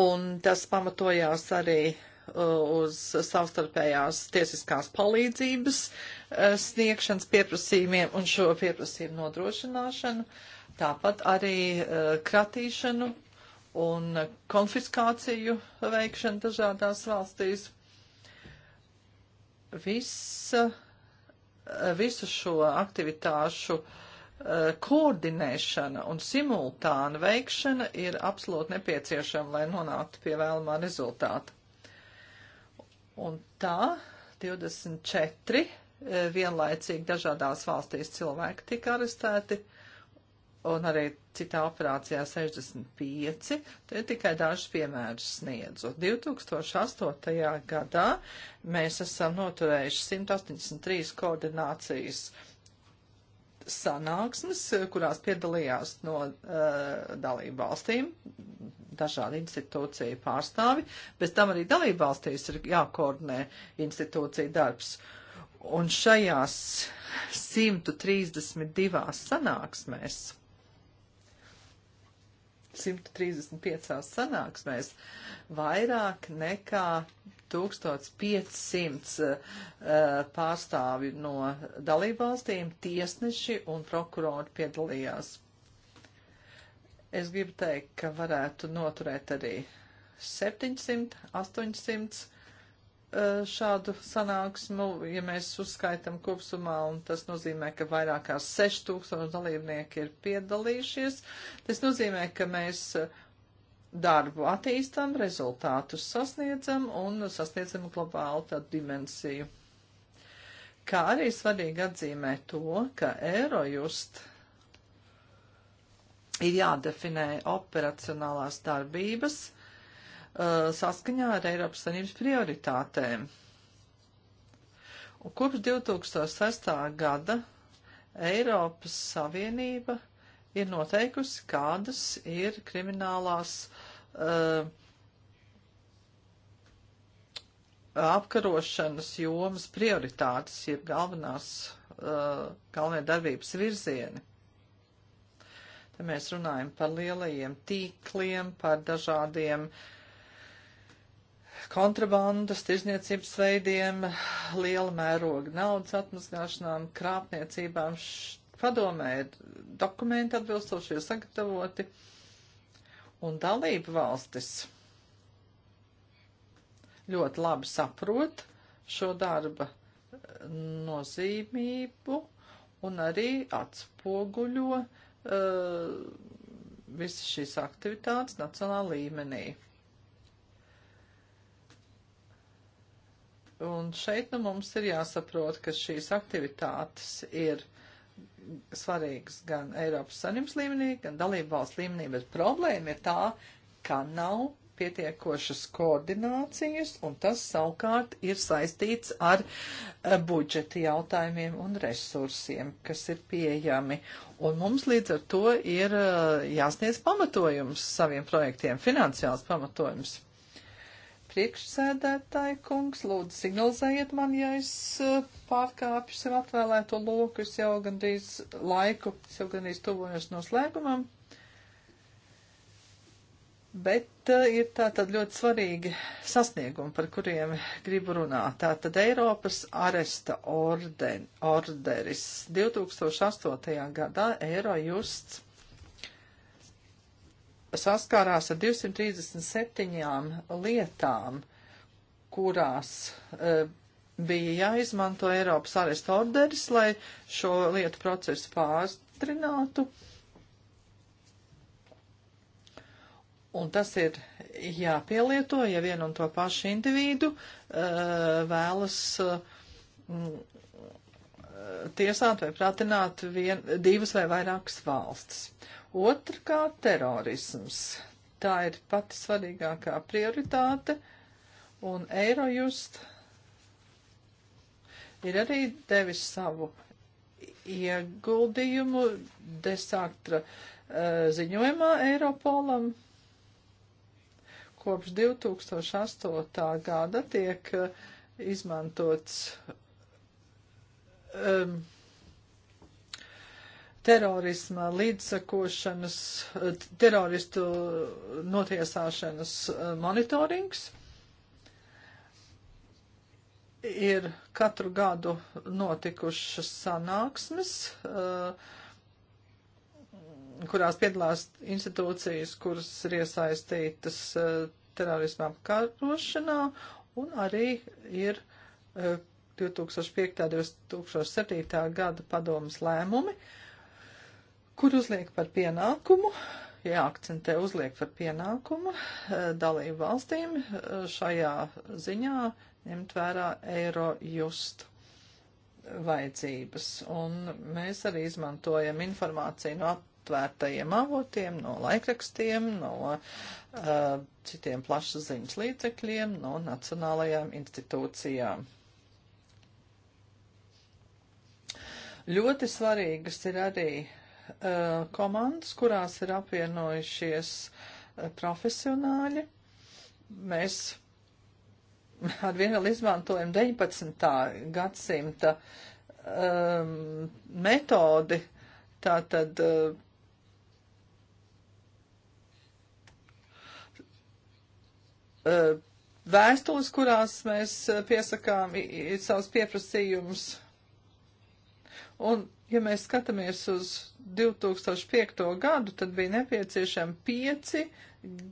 Un tas pamatojās arī eh, uz savstarpējās tiesiskās palīdzības eh, sniegšanas pieprasījumiem un šo pieprasījumu nodrošināšanu, tāpat arī kratīšanu un konfiskāciju veikšanu dažādās valstīs. Visa Eh, visu šo aktivitāšu eh, koordinēšana un simultāna veikšana ir absolūti nepieciešama, lai nonāktu pie vēlamā rezultāta. Un tā 24 eh, vienlaicīgi dažādās valstīs cilvēki tika arestēti un arī citā operācijā 65. Te tikai dažus piemērus sniedzu. 2008. gadā mēs esam noturējuši 183 koordinācijas sanāksmes, kurās piedalījās no uh, dalību valstīm dažādi institūcija pārstāvi, bez tam arī dalību valstīs ir jākoordinē institūcija darbs. Un šajās 132 sanāksmēs 135. sanāksmēs vairāk nekā 1500 uh, eh, pārstāvi no dalībvalstīm, tiesneši un prokurori piedalījās. Es gribu teikt, ka varētu noturēt arī 700, 800 Eh, šādu sanāksmu, ja mēs uzskaitam kopsumā, un tas nozīmē, ka vairākās 6000 dalībnieki ir piedalījušies. Tas nozīmē, ka mēs eh, darbu attīstam, rezultātus sasniedzam un sasniedzam globālu tādu dimensiju. Kā arī svarīgi atzīmē to, ka Eirojust ir jādefinē operacionālās darbības Uh, saskaņā ar Eiropas Savienības prioritātēm. Un kopš 2006. gada Eiropas Savienība ir noteikusi, kādas ir kriminālās uh, apkarošanas jomas prioritātes, jeb galvenās, uh, galvenie darbības virzieni. Te mēs runājam par lielajiem tīkliem, par dažādiem uh, kontrabandas, tirzniecības veidiem, liela mēroga naudas atmazgāšanām, krāpniecībām. Padomē ir dokumenti atbilstošie sagatavoti un dalību valstis ļoti labi saprot šo darba eh, nozīmību un arī atspoguļo uh, visas šīs aktivitātes nacionālā līmenī. Un šeit nu mums ir jāsaprot, ka šīs aktivitātes ir svarīgas gan Eiropas Savienības līmenī, gan dalību valsts līmenī, bet problēma ir tā, ka nav pietiekošas koordinācijas, un tas savukārt ir saistīts ar eh, budžeti jautājumiem un resursiem, kas ir pieejami. Un mums līdz ar to ir eh, jāsniedz pamatojums saviem projektiem, finansiāls pamatojums priekšsēdētāji kungs, lūdzu signalizējiet man, ja es eh, pārkāpju sev atvēlēto loku, es jau gandrīz laiku, es jau gandrīz tuvojos noslēgumam. Bet uh, ir tā tad ļoti svarīgi sasniegumi, par kuriem gribu runāt. Tā tad Eiropas aresta orden, orderis 2008. gadā Eiro justs saskārās ar 237 lietām, kurās e, bija jāizmanto Eiropas arestu orderis, lai šo lietu procesu pārstrinātu. Un tas ir jāpielieto, ja vienu un to pašu individu e, vēlas e, m, e, tiesāt vai pratināt vien, divas vai vairākas valstis. Otrkārt, terorisms. Tā ir pati svarīgākā prioritāte, un Eirojust ir arī devis savu ieguldījumu desaktra uh, ziņojumā Eiropolam. Kopš 2008. gada tiek uh, izmantots um, terorisma līdzsakošanas, teroristu notiesāšanas eh, monitorings ir katru gadu notikušas sanāksmes, eh, kurās piedalās institūcijas, kuras ir iesaistītas eh, terorismā apkārtošanā, un arī ir 2005. un 2007. gada padomas lēmumi, uh, kur uzliek par pienākumu, jāakcentē uzliek par pienākumu eh, dalību valstīm eh, šajā ziņā ņemt vērā eiro justu vajadzības. Un mēs arī izmantojam informāciju no atvērtajiem avotiem, no laikrakstiem, no uh, citiem plašsaziņas līdzekļiem, no nacionālajām institūcijām. Ļoti svarīgas ir arī Uh, komandas, kurās ir apvienojušies uh, profesionāļi. Mēs <laughs> ar vienu vēl izmantojam 19. gadsimta um, metodi, tātad uh, uh vēstules, kurās mēs piesakām savus pieprasījumus. Un Ja mēs skatāmies uz 2005. gadu, tad bija nepieciešami pieci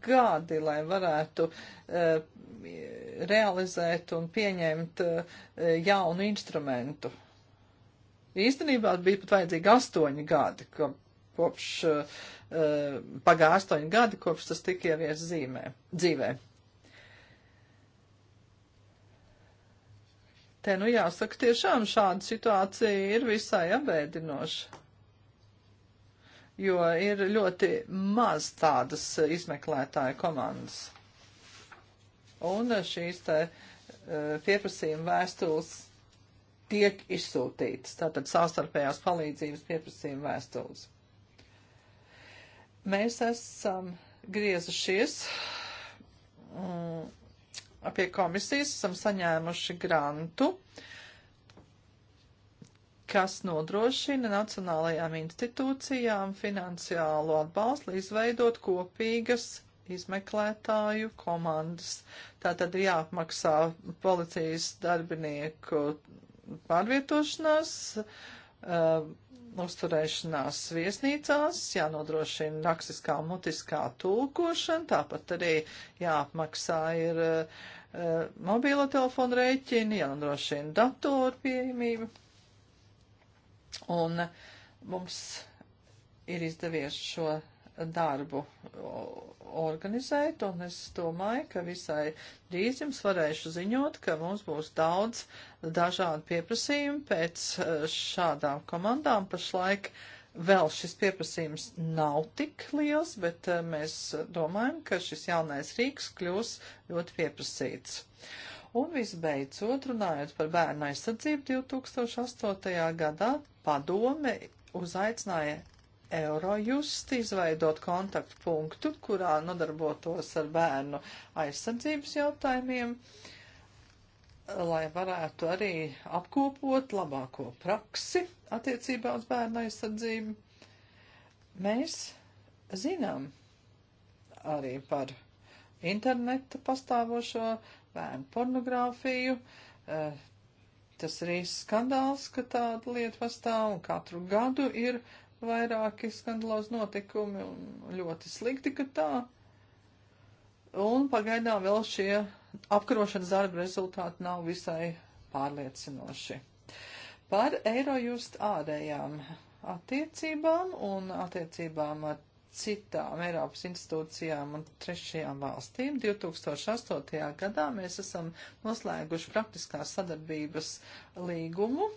gadi, lai varētu uh, realizēt un pieņemt uh, jaunu instrumentu. Īstenībā bija pat vajadzīgi astoņi gadi, ko, kopš uh, eh, pagā astoņi gadi, kopš tas tika ievies zīmē, dzīvē. Te nu jāsaka, tiešām šāda situācija ir visai abēdinoša, jo ir ļoti maz tādas izmeklētāju komandas. Un šīs te e, pieprasījuma vēstules tiek izsūtītas, tātad savstarpējās palīdzības pieprasījuma vēstules. Mēs esam griezušies. Mm pie komisijas esam saņēmuši grantu, kas nodrošina nacionālajām institūcijām finansiālu atbalstu, lai izveidot kopīgas izmeklētāju komandas. Tātad ir jāapmaksā policijas darbinieku pārvietošanās, uzturēšanās viesnīcās, jānodrošina rakstiskā un mutiskā tulkošana, tāpat arī jāapmaksā ir uh, eh, mobilo telefonu rēķini, jānodrošina datoru pieejamība. Un mums ir izdevies šo darbu organizēt, un es domāju, ka visai drīz jums varēšu ziņot, ka mums būs daudz dažādu pieprasījumu pēc e, šādām komandām. Pašlaik vēl šis pieprasījums nav tik liels, bet e, mēs domājam, ka šis jaunais rīks kļūs ļoti pieprasīts. Un visbeidzot, runājot par bērnu aizsardzību 2008. gadā, padome uzaicināja Eurojust izveidot kontaktpunktu, kurā nodarbotos ar bērnu aizsardzības jautājumiem, lai varētu arī apkopot labāko praksi attiecībā uz bērnu aizsardzību. Mēs zinām arī par interneta pastāvošo bērnu pornogrāfiju. Eh, tas ir īsts skandāls, ka tāda lieta pastāv un katru gadu ir vairāki skandalozi notikumi un ļoti slikti, ka tā. Un pagaidām vēl šie apkarošanas darba rezultāti nav visai pārliecinoši. Par Eirojust ārējām attiecībām un attiecībām ar citām Eiropas institūcijām un trešajām valstīm. 2008. gadā mēs esam noslēguši praktiskās sadarbības līgumu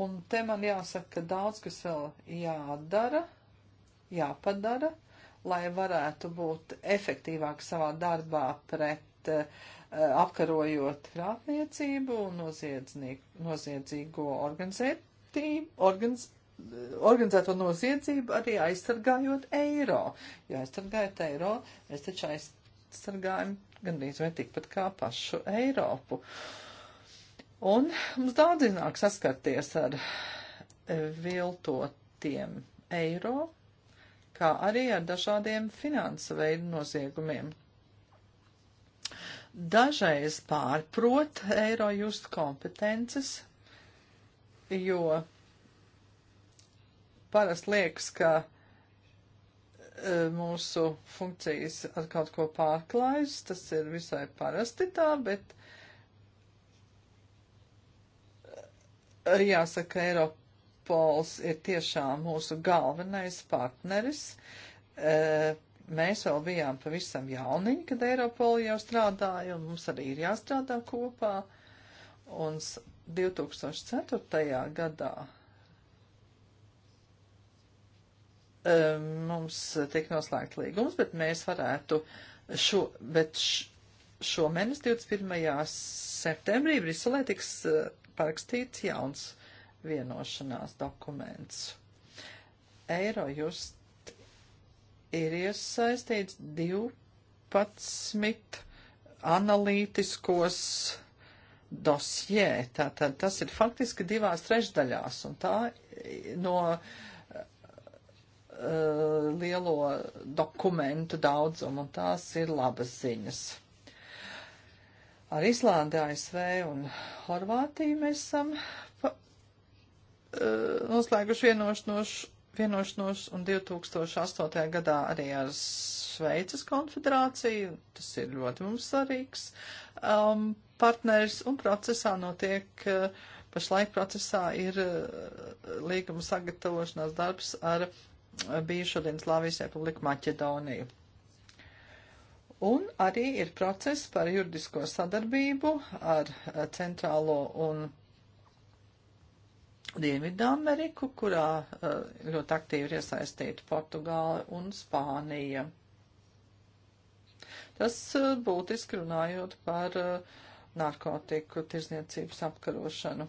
Un te man jāsaka, ka daudz kas vēl jādara, jāpadara, lai varētu būt efektīvāk savā darbā pret uh, apkarojot krāpniecību un noziedzīgo organiz, organizēto noziedzību, arī aizsargājot eiro. Jo aizsargājot eiro, mēs taču aizsargājam gandrīz vai tikpat kā pašu Eiropu. Uh, Un mums daudz iznāk saskarties ar e, viltotiem eiro, kā arī ar dažādiem finansu veidu noziegumiem. Dažreiz pārprot eiro just kompetences, jo parasti liekas, ka e, mūsu funkcijas ar kaut ko pārklājas, tas ir visai parasti tā, bet arī jāsaka, Eiropols ir tiešām mūsu galvenais partneris. E, mēs vēl bijām pavisam jauniņi, kad Eiropola jau strādāja, un mums arī ir jāstrādā kopā. Un 2004. gadā e, mums tika noslēgts līgums, bet mēs varētu šo, bet š, šomēnes 21. septembrī Briselē tiks e, parakstīts jauns vienošanās dokuments. Eiro just ir iesaistīts 12 analītiskos dosjē. Tātad tas ir faktiski divās trešdaļās, un tā no uh, lielo dokumentu daudzumu, un tās ir labas ziņas. Ar Islandi, ASV un Horvātiju mēs esam pa, uh, noslēguši vienošanos, vienošanos un 2008. gadā arī ar Šveicas konfederāciju. Tas ir ļoti mums svarīgs um, partners un procesā notiek. Uh, Pašlaik procesā ir uh, līguma sagatavošanās darbs ar bijušo Dienaslāvijas republiku Maķedoniju. Un arī ir process par juridisko sadarbību ar eh, Centrālo un Dienvidāmeriku, kurā eh, ļoti aktīvi ir iesaistīta Portugāla un Spānija. Tas eh, būtiski runājot par uh, narkotiku tirzniecības apkarošanu.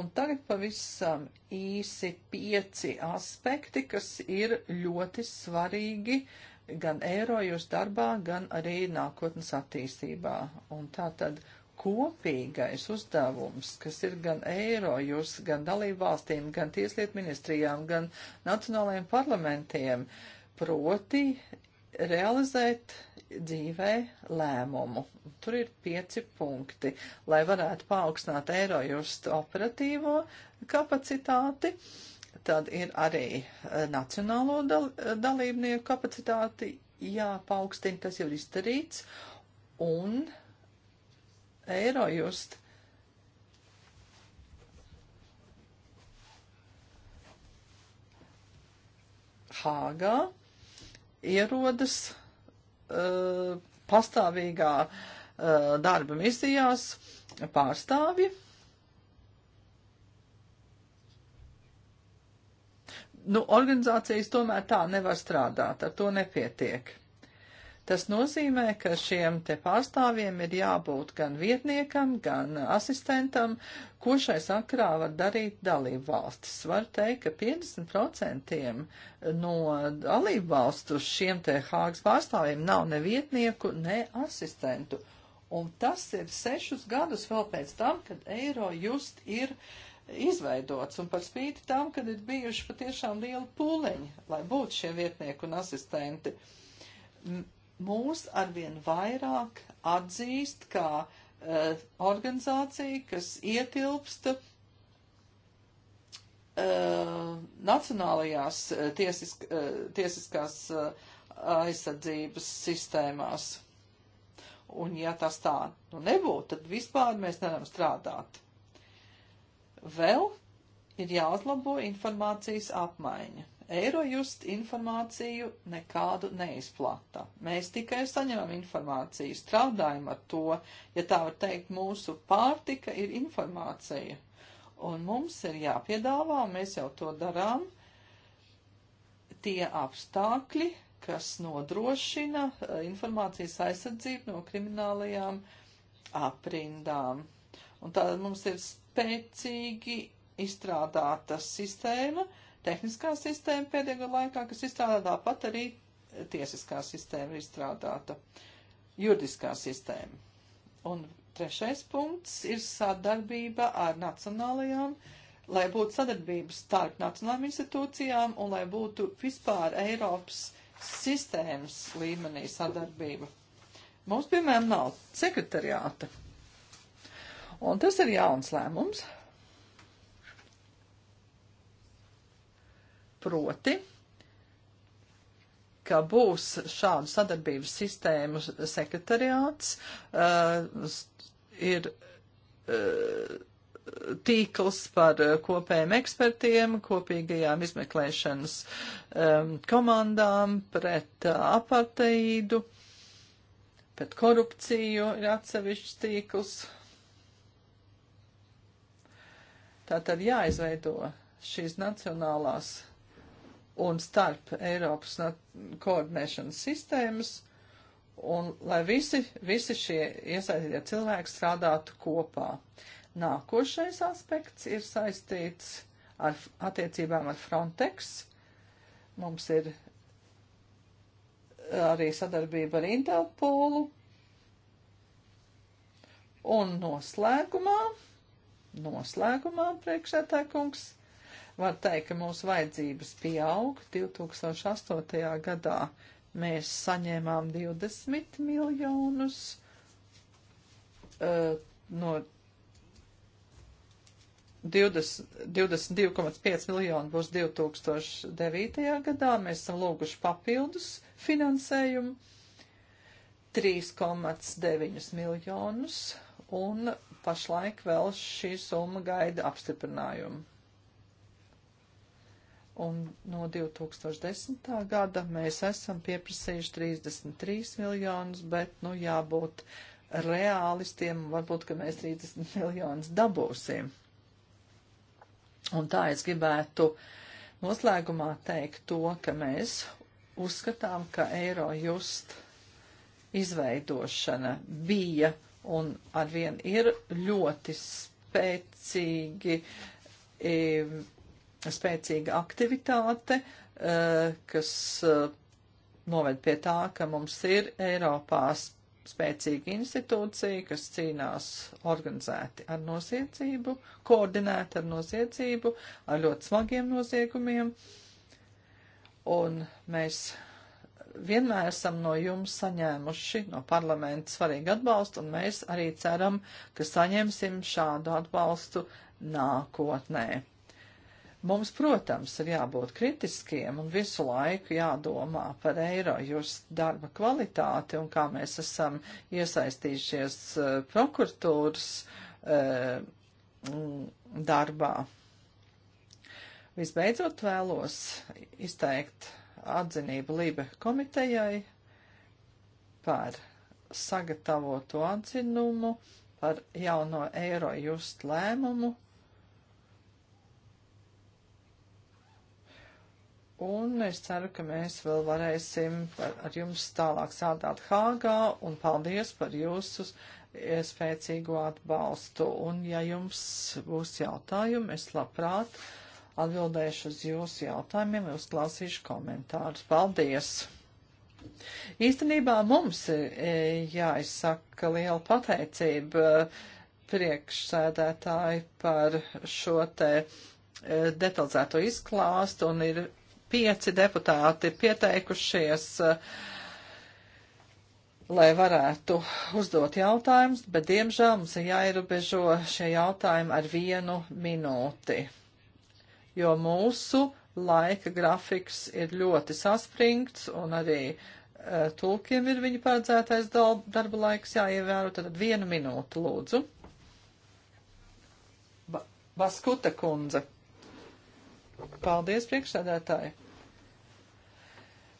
Un tagad pavisam īsi pieci aspekti, kas ir ļoti svarīgi gan eiro jūs darbā, gan arī nākotnes attīstībā. Un tā tad kopīgais uzdevums, kas ir gan eiro jūs, gan dalību valstīm, gan tieslietu ministrijām, gan nacionālajiem parlamentiem, proti realizēt dzīvē lēmumu. Tur ir pieci punkti, lai varētu paaugstināt eiro justu operatīvo kapacitāti, Tad ir arī e, nacionālo dal e, dalībnieku kapacitāti jāpaukstina, tas jau ir izdarīts, un Eirojust Hāgā ierodas uh, pastāvīgā uh, darba misijās pārstāvji nu, organizācijas tomēr tā nevar strādāt, ar to nepietiek. Tas nozīmē, ka šiem te pārstāvjiem ir jābūt gan vietniekam, gan asistentam, ko šai sakrā var darīt dalību valstis. Var teikt, ka 50% no dalību valstu šiem te Hāgas pārstāvjiem nav ne vietnieku, ne asistentu. Un tas ir sešus gadus vēl pēc tam, kad eiro just ir uh, izveidots, un par spīti tam, kad ir bijuši patiešām liela pūleņi, lai būtu šie vietnieki un asistenti, mūs arvien vairāk atzīst kā uh, organizācija, kas ietilpst uh, nacionālajās eh, tiesisk, uh, tiesiskās aizsardzības sistēmās. Un ja tas tā nu nebūtu, tad vispār mēs nevaram strādāt. Vēl ir jāuzlabo informācijas apmaiņa. Eirojust informāciju nekādu neizplata. Mēs tikai saņemam informāciju, strādājam ar to, ja tā var teikt, mūsu pārtika ir informācija. Un mums ir jāpiedāvā, mēs jau to darām, tie apstākļi, kas nodrošina eh, informācijas aizsardzību no kriminālajām aprindām. Un tā mums ir spēcīgi izstrādāta sistēma, tehniskā sistēma pēdējā gada laikā, kas izstrādāta tāpat arī tiesiskā sistēma izstrādāta, juridiskā sistēma. Un trešais punkts ir sadarbība ar nacionālajām, lai būtu sadarbības starp nacionālajām institūcijām un lai būtu vispār Eiropas sistēmas līmenī sadarbība. Mums, piemēram, nav sekretariāta. Un tas ir jauns lēmums. Proti, ka būs šādu sadarbības sistēmu sekretariāts, uh, ir uh, tīkls par kopējiem ekspertiem, kopīgajām izmeklēšanas um, komandām pret uh, aparteidu, pret korupciju ir atsevišķs tīkls. Uh, Tātad jāizveido šīs nacionālās un starp Eiropas koordinēšanas sistēmas, un lai visi, visi šie iesaistītie cilvēki strādātu kopā. Nākošais aspekts ir saistīts ar attiecībām ar Frontex. Mums ir eh, arī sadarbība ar Interpolu. Un noslēgumā Noslēgumā priekšētākungs var teikt, ka mūsu vajadzības pieaug. 2008. gadā mēs saņēmām 20 miljonus uh, no 22,5 miljoni būs 2009. gadā. Mēs esam lūguši papildus finansējumu 3,9 miljonus un pašlaik vēl šī summa gaida apstiprinājumu. Un no 2010. gada mēs esam pieprasījuši 33 miljonus, bet, nu, jābūt reālistiem, varbūt, ka mēs 30 <laughs> miljonus dabūsim. Un tā es gribētu noslēgumā teikt to, ka mēs uzskatām, ka Eiro just izveidošana bija un arvien ir ļoti spēcīgi, e, spēcīga aktivitāte, e, kas e, noved pie tā, ka mums ir Eiropā spēcīga institūcija, kas cīnās organizēti ar noziedzību, koordinēti ar noziedzību, ar ļoti smagiem noziegumiem. Un mēs vienmēr esam no jums saņēmuši no parlamenta svarīgu atbalstu, un mēs arī ceram, ka saņemsim šādu atbalstu nākotnē. Mums, protams, ir jābūt kritiskiem un visu laiku jādomā par eiro just darba kvalitāti un kā mēs esam iesaistījušies uh, prokuratūras uh, darbā. Visbeidzot vēlos izteikt atzinību Lībe komitejai par sagatavotu atzinumu, par jauno eiro just lēmumu un es ceru, ka mēs vēl varēsim ar jums tālāk sādāt Hāgā, un paldies par jūsu spēcīgo atbalstu. Un, ja jums būs jautājumi, es labprāt atbildēšu uz jūsu jautājumiem, uzklausīšu komentārus. Paldies! Īstenībā mums e, jāizsaka liela pateicība e, priekšsēdētāji par šo te e, detalizēto izklāstu un ir pieci deputāti pieteikušies, lai varētu uzdot jautājumus, bet diemžēl mums ir jāierobežo šie jautājumi ar vienu minūti jo mūsu laika grafiks ir ļoti saspringts un arī uh, tulkiem ir viņa paredzētais darba laiks jāievēro. Tad vienu minūtu lūdzu. Ba Baskuta kundze. Paldies, priekšsēdētāji.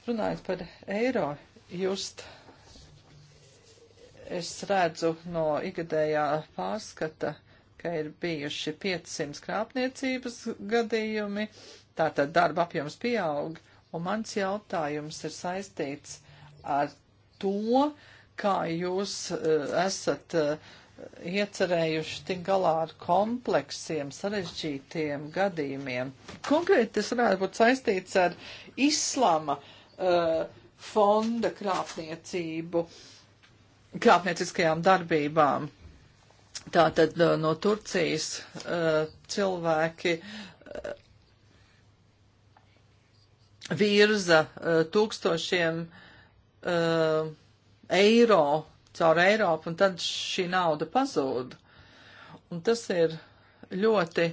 Runājot par eiro, just es redzu no ikgadējā pārskata, uh, ka ir bijuši 500 krāpniecības gadījumi, tātad darba apjoms pieaug, un mans jautājums ir saistīts ar to, kā jūs uh, esat uh, iecerējuši tik galā ar kompleksiem, sarežģītiem gadījumiem. Konkrēti tas varētu būt saistīts ar islama uh, fonda krāpniecību, krāpnieciskajām darbībām. Tātad uh, no Turcijas uh, cilvēki uh, virza tūkstošiem eiro caur Eiropu, un tad šī nauda pazūd. Un tas ir ļoti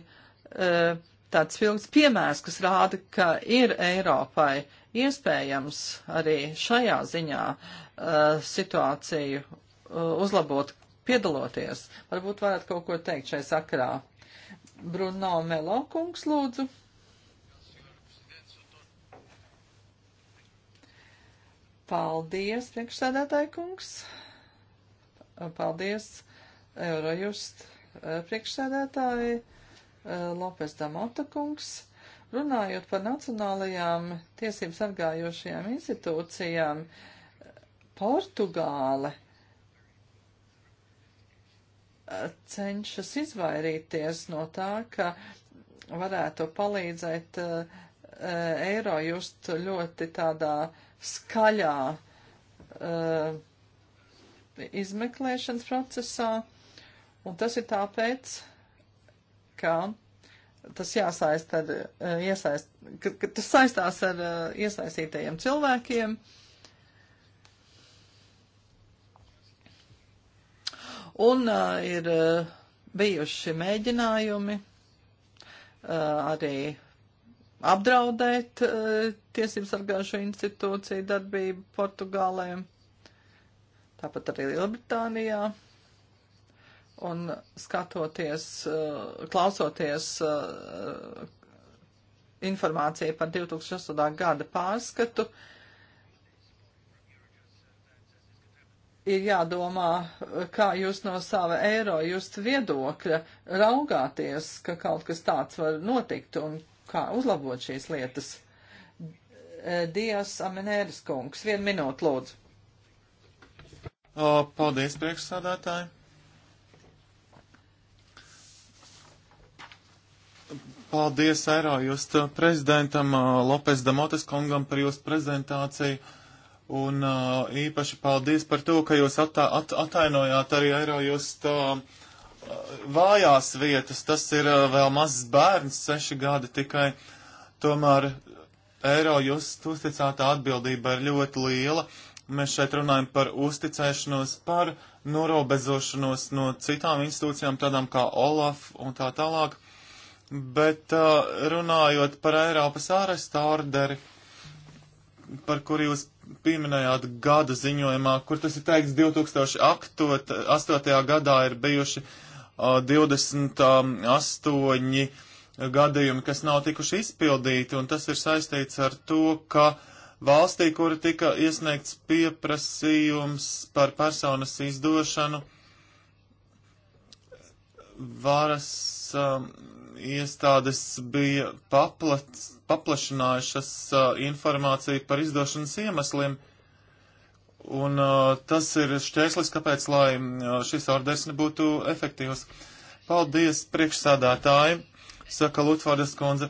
tāds filmas piemērs, kas rāda, ka ir Eiropai iespējams arī šajā ziņā situāciju uzlabot, piedaloties. Varbūt varat kaut ko teikt šai sakrā. Bruno Melo kungs, lūdzu. Paldies, priekšsēdētāji kungs. Paldies, Eurojust eh, priekšsēdētāji eh, Lopes Damota kungs. Runājot par nacionālajām tiesību sargājošajām institūcijām, Portugāle cenšas izvairīties no tā, ka varētu palīdzēt uh, eiro just ļoti tādā skaļā uh, izmeklēšanas procesā, un tas ir tāpēc, ka tas jāsaist ar, uh, iesaist, ka, ka tas saistās ar iesaistītajiem cilvēkiem, uh, Un uh, ir uh, bijuši mēģinājumi uh, arī apdraudēt uh, tiesības sargājušo institūciju darbību Portugālē, tāpat arī Lielbritānijā. Un skatoties, uh, klausoties uh, informāciju par 2008. gada pārskatu, uh, ir jādomā, kā jūs no sava eiro, jūs viedokļa raugāties, ka kaut kas tāds var notikt un kā uzlabot šīs lietas. Eh, Dijas Amenēras kungs, vienu minūtu lūdzu. O, paldies, priekšsādātāji. Paldies, Eirojust eh, prezidentam eh, Lopes Damotes kungam par jūsu prezentāciju. Un uh, īpaši paldies par to, ka jūs attā, at, atainojāt arī eiro just uh, vājās vietas. Tas ir uh, vēl mazs bērns, seši gadi tikai. Tomēr eiro just uzticētā atbildība ir ļoti liela. Mēs šeit runājam par uzticēšanos, par norobezošanos no citām institūcijām, tādām kā Olaf un tā tālāk. Bet runājot par Eiropas āresta orderi, par kuru jūs pieminējāt gada ziņojumā, kur tas ir teikts 2008. gadā ir bijuši uh, 28 gadījumi, kas nav tikuši izpildīti, un tas ir saistīts ar to, ka valstī, kura tika iesniegts pieprasījums par personas izdošanu, varas um, iestādes bija paplats paplašinājušas informāciju par izdošanas iemesliem. Un uh, tas ir šķērslis, kāpēc, lai uh, šis orders nebūtu efektīvs. Paldies, priekšsādātāji, saka Lutvārdas kundze.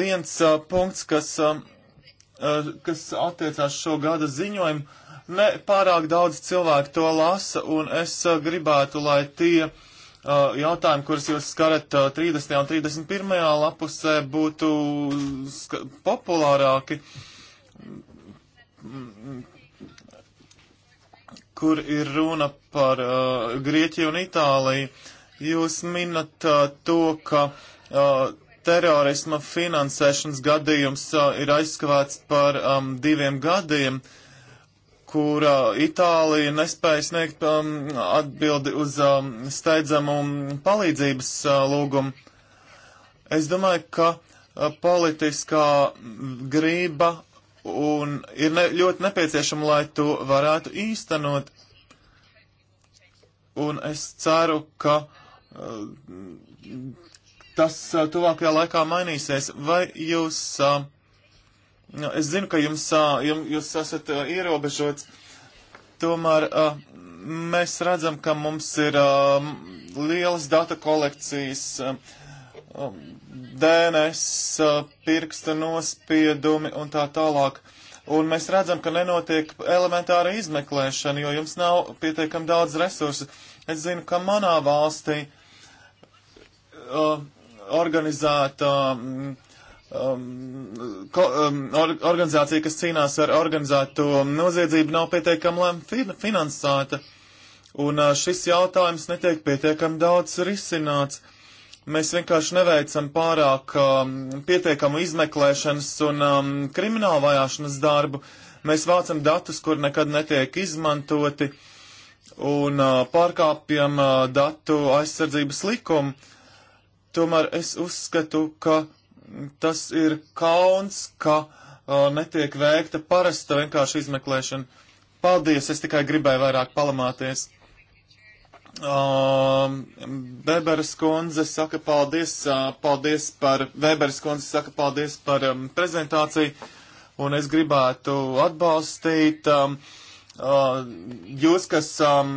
Viens uh, punkts, kas, uh, kas attiecās šo gada ziņojumu, ne pārāk daudz cilvēku to lasa, un es uh, gribētu, lai tie uh, Uh, jautājumi, kurus jūs skarat 30. Uh, un 31. lapusē, būtu populārāki, kur ir runa par uh, Grieķiju un Itāliju. Jūs minat uh, to, ka uh, terorisma finansēšanas gadījums uh, ir aizskavēts par um, diviem gadiem. Uh, kurā Itālija nespēja sniegt um, atbildi uz um, steidzamu palīdzības uh, lūgumu. Es domāju, ka uh, politiskā grība un ir ne, ļoti nepieciešama, lai to varētu īstenot. Un es ceru, ka uh, tas uh, tuvākajā laikā mainīsies. Vai jūs uh, Nu, es zinu, ka jums, jums jūs esat ierobežots, tomēr mēs redzam, ka mums ir lielas data kolekcijas, DNS, pirksta nospiedumi un tā tālāk. Un mēs redzam, ka nenotiek elementāra izmeklēšana, jo jums nav pietiekam daudz resursu. Es zinu, ka manā valstī uh, organizēta uh, um, ko, um, or, organizācija, kas cīnās ar organizēto noziedzību, nav pietiekami fin finansēta. Un uh, šis jautājums netiek pietiekami daudz risināts. Mēs vienkārši neveicam pārāk um, pietiekamu izmeklēšanas un um, kriminālu vajāšanas darbu. Mēs vācam datus, kur nekad netiek izmantoti un uh, pārkāpjam uh, datu aizsardzības likumu. Tomēr es uzskatu, ka tas ir kauns, ka uh, netiek veikta parasta vienkārši izmeklēšana. Paldies, es tikai gribēju vairāk palamāties. Um, Weberas kundze saka paldies, uh, paldies par, Weberas kundze saka paldies par um, prezentāciju, un es gribētu atbalstīt um, uh, jūs, kas, um,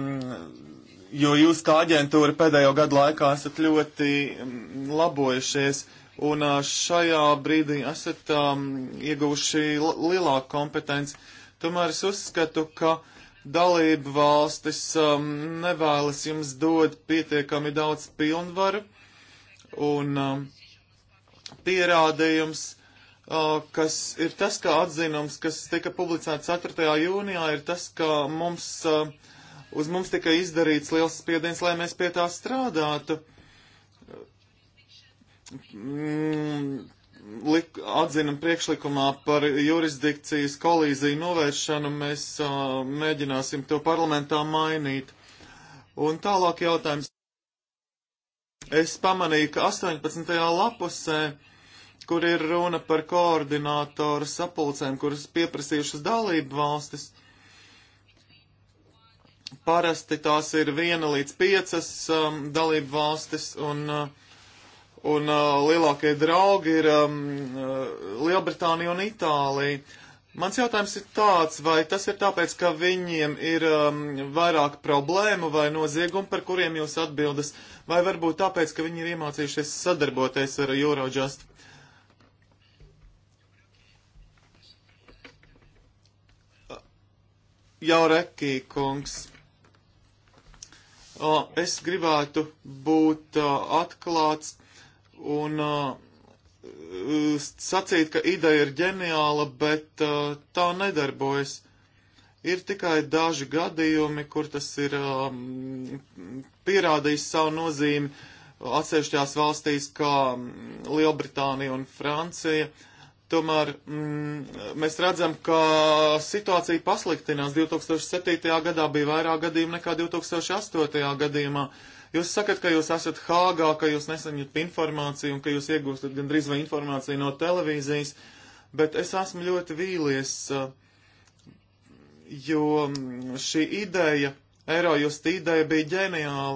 jo jūs kā aģentūra pēdējo gadu laikā esat ļoti um, labojušies. Uh, un šajā brīdī esat um, ieguvuši lielāku kompetenci. Tomēr es uzskatu, ka dalību valstis um, nevēlas jums dod pietiekami daudz pilnvaru un um, pierādījums, uh, kas ir tas, kā atzinums, kas tika publicēts 4. jūnijā, ir tas, ka mums, uh, uz mums tika izdarīts liels spiediens, lai mēs pie tā strādātu. Uh, mm, lik, atzina priekšlikumā par jurisdikcijas kolīziju novēršanu, mēs a, mēģināsim to parlamentā mainīt. Un tālāk jautājums. Es pamanīju, ka 18. lapusē, kur ir runa par koordinātoru sapulcēm, kuras pieprasījušas dalību valstis, parasti tās ir viena līdz piecas um, dalību valstis un uh, Un uh, lielākie draugi ir um, uh, Lielbritānija un Itālija. Mans jautājums ir tāds, vai tas ir tāpēc, ka viņiem ir um, vairāk problēmu vai noziegumu, par kuriem jūs atbildas, vai varbūt tāpēc, ka viņi ir iemācījušies sadarboties ar Eurojust? Jau rekī, kungs. O, es gribētu būt o, uh, atklāts un uh, sacīt, ka ideja ir ģeniāla, bet uh, tā nedarbojas. Ir tikai daži gadījumi, kur tas ir um, pierādījis savu nozīmi atsevišķās valstīs, kā um, Lielbritānija un Francija. Tomēr mm, mēs redzam, ka situācija pasliktinās. 2007. gadā bija vairāk gadījumu nekā 2008. gadījumā. Uh, Jūs sakat, ka jūs esat Hāgā, ka jūs nesaņemat informāciju un ka jūs iegūstat gandrīz vai informāciju no televīzijas, bet es esmu ļoti vīlies, eh, jo mm, šī ideja, Eirojust ideja bija ģeniāla.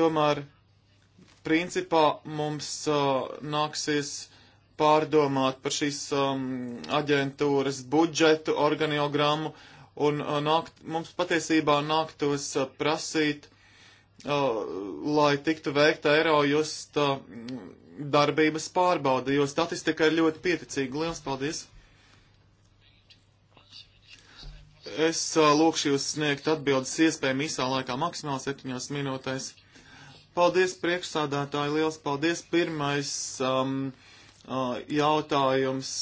Tomēr, principā, mums eh, nāksies pārdomāt par šīs um, aģentūras budžetu, organiogrammu, un uh, nākt, mums patiesībā nāktos uh, prasīt lai tiktu veikta eiro just darbības pārbauda, jo statistika ir ļoti pieticīga. Lielas paldies! Es lūkšu jūs sniegt atbildes iespējami īsā laikā, maksimāli septiņās minūtēs. Paldies priekšsādātāji, liels paldies. Pirmais um, jautājums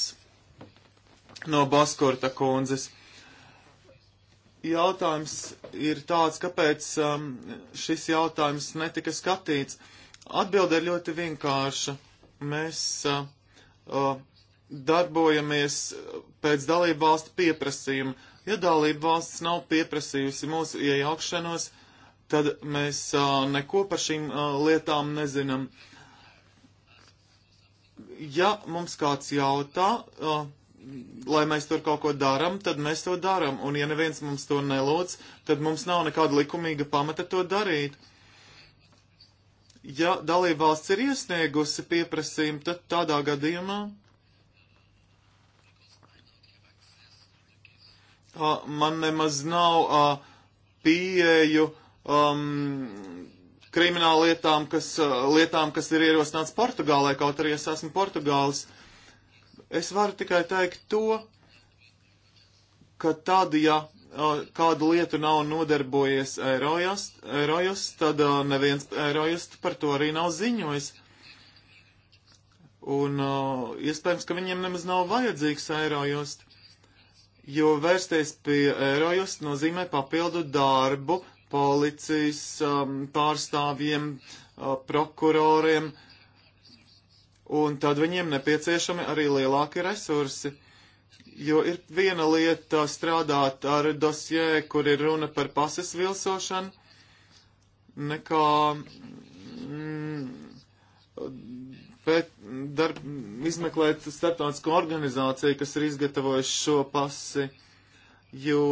no Baskurta kundzes jautājums ir tāds, kāpēc um, šis jautājums netika skatīts. Atbilde ir ļoti vienkārša. Mēs uh, uh, darbojamies pēc dalību valstu pieprasījuma. Ja dalību valsts nav pieprasījusi mūsu iejaukšanos, tad mēs uh, neko par šīm uh, lietām nezinām. Ja mums kāds jautā, uh, lai mēs tur kaut ko darām, tad mēs to darām, un ja neviens mums to nelūdz, tad mums nav nekāda likumīga pamata to darīt. Ja dalībvalsts ir iesniegusi pieprasījumu, tad tādā gadījumā a, man nemaz nav a, pieeju um, krimināllietām, kas, a, lietām, kas ir ierosināts Portugālē, kaut arī es esmu Portugālis. Uh, Es varu tikai teikt to, ka tad, ja kādu lietu nav nodarbojies Eirojas, tad neviens Eirojas par to arī nav ziņojis. Un iespējams, ka viņiem nemaz nav vajadzīgs Eirojas, jo vērsties pie Eirojas nozīmē papildu darbu policijas pārstāvjiem, prokuroriem, uh, un tad viņiem nepieciešami arī lielāki resursi. Jo ir viena lieta strādāt ar dosjē, kur ir runa par pases vilsošanu, nekā mm, pēt, darb, izmeklēt starptautisko organizāciju, kas ir izgatavojuši šo pasi, jo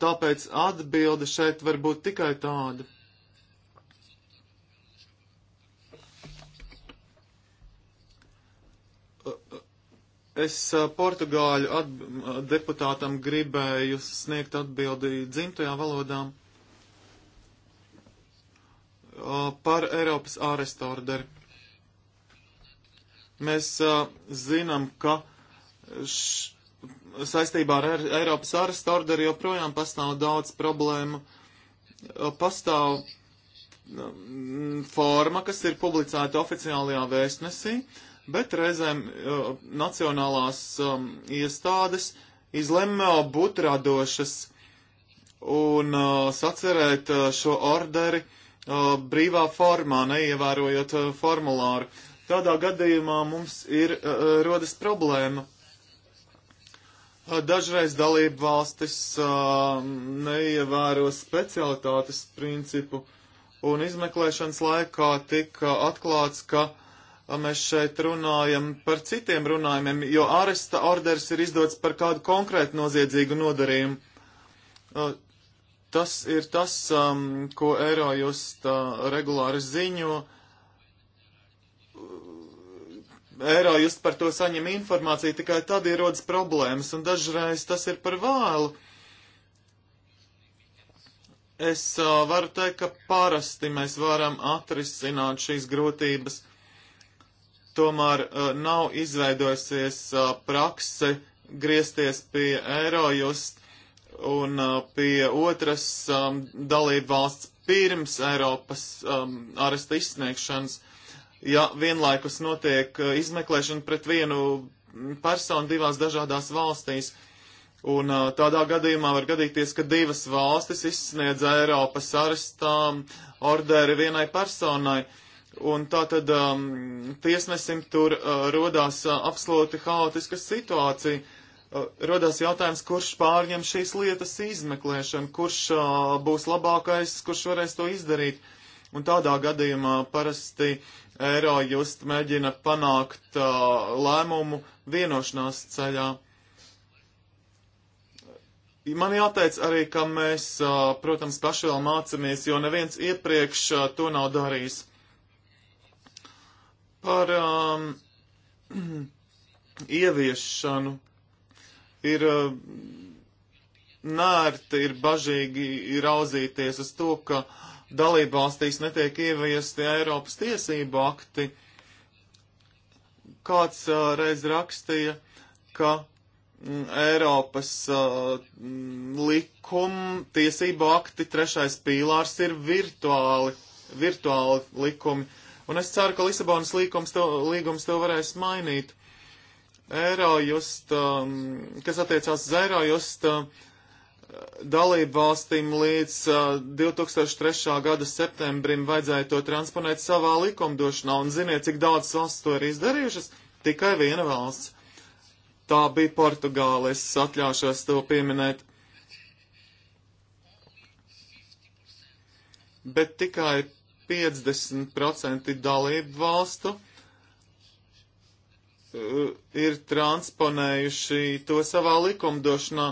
tāpēc atbilde šeit var būt tikai tāda. Es portugāļu deputātam gribēju sniegt atbildi dzimtajā valodā par Eiropas ārestu orderi. Mēs zinām, ka š, saistībā ar Eiropas ārestu orderi joprojām pastāv daudz problēmu. Pastāv forma, kas ir publicēta oficiālajā vēstnesī, uh, bet reizēm uh, nacionālās um, iestādes izlemj būt radošas un uh, sacerēt uh, šo orderi uh, brīvā formā, neievērojot uh, formulāru. Tādā gadījumā mums ir uh, rodas problēma. Uh, dažreiz dalību valstis uh, neievēro specialitātes principu, un izmeklēšanas laikā tika atklāts, ka mēs šeit runājam par citiem runājumiem, jo aresta orders ir izdots par kādu konkrētu noziedzīgu nodarījumu. Uh, tas ir tas, um, ko Eiro jūs uh, regulāri ziņo. Uh, Eiro jūs par to saņem informāciju, tikai tad ierodas problēmas, un dažreiz tas ir par vēlu. Es uh, varu teikt, ka parasti mēs varam atrisināt šīs grūtības tomēr eh, nav izveidojusies eh, prakse griezties pie Eirojust un eh, pie otras ehm, dalību valsts pirms Eiropas ehm, aresta izsniegšanas. Ja vienlaikus notiek izmeklēšana pret vienu personu divās dažādās valstīs, Un tādā gadījumā var gadīties, ka divas valstis izsniedz Eiropas arestām orderi vienai personai. Un tā tad um, tiesnesim tur uh, rodās uh, absolūti haotiska situācija. Uh, rodās jautājums, kurš pārņem šīs lietas izmeklēšanu, kurš uh, būs labākais, kurš varēs to izdarīt. Un tādā gadījumā parasti eiro just mēģina panākt uh, lēmumu vienošanās ceļā. Man jāteic arī, ka mēs, uh, protams, paši vēl mācamies, jo neviens iepriekš uh, to nav darījis Par um, <clears throat> ieviešanu ir uh, nērti, ir bažīgi raudzīties uz to, ka dalībvalstīs netiek ieviesti Eiropas tiesību akti. Kāds uh, reiz rakstīja, ka mm, Eiropas uh, likuma tiesību akti trešais pīlārs ir virtuāli, virtuāli likumi. Un es ceru, ka Lisabonas līgums to, līgums to varēs mainīt. Eiro just, um, kas attiecās uz eiro just uh, dalību valstīm līdz uh, 2003. gada septembrim vajadzēja to transponēt savā likumdošanā. Un ziniet, cik daudz valsts to ir izdarījušas? Tikai viena valsts. Tā bija Portugāla, es atļaušos to pieminēt. Bet tikai 50% dalību valstu eh, ir transponējuši to savā likumdošanā.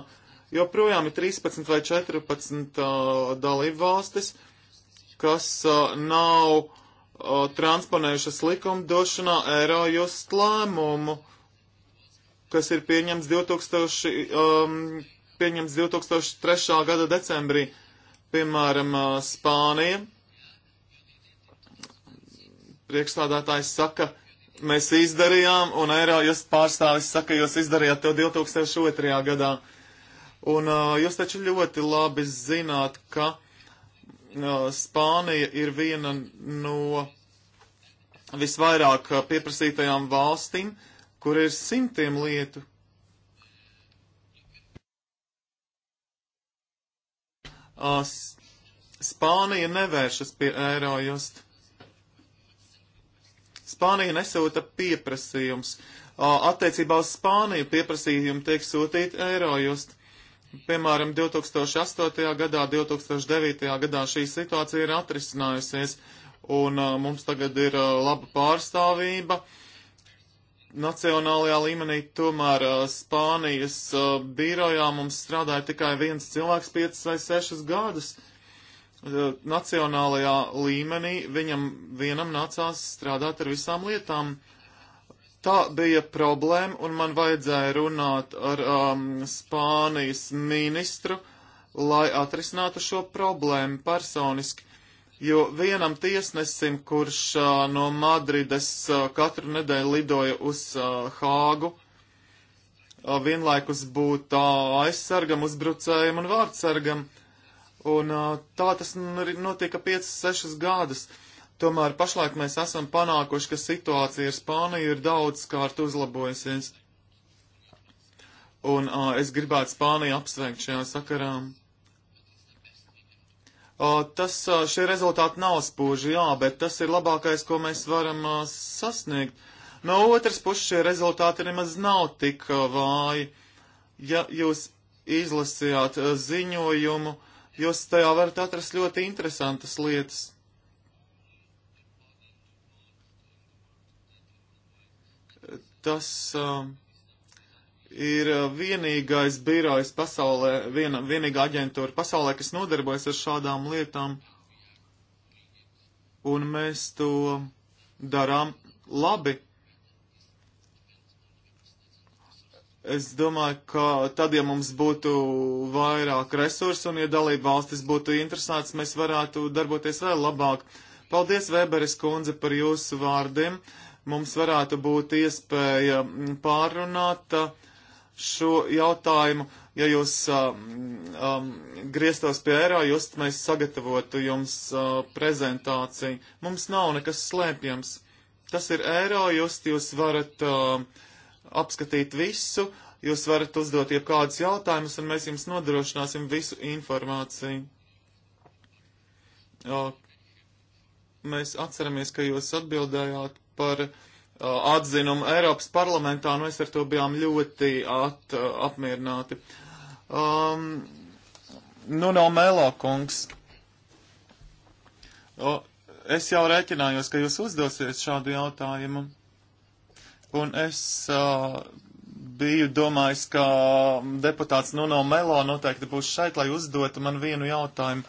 Joprojām ir 13 vai 14 uh, eh, dalību valstis, kas uh, nav uh, transponējušas likumdošanā Eirojust lēmumu, kas ir pieņemts 2000, um, ehm, pieņemts 2003. gada decembrī. Piemēram, Spānija priekšstādātājs saka, mēs izdarījām, un eiro jūs pārstāvis saka, jūs izdarījāt to 2002. gadā. Un uh, jūs taču ļoti labi zināt, ka uh, Spānija ir viena no visvairāk pieprasītajām valstīm, kur ir simtiem lietu. Uh, Spānija nevēršas pie eiro just. Spānija nesūta pieprasījums. Attiecībā uz Spāniju pieprasījumi tiek sūtīti Eirojust. Piemēram, 2008. gadā, 2009. gadā šī situācija ir atrisinājusies, un uh, mums tagad ir uh, laba pārstāvība. Nacionālajā līmenī tomēr uh, Spānijas birojā mums strādāja tikai viens cilvēks 5 vai 6 gadus. Uh, Eh, nacionālajā līmenī viņam vienam nācās strādāt ar visām lietām. Tā bija problēma, un man vajadzēja runāt ar um, Spānijas ministru, lai atrisinātu šo problēmu personiski. Jo vienam tiesnesim, kurš uh, no Madrides uh, katru nedēļu lidoja uz uh, Hāgu, uh, vienlaikus būt uh, aizsargam, uzbrucējam un vārdsargam, uh, Un tā tas nu notika 5-6 gadus. Tomēr pašlaik mēs esam panākuši, ka situācija ar Spāniju ir daudz kārt uzlabojusies. Un uh, es gribētu Spāniju apsveikt šajā sakarā. Uh, tas, uh, šie rezultāti nav spūži, jā, bet tas ir labākais, ko mēs varam uh, sasniegt. No otras puses, šie rezultāti nemaz nav tik uh, vāji. Ja jūs izlasījāt uh, ziņojumu, uh, Jūs tajā varat atrast ļoti interesantas lietas. Tas um, uh, ir vienīgais birojs pasaulē, viena, vienīgā aģentūra pasaulē, kas nodarbojas ar šādām lietām. Un mēs to darām labi. Es domāju, ka tad, ja mums būtu vairāk resursu un ja dalība valstis būtu interesētas, mēs varētu darboties vēl labāk. Paldies, Weberis kundze, par jūsu vārdiem. Mums varētu būt iespēja pārunāt uh, šo jautājumu. Ja jūs uh, um, grieztos pie eiro, just mēs sagatavotu jums uh, prezentāciju. Mums nav nekas slēpjams. Tas ir eiro, just jūs varat. Uh, apskatīt visu, jūs varat uzdot jebkādus jautājumus, un mēs jums nodrošināsim visu informāciju. O, mēs atceramies, ka jūs atbildējāt par o, atzinumu Eiropas parlamentā, un mēs ar to bijām ļoti at, apmierināti. Um, nu, nav Melo kungs. O, es jau rēķinājos, ka jūs uzdosiet šādu jautājumu. Un es uh, biju domājis, ka deputāts Nuno Melo noteikti būs šeit, lai uzdotu man vienu jautājumu.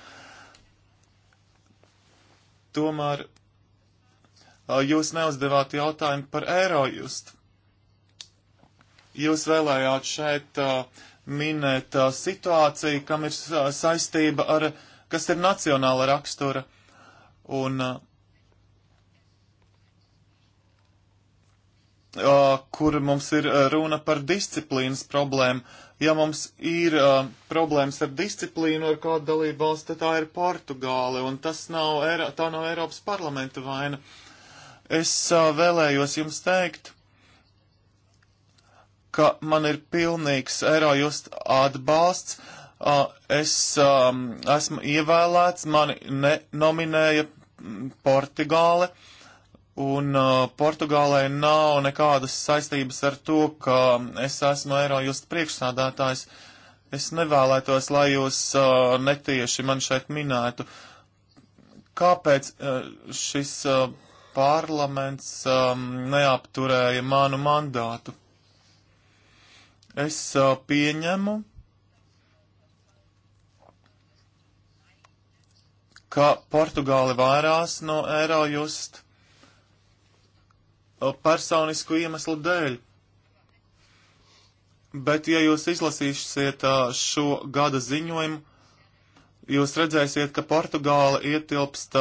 Tomēr uh, jūs neuzdevāt jautājumu par Eirojust. Jūs vēlējāt šeit uh, minēt uh, situāciju, kam ir uh, saistība ar, kas ir nacionāla rakstura. Un uh, kur mums ir runa par disciplīnas problēmu. Ja mums ir uh, problēmas ar disciplīnu ar kādu dalību valsti, tad tā ir Portugāle, un tas nav, Eiro, tā nav Eiropas parlamenta vaina. Es uh, vēlējos jums teikt, ka man ir pilnīgs Eirojust atbalsts. Uh, es um, esmu ievēlēts, mani nominēja Portugāle. Uh, Un uh, Portugālē nav nekādas saistības ar to, ka es esmu Eirojust priekšsādātājs. Es nevēlētos, lai jūs uh, netieši man šeit minētu. Kāpēc uh, šis uh, parlaments um, neapturēja manu mandātu? Es uh, pieņemu, ka Portugāli vairās no Eirojust personisku iemeslu dēļ. Bet, ja jūs izlasīsiet šo gada ziņojumu, jūs redzēsiet, ka Portugāla ietilpst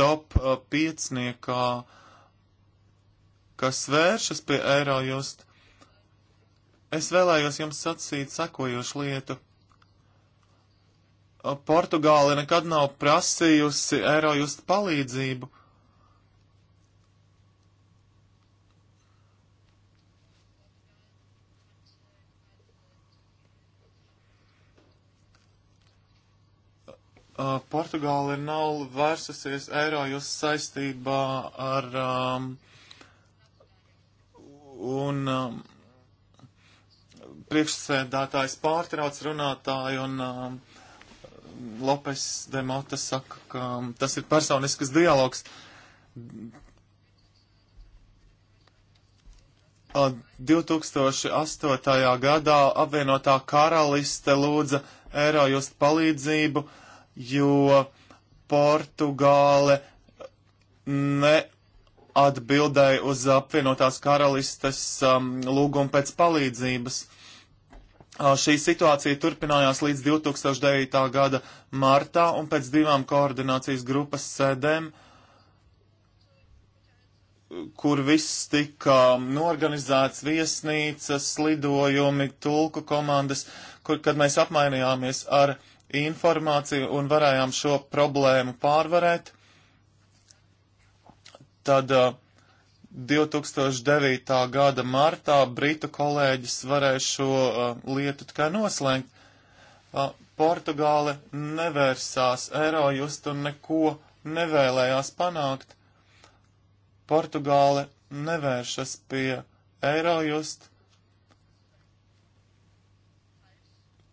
top piecniekā, kas vēršas pie Eirojust. Es vēlējos jums sacīt sekojošu lietu. Portugāla nekad nav prasījusi Eirojust palīdzību uh, Portugāla nav vērsusies eiro jūs saistībā ar um, un um, priekšsēdētājs pārtrauc runātāju un um, Lopes de Mota saka, ka um, tas ir personisks dialogs. Uh, 2008. gadā apvienotā karaliste lūdza eiro just palīdzību uh, jo Portugāle neatbildēja uz apvienotās karalistes um, lūgumu pēc palīdzības. Uh, šī situācija turpinājās līdz 2009. gada martā, un pēc divām koordinācijas grupas sēdēm uh, kur viss tika um, norganizēts, viesnīcas, lidojumi, tulku komandas, kur, kad mēs apmainījāmies ar uh, informāciju un varējām šo problēmu pārvarēt, tad uh, 2009. gada martā britu kolēģis varēja šo uh, lietu tikai noslēgt. Uh, Portugāle nevērsās Eirojust un neko nevēlējās panākt. Portugāle nevēršas pie Eirojust,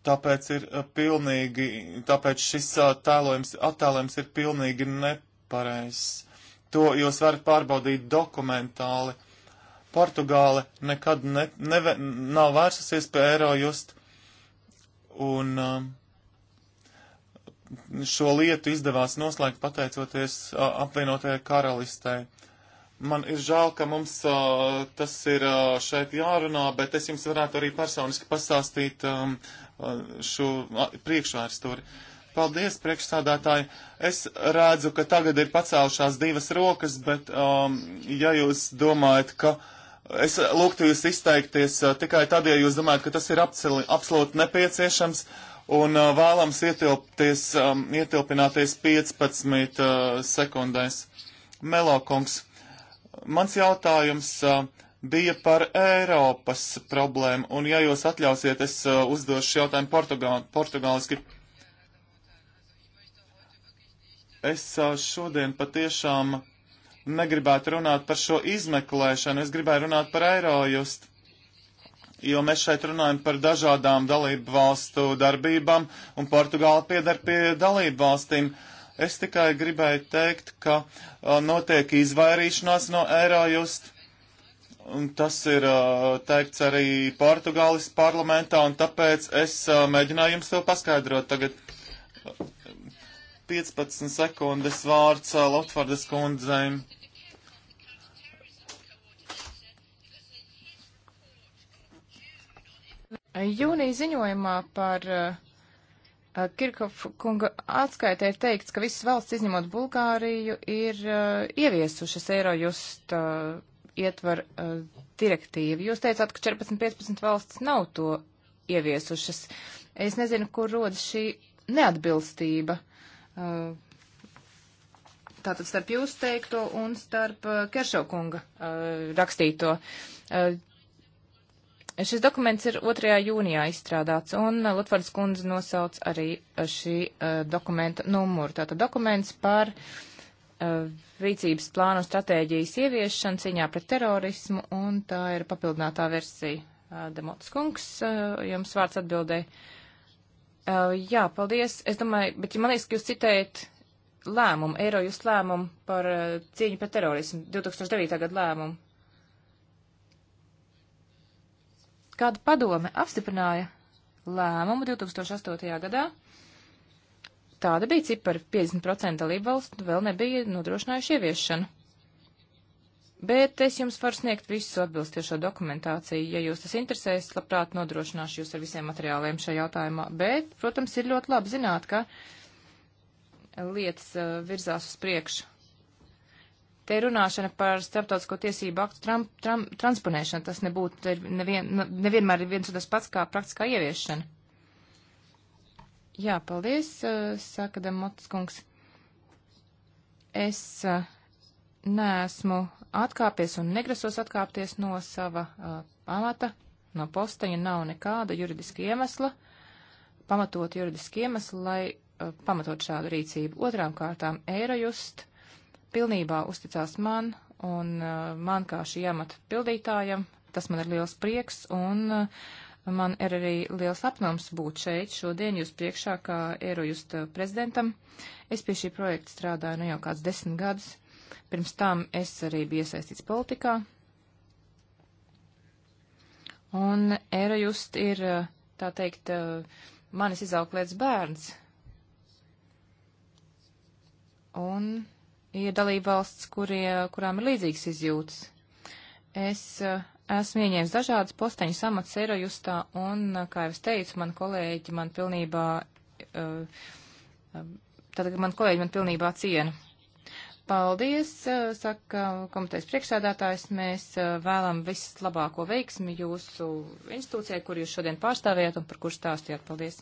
Tāpēc ir eh, pilnīgi, tāpēc šis eh, tēlojums, attēlojums ir pilnīgi nepareizs. To jūs varat pārbaudīt dokumentāli. Portugāle nekad ne, ne, nav vērsusies pie eiro just, un eh, šo lietu izdevās noslēgt pateicoties apvienotajai karalistei. Man ir žēl, ka mums uh, tas ir uh, šeit jārunā, bet es jums varētu arī personiski pastāstīt um, šo uh, priekšvēsturi. Paldies, priekšsādātāji. Es redzu, ka tagad ir pacēlušās divas rokas, bet um, ja jūs domājat, ka es lūgtu jūs izteikties uh, tikai tad, ja jūs domājat, ka tas ir absolūti nepieciešams un uh, vēlams ietilpties, um, ietilpināties 15 uh, sekundēs. Melokungs. Mans jautājums bija par Eiropas problēmu, un ja jūs atļausiet, es uzdošu jautājumu portugā, portugāliski. Es šodien patiešām negribētu runāt par šo izmeklēšanu, es gribēju runāt par Eirojust, jo mēs šeit runājam par dažādām dalību valstu darbībām, un Portugāla piedar pie dalību valstīm. Uh, Es tikai gribēju teikt, ka uh, notiek izvairīšanās no Eirojust. Un tas ir uh, teikts arī Portugāles parlamentā, un tāpēc es uh, mēģināju jums to paskaidrot tagad. 15 sekundes vārds Lotvardas kundzēm. Jūnija ziņojumā par uh, Eh, Kirkov kunga atskaitē ir teikts, ka visas valsts, izņemot Bulgāriju, ir uh, ieviesušas Eirojust uh, eh, ietvar uh, direktīvu. Jūs teicāt, ka 14-15 valsts nav to ieviesušas. Es nezinu, kur rodas šī neatbilstība. Tātad starp jūs teikto un starp Keršo kunga rakstīto. Šis dokuments ir 2. jūnijā izstrādāts, un uh, Lutvārds kundze nosauc arī uh, šī uh, dokumenta numuru. Tātad dokuments par uh, rīcības plānu stratēģijas ieviešanu cīņā pret terorismu, un tā ir papildinātā versija. Uh, Demots kungs, uh, jums vārds atbildēja. Uh, jā, paldies. Es domāju, bet ja man liekas, ka jūs citējat lēmumu, Eirojust lēmumu par uh, cīņu pret terorismu, 2009. gada lēmumu. kāda padome apstiprināja lēmumu 2008. gadā. Tāda bija cipara 50% dalību valstu vēl nebija nodrošinājuši ieviešanu. Bet es jums varu sniegt visu atbilstošo dokumentāciju. Ja jūs tas interesēs, labprāt nodrošināšu jūs ar visiem materiāliem šajā jautājumā. Bet, protams, ir ļoti labi zināt, ka lietas uh, virzās uz priekšu. Te ir runāšana par starptautisko tiesību aktu tram, tram, transponēšanu. Tas nebūtu nevien, nu, nevienmēr ir viens un tas pats kā praktiskā ieviešana. Jā, paldies, eh, saka Demots kungs. Es eh, neesmu atkāpies un negrasos atkāpties no sava eh, pamata, no posteņa nav nekāda juridiska iemesla, pamatot juridiski iemeslu, lai pamatot šādu rīcību. Otrām kārtām Eirojust pilnībā uzticās man un uh, man kā šī amata pildītājam. Tas man ir liels prieks un uh, man ir arī liels apnums būt šeit šodien jūs priekšā kā Eirojust uh, prezidentam. Es pie šī projekta strādāju nu jau kāds desmit gadus. Pirms tam es arī biju iesaistīts politikā. Un Eirojust ir, tā teikt, manis izauklēts bērns. Un ir dalībvalsts, kurie, kurām ir līdzīgas izjūtas. Es eh, esmu ieņēmis dažādas posteņu samats Eirojustā, un, eh, kā jau es teicu, man kolēģi man pilnībā, eh, tātad man kolēģi man pilnībā ciena. Paldies, saka komitejas priekšsēdētājs. Mēs vēlam vislabāko veiksmi jūsu institūcijai, kur jūs šodien pārstāvējat un par kur stāstījāt. Paldies.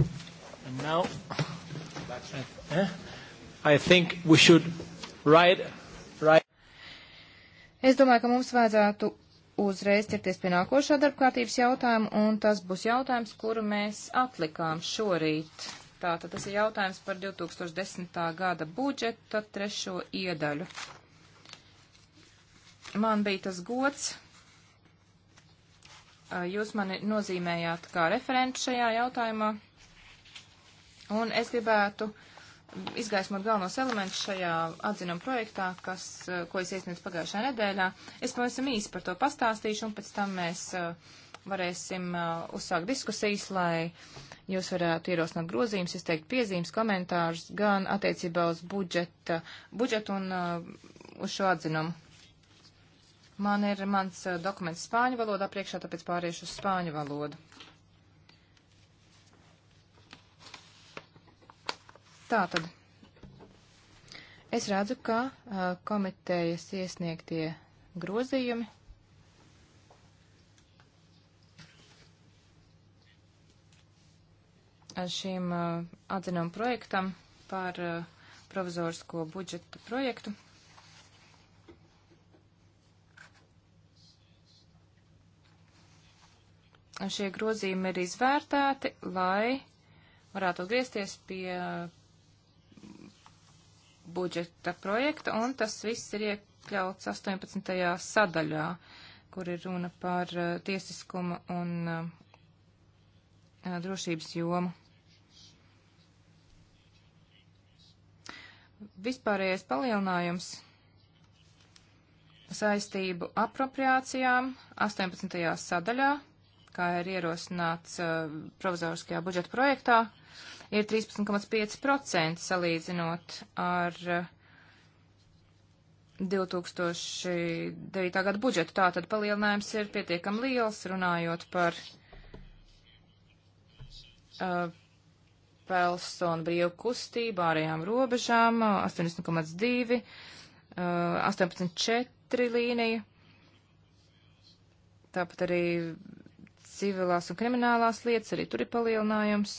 And now, eh? I think we should write, write. Es domāju, ka mums vajadzētu uzreiz ķerties pie nākošā darbkārtības jautājuma, un tas būs jautājums, kuru mēs atlikām šorīt. Tātad tas ir jautājums par 2010. gada budžeta trešo iedaļu. Man bija tas gods. Jūs mani nozīmējāt kā referentu šajā jautājumā, un es gribētu uh, izgaismot galvenos elementus šajā atzinuma projektā, kas, eh, ko es iesniedzu pagājušā nedēļā. Es pavisam īsi par to pastāstīšu, un pēc tam mēs eh, varēsim eh, uzsākt diskusijas, lai jūs varētu ierosināt grozījumus, izteikt piezīmes, komentārus gan attiecībā uz budžeta, budžetu un uz šo atzinumu. Man ir mans dokuments spāņu valodā priekšā, tāpēc pāriešu uz spāņu valodu. Tātad, es redzu, ka uh, komitejas iesniegtie grozījumi šīm uh, atzinām projektam par uh, provizorisko budžetu projektu. Un šie grozījumi ir izvērtēti, lai varētu atgriezties pie uh, budžeta projekta, un tas viss ir iekļauts 18. sadaļā, kur ir runa par uh, tiesiskuma un uh, drošības jomu. Vispārējais palielinājums saistību apropriācijām 18. sadaļā, kā ir ierosināts uh, provizoriskajā budžeta projektā, ir 13,5% salīdzinot ar 2009. Eh, gada budžetu. Tātad palielinājums ir pietiekami liels, runājot par uh, eh, Pelsona brīvu kustību ārējām robežām 80,2, uh, 18,4 līnija. Tāpat arī civilās un kriminālās lietas, arī tur ir palielinājums.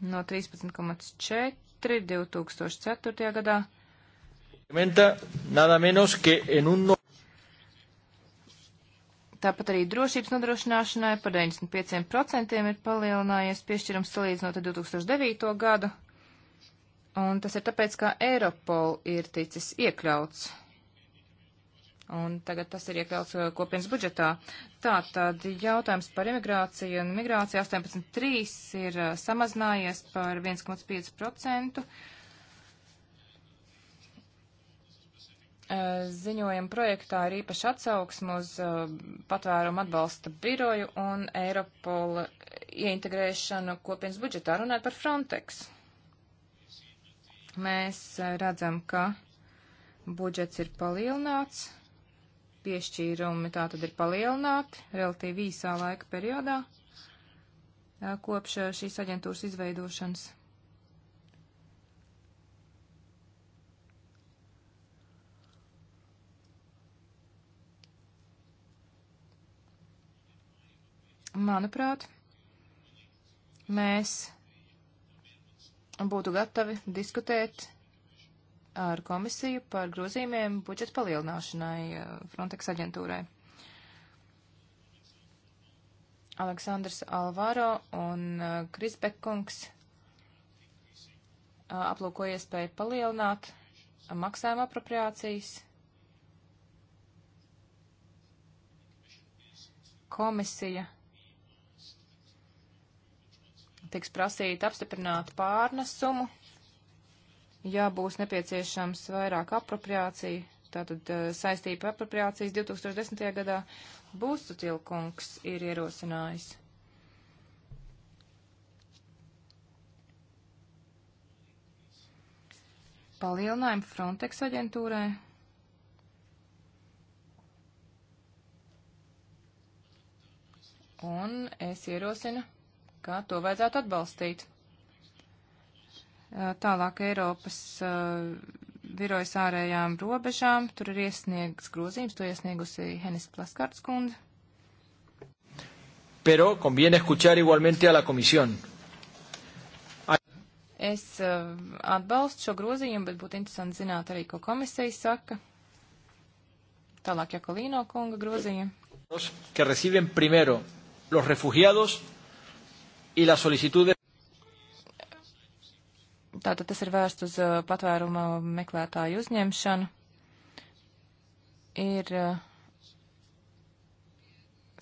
no 13,4 2004. gadā. Tāpat arī drošības nodrošināšanai par 95% ir palielinājies piešķirums salīdzinot ar 2009. gadu, un tas ir tāpēc, ka Eiropol ir ticis iekļauts Un tagad tas ir iekļauts uh, kopienas budžetā. Tā tad jautājums par imigrāciju un migrāciju 18.3 ir uh, samazinājies par 1,5%. Uh, ziņojuma projektā ir īpaši atsauksme uz patvērumu atbalsta biroju un Eiropola ieintegrēšanu kopienas budžetā runājot par Frontex. Mēs redzam, ka budžets ir palielināts piešķīrumi tā tad ir palielināti relatīvi īsā laika periodā kopš šīs aģentūras izveidošanas. Manuprāt, mēs būtu gatavi diskutēt ar komisiju par grozījumiem budžeta palielināšanai eh, Frontex aģentūrai. Aleksandrs Alvaro un eh, Krisbekungs eh, aplūko iespēju palielināt maksājuma apropriācijas. Komisija tiks prasīta apstiprināt pārnesumu ja būs nepieciešams vairāk apropriāciju, tātad eh, saistība apropriācijas 2010. gadā, būs tilkungs ir ierosinājis. Palielinājumu Frontex aģentūrai. Un es ierosinu, ka to vajadzētu atbalstīt. Tālāk Eiropas uh, virojas ārējām robežām. Tur ir iesniegts grozījums, to iesniegusi Henis Plaskārts kundze. Pero conviene escuchar igualmente a la comisión. Ai... Es uh, atbalstu šo grozījumu, bet būtu interesanti zināt arī, ko komisija saka. Tālāk Jakolīno kunga grozījumi. Que reciben primero los refugiados y la solicitud de. Tātad tas ir vērsts uz uh, patvēruma meklētāju uzņemšanu. Ir uh,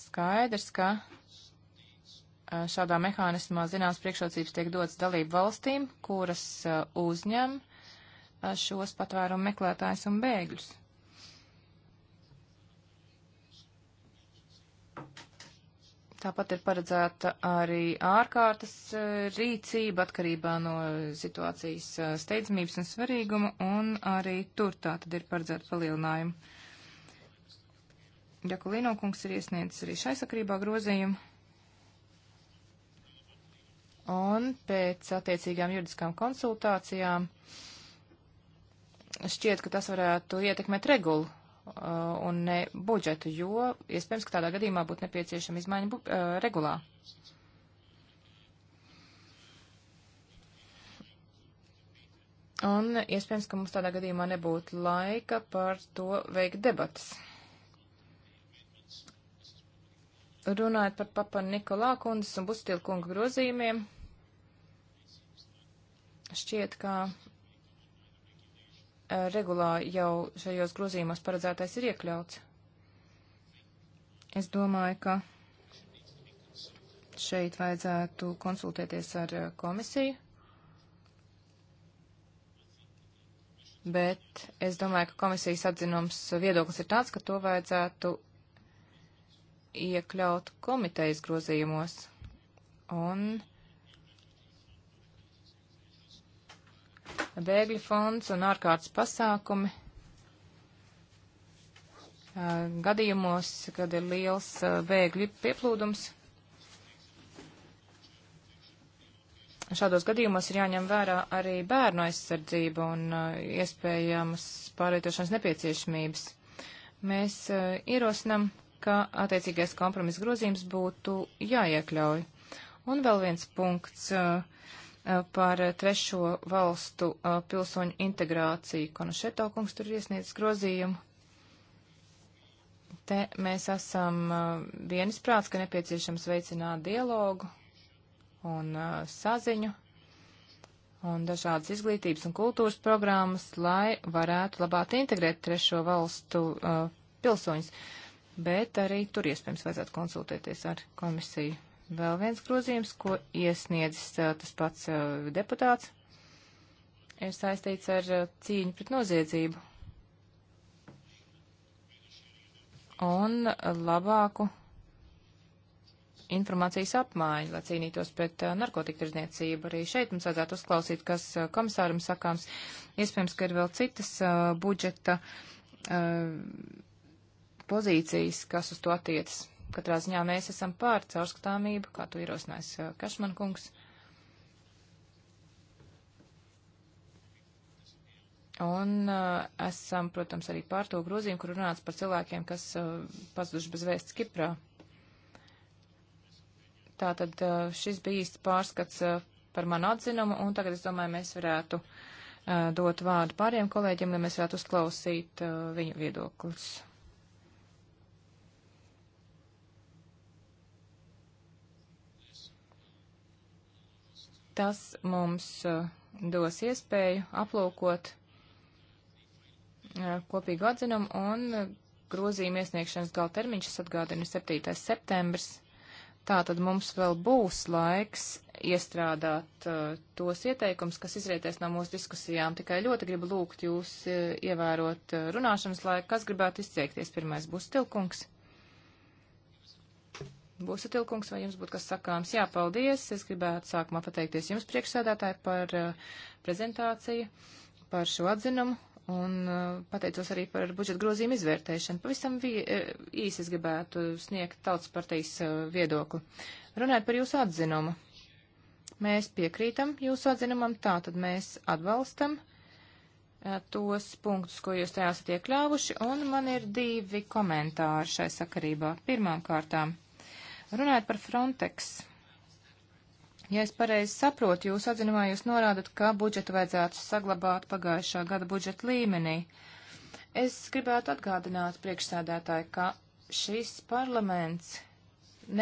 skaidrs, ka uh, šādā mehānismā zināmas priekšrocības tiek dotas dalību valstīm, kuras uh, uzņem uh, šos patvērumu meklētājus un bēgļus. Tāpat ir paredzēta arī ārkārtas e, rīcība atkarībā no situācijas e, steidzamības un svarīguma, un arī tur tā tad ir paredzēta palielinājuma. Jakulīno kungs ir iesniedzis arī šai sakrībā grozījumu. Un pēc attiecīgām juridiskām konsultācijām šķiet, ka tas varētu ietekmēt regulu Uh, un ne budžetu, jo iespējams, ka tādā gadījumā būtu nepieciešama izmaiņa bu, uh, regulā. Un iespējams, ka mums tādā gadījumā nebūtu laika par to veikt debatas. Runājot par papa Nikolā kundas un Bustilkunga grozījumiem, šķiet, ka regulā jau šajos grozījumos paredzētais ir iekļauts. Es domāju, ka šeit vajadzētu konsultēties ar eh, komisiju, bet es domāju, ka komisijas atzinums eh, viedoklis ir tāds, ka to vajadzētu iekļaut komitejas grozījumos. Un bēgļu fonds un ārkārtas pasākumi gadījumos, kad ir liels bēgļu pieplūdums. Šādos gadījumos ir jāņem vērā arī bērnu aizsardzība un iespējamas pārvietošanas nepieciešamības. Mēs ierosinam, ka attiecīgais kompromiss grozījums būtu jāiekļauj. Un vēl viens punkts. Uh, Uh, par trešo valstu uh, pilsoņu integrāciju. Konušeto kungs tur ir iesniedzis grozījumu. Te mēs esam uh, vienisprāts, ka nepieciešams veicināt dialogu un saziņu un dažādas izglītības un kultūras programmas, lai varētu labāk integrēt trešo valstu pilsoņus. Bet arī tur iespējams vajadzētu konsultēties ar komisiju vēl viens grozījums, ko iesniedzis tas pats deputāts, ir saistīts ar cīņu pret noziedzību un labāku informācijas apmaiņu, lai cīnītos pret narkotiku tirdzniecību. Arī šeit mums vajadzētu uzklausīt, kas komisāram sakāms. Iespējams, ka ir vēl citas budžeta pozīcijas, kas uz to attiecas. Katrā ziņā mēs esam pār caurskatāmību, kā tu ierosinājis eh, Kašman kungs. Un uh, esam, protams, arī pār to grozījumu, kur runāts par cilvēkiem, kas uh, pazuduši bez vēsts Kiprā. Tātad uh, šis bija īsts pārskats uh, par manu atzinumu, un tagad es domāju, mēs varētu uh, dot vārdu pāriem kolēģiem, lai mēs varētu uzklausīt uh, viņu viedokļus. Tas mums eh, dos iespēju aplūkot eh, kopīgu atzinumu un eh, grozījuma iesniegšanas gala termiņš, es atgādinu, 7. septembris. Tātad mums vēl būs laiks iestrādāt uh, tos ieteikums, kas izrietēs no mūsu diskusijām. Tikai ļoti gribu lūgt jūs uh, ievērot uh, runāšanas laiku, kas gribētu izteikties. Pirmais būs Tilkungs. Būsatilkungs, vai jums būtu kas sakāms? Jā, paldies. Es gribētu sākumā pateikties jums priekšsēdētāji par uh, prezentāciju, par šo atzinumu un uh, pateicos arī par budžeta grozījumu izvērtēšanu. Pavisam vi, uh, eh, īsi es gribētu sniegt tautas partijas viedokli. Runājot par jūsu atzinumu. Mēs piekrītam jūsu atzinumam, tā tad mēs atbalstam tos punktus, ko jūs tajā esat iekļāvuši, un man ir divi komentāri šai sakarībā. Pirmām kārtām. Runājot par Frontex. Ja es pareizi saprotu, jūs atzinumā jūs norādat, ka budžetu vajadzētu saglabāt pagājušā gada budžeta līmenī. Es gribētu atgādināt priekšsēdētāju, ka šis parlaments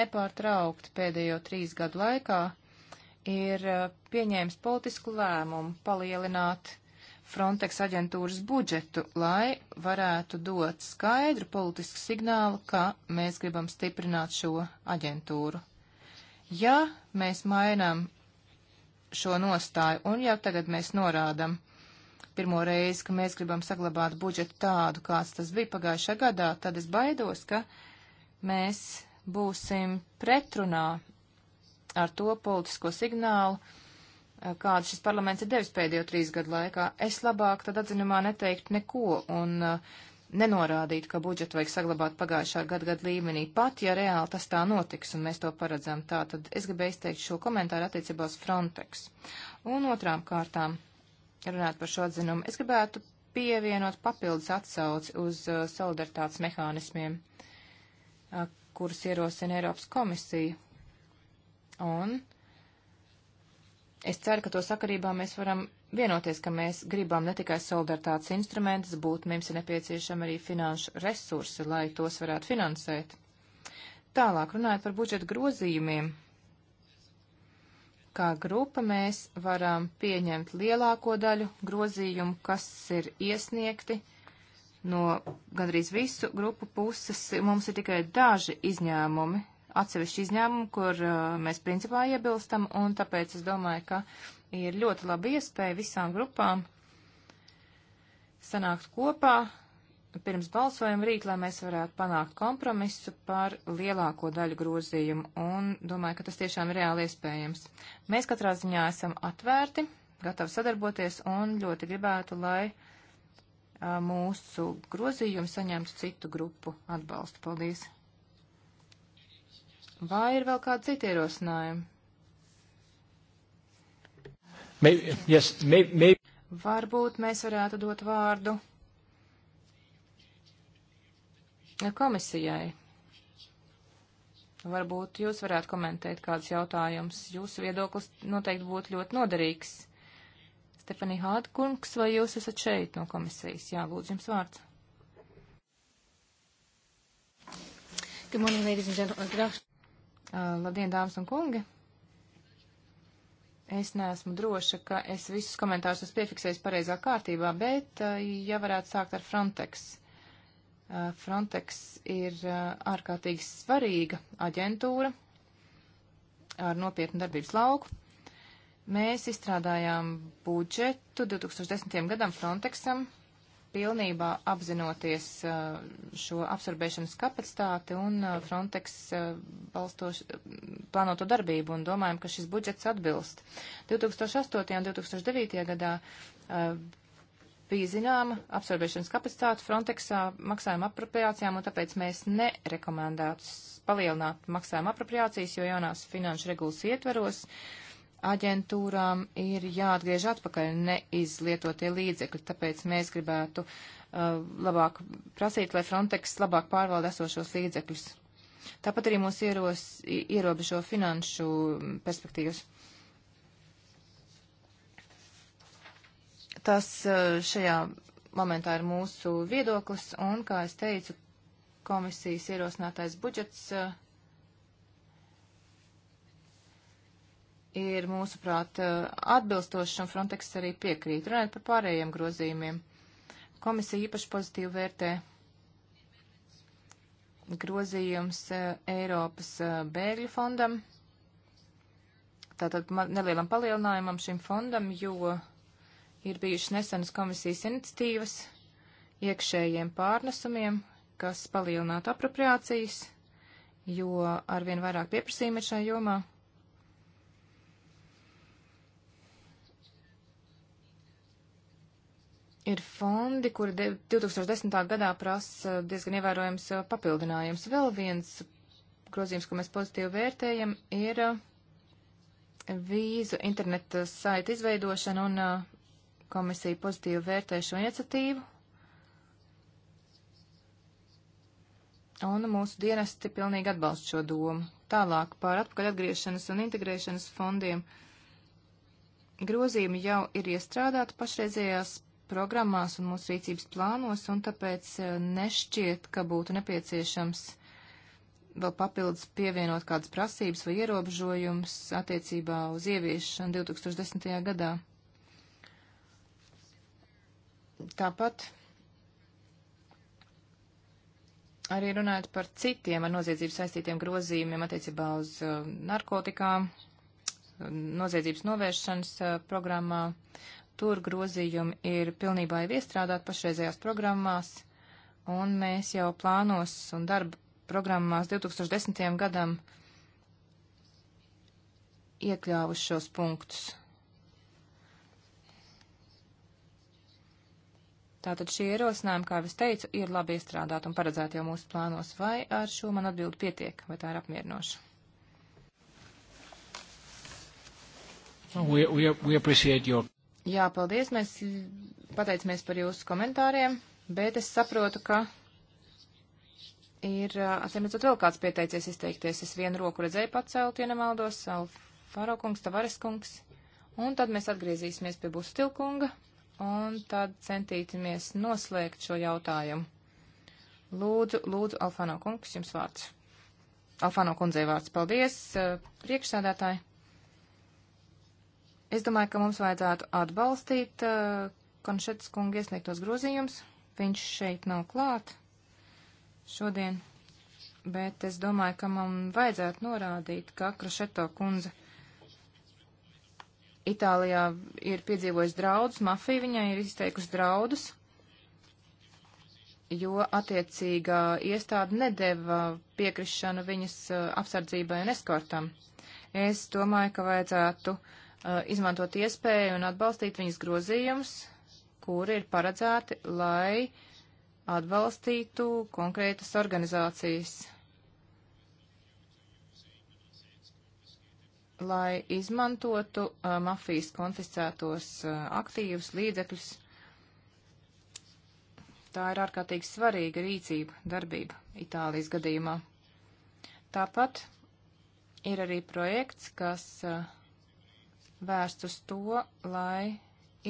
nepārtraukti pēdējo trīs gadu laikā ir eh, pieņēmis politisku lēmumu palielināt Frontex aģentūras budžetu, lai varētu dot skaidru politisku signālu, ka mēs gribam stiprināt šo aģentūru. Ja mēs mainām šo nostāju, un jau tagad mēs norādam pirmo reizi, ka mēs gribam saglabāt budžetu tādu, kāds tas bija pagājušā gadā, tad es baidos, ka mēs būsim pretrunā ar to politisko signālu, Eh, kādu šis parlaments ir devis pēdējo trīs gadu laikā. Es labāk tad atzinumā neteiktu neko un eh, nenorādītu, ka budžetu vajag saglabāt pagājušā gada gada līmenī, pat ja reāli tas tā notiks un mēs to paredzam. Tā tad es gribēju izteikt šo komentāru attiecībā uz Frontex. Un otrām kārtām, runāt par šo atzinumu, es gribētu pievienot papildus atsauci uz uh, solidaritātes mehānismiem, uh, kurus ierosina Eiropas komisija. Un uh, Es ceru, ka to sakarībā mēs varam vienoties, ka mēs gribam ne tikai solidaritātes instrumentus, būt mums ir nepieciešami arī finanšu resursi, lai tos varētu finansēt. Tālāk runājot par budžeta grozījumiem. Kā grupa mēs varam pieņemt lielāko daļu grozījumu, kas ir iesniegti no gandrīz visu grupu puses. Mums ir tikai daži izņēmumi, atsevišķi izņēmumi, kur uh, mēs principā iebilstam, un tāpēc es domāju, ka ir ļoti laba iespēja visām grupām sanākt kopā pirms balsojuma rīt, lai mēs varētu panākt kompromisu par lielāko daļu grozījumu, un domāju, ka tas tiešām ir reāli iespējams. Mēs katrā ziņā esam atvērti, gatavi sadarboties, un ļoti gribētu, lai uh, mūsu grozījumi saņemtu citu grupu atbalstu. Paldies! Vai ir vēl kādi citi ierosinājumi? Maybe, yes, maybe, maybe. Varbūt mēs varētu dot vārdu komisijai. Varbūt jūs varētu komentēt kādus jautājumus. Jūsu viedoklis noteikti būtu ļoti noderīgs. Stefanija Hādkungs, vai jūs esat šeit no komisijas? Jā, lūdzu, jums vārds. Good morning, ladies and gentlemen. Eh, labdien, dāmas un kungi! Es neesmu droša, ka es visus komentārus esmu piefiksējis pareizā kārtībā, bet eh, ja varētu sākt ar Frontex. Eh, Frontex ir ārkārtīgi svarīga aģentūra ar nopietnu darbības lauku. Mēs izstrādājām budžetu 2010. gadam Frontexam pilnībā apzinoties uh, šo absorbēšanas kapacitāti un uh, Frontex uh, balstoš, plānoto darbību un domājam, ka šis budžets atbilst. 2008. un 2009. gadā bija zināma absorbēšanas kapacitāte Frontexā maksājuma apropriācijām, un tāpēc mēs nerekomendētu palielināt maksājuma apropriācijas, jo jaunās finanšu regulas ietveros uh, aģentūrām ir jāatgriež atpakaļ neizlietotie līdzekļi, tāpēc mēs gribētu uh, labāk prasīt, lai Frontex labāk pārvalda esošos līdzekļus. Tāpat arī mūs ieros, ierobežo finanšu perspektīvas. Tas uh, šajā momentā ir mūsu viedoklis, un, kā es teicu, komisijas ierosinātais budžets uh, ir mūsuprāt eh, atbilstošs un Frontex arī piekrīt. Runājot par pārējiem grozījumiem, komisija īpaši pozitīvi vērtē grozījums eh, Eiropas eh, bēgļu fondam, tātad nelielam palielinājumam šim fondam, jo ir bijušas nesenas komisijas iniciatīvas iekšējiem pārnesumiem, kas palielinātu apropriācijas, jo arvien vairāk pieprasījumi ir šajā jomā. ir fondi, kuri 2010. gadā prasa diezgan ievērojams eh, papildinājums. Vēl viens grozījums, ko mēs pozitīvi vērtējam, ir eh, vīzu interneta eh, saita izveidošana un komisija pozitīvi vērtē šo iniciatīvu. Un mūsu dienesti pilnīgi atbalsta šo domu. Tālāk par atpakaļ atgriešanas un integrēšanas fondiem grozījumi jau ir iestrādāti pašreizējās programmās un mūsu rīcības plānos, un tāpēc eh, nešķiet, ka būtu nepieciešams vēl papildus pievienot kādas prasības vai ierobežojumus attiecībā uz ieviešanu 2010. gadā. Tāpat arī runājot par citiem ar noziedzību saistītiem grozījumiem attiecībā uz eh, narkotikām, noziedzības novēršanas eh, programmā. Uh, Tur grozījumi ir pilnībā jau iestrādāti pašreizējās programmās, un mēs jau plānos un darba programmās 2010. gadam iekļāvuši šos punktus. Tātad šie ierosinājumi, kā es teicu, ir labi iestrādāti un paredzēti jau mūsu plānos. Vai ar šo man atbildi pietiek, vai tā ir apmierinoša? We, we, we your... Jā, paldies. Mēs pateicamies par jūsu komentāriem, bet es saprotu, ka ir, atsimredzot, vēl kāds pieteicies izteikties. Es vienu roku redzēju pacelt, ja nemaldos, Alfaro kungs, Tavares kungs. Un tad mēs atgriezīsimies pie Bustilkunga un tad centīsimies noslēgt šo jautājumu. Lūdzu, lūdzu, Alfano kungs, jums vārds. Alfano kundzei vārds. Paldies, priekšsādātāji. Es domāju, ka mums vajadzētu atbalstīt uh, eh, Konšetas kunga iesniegtos grozījumus. Viņš šeit nav klāt šodien, bet es domāju, ka man vajadzētu norādīt, ka Krošeto kundze Itālijā ir piedzīvojusi draudus, mafija viņai ir izteikusi draudus, jo attiecīgā iestāde nedeva piekrišanu viņas uh, apsardzībai un eskortam. Es domāju, ka vajadzētu uh, Uh, izmantot iespēju un atbalstīt viņas grozījumus, kuri ir paredzēti, lai atbalstītu konkrētas organizācijas, lai izmantotu uh, mafijas konfiscētos uh, aktīvus līdzekļus. Tā ir ārkārtīgi svarīga rīcība, darbība Itālijas gadījumā. Tāpat ir arī projekts, kas uh, vērsts uz to, lai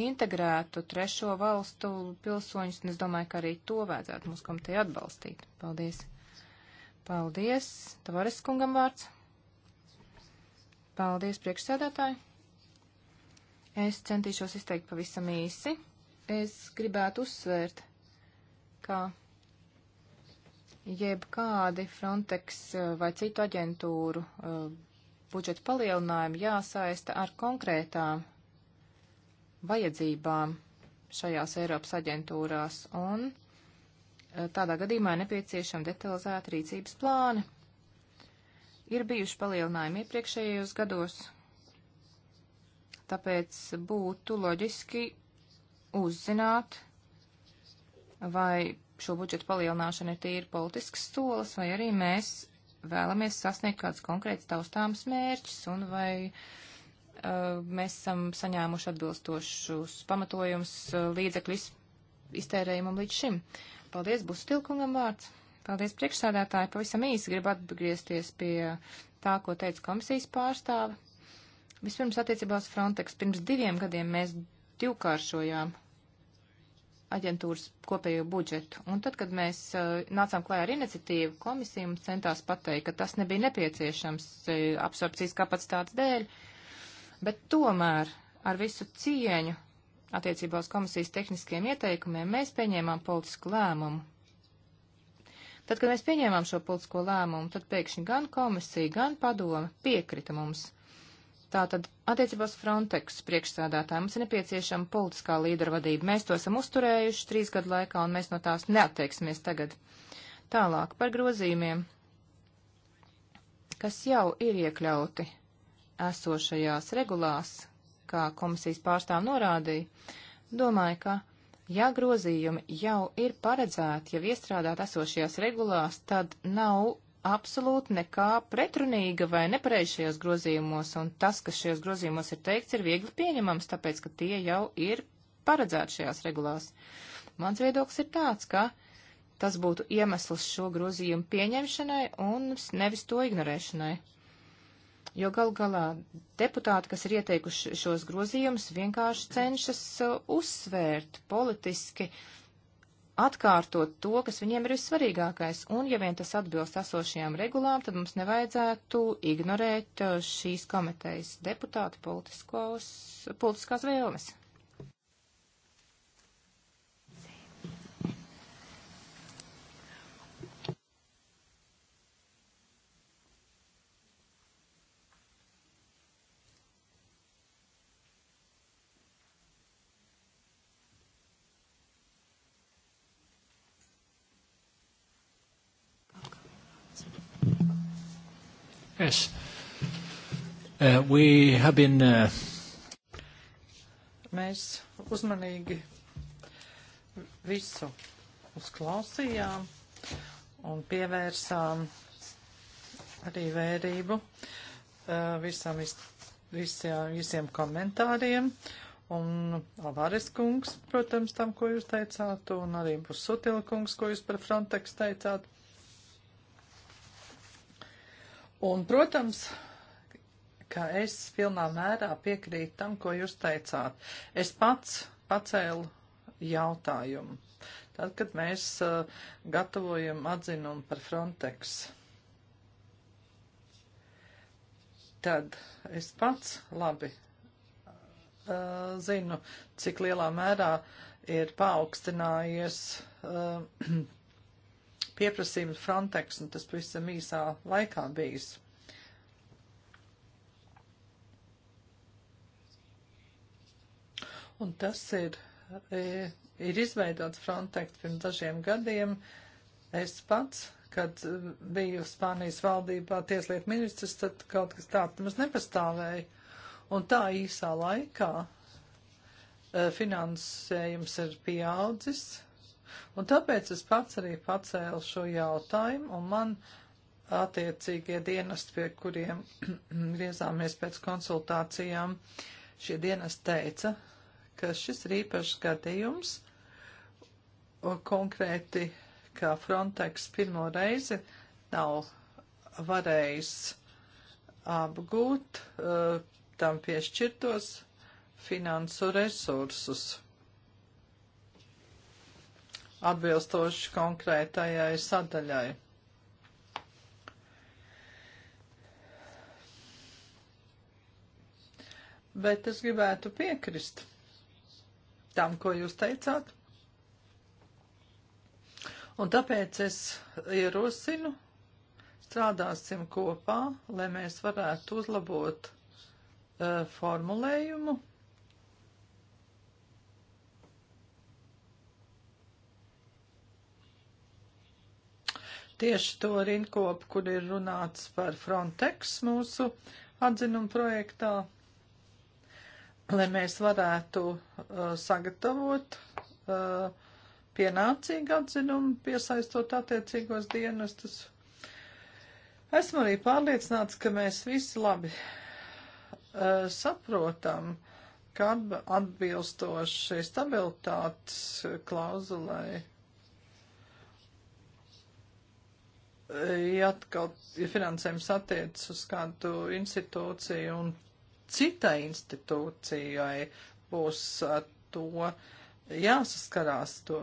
integrētu trešo valstu pilsoņus, un es domāju, ka arī to vajadzētu mums komitē atbalstīt. Paldies. Paldies. Tavares kungam vārds. Paldies, priekšsēdētāji. Es centīšos izteikt pavisam īsi. Es gribētu uzsvērt, ka jebkādi Frontex eh, vai citu aģentūru uh, budžeta palielinājumu jāsaista ar konkrētām vajadzībām šajās Eiropas aģentūrās, un e, tādā gadījumā ir nepieciešama detalizēta rīcības plāna. Ir bijuši palielinājumi iepriekšējos gados, tāpēc būtu loģiski uzzināt, vai šo budžetu palielināšana ir tīri politisks solis, vai arī mēs vēlamies sasniegt kādus konkrētus taustāmus mērķus un vai uh, mēs esam saņēmuši atbilstošus pamatojumus uh, līdzekļu iztērējumam līdz šim. Paldies, būs tilkungam vārds. Paldies, priekšsādātāji. Pavisam īsi gribu atgriezties pie tā, ko teica komisijas pārstāve. Vispirms attiecībā uz Frontex. Pirms diviem gadiem mēs divkāršojām uh, aģentūras kopējo budžetu. Un tad, kad mēs uh, nācām klājā ar iniciatīvu, komisija mums centās pateikt, ka tas nebija nepieciešams uh, absorpcijas kapacitātes dēļ, bet tomēr ar visu cieņu attiecībā uz komisijas tehniskiem ieteikumiem mēs pieņēmām politisku lēmumu. Tad, kad mēs pieņēmām šo politisko lēmumu, tad pēkšņi gan komisija, gan padome piekrita mums. Tātad attiecībos Frontex priekšsādātāji mums ir nepieciešama politiskā līdera vadība. Mēs to esam uzturējuši trīs gadu laikā un mēs no tās neatteiksimies tagad. Tālāk par grozījumiem, kas jau ir iekļauti esošajās regulās, kā komisijas pārstāv norādīja. Domāju, ka ja grozījumi jau ir paredzēti, jau iestrādāt esošajās regulās, tad nav absolūti nekā pretrunīga vai nepareiz šajos grozījumos, un tas, kas šajos grozījumos ir teikts, ir viegli pieņemams, tāpēc, ka tie jau ir paredzēti šajās regulās. Mans viedoklis ir tāds, ka tas būtu iemesls šo grozījumu pieņemšanai un nevis to ignorēšanai. Jo gal galā deputāti, kas ir ieteikuši šos grozījumus, vienkārši cenšas uh, uzsvērt politiski uh, atkārtot to, kas viņiem ir vissvarīgākais, un ja vien tas atbilst esošajām regulām, tad mums nevajadzētu ignorēt uh, šīs komitejas deputātu politiskās vēlmes. progress. Uh, we have been. Uh, Mēs uzmanīgi visu uzklausījām un pievērsām arī vērību uh, visam, vis, visiem, visiem komentāriem. Un Avares kungs, protams, tam, ko jūs teicāt, un arī Busutila kungs, ko jūs par Frontex teicāt. Un, protams, ka es pilnā mērā piekrītu tam, ko jūs teicāt. Es pats pacēlu jautājumu. Tad, kad mēs uh, gatavojam atzinumu par Frontex, tad es pats labi uh, zinu, cik lielā mērā ir paaugstinājies uh, <clears throat> pieprasījums Frontex, un tas pavisam īsā laikā bijis. Un tas ir, e, ir izveidots Frontex pirms dažiem gadiem. Es pats, kad biju Spānijas valdībā tieslietu ministrs, tad kaut kas tāds nemaz nepastāvēja. Un tā īsā laikā e, finansējums ir pieaudzis Un tāpēc es pats arī pacēlu šo jautājumu, un man attiecīgie dienesti, pie kuriem <clears throat> griezāmies pēc konsultācijām, šie dienesti teica, ka šis ir īpašs gadījums, konkrēti, ka Frontex pirmo reizi nav varējis apgūt uh, tam piešķirtos finansu resursus atbilstoši konkrētajai sadaļai. Bet es gribētu piekrist tam, ko jūs teicāt. Un tāpēc es ierosinu, strādāsim kopā, lai mēs varētu uzlabot uh, formulējumu tieši to rinkopu, kur ir runāts par Frontex mūsu atzinumu projektā, lai mēs varētu uh, sagatavot uh, pienācīgu atzinumu, piesaistot attiecīgos dienestus. Esmu arī pārliecināts, ka mēs visi labi uh, saprotam, ka atbilstoši stabilitātes klauzulai ja atkal ja finansējums attiecas uz kādu institūciju un citai institūcijai būs to jāsaskarās, to,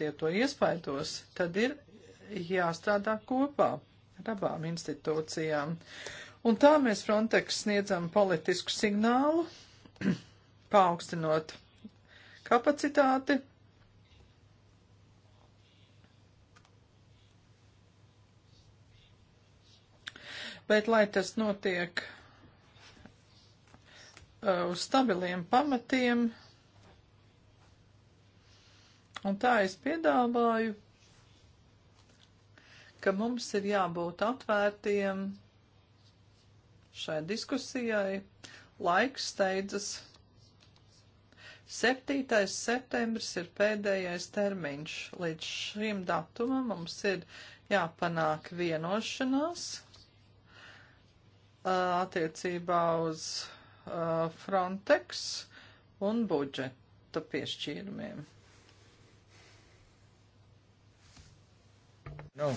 ja to iespaidos, tad ir jāstrādā kopā ar abām institūcijām. Un tā mēs Frontex sniedzam politisku signālu, <clears throat> paaugstinot kapacitāti bet lai tas notiek uh, uz stabiliem pamatiem. Un tā es piedāvāju, ka mums ir jābūt atvērtiem šai diskusijai. Laiks steidzas. 7. septembris ir pēdējais termiņš. Līdz šim datumam mums ir jāpanāk vienošanās attiecībā uz Frontex un budžeta piešķīrumiem. No.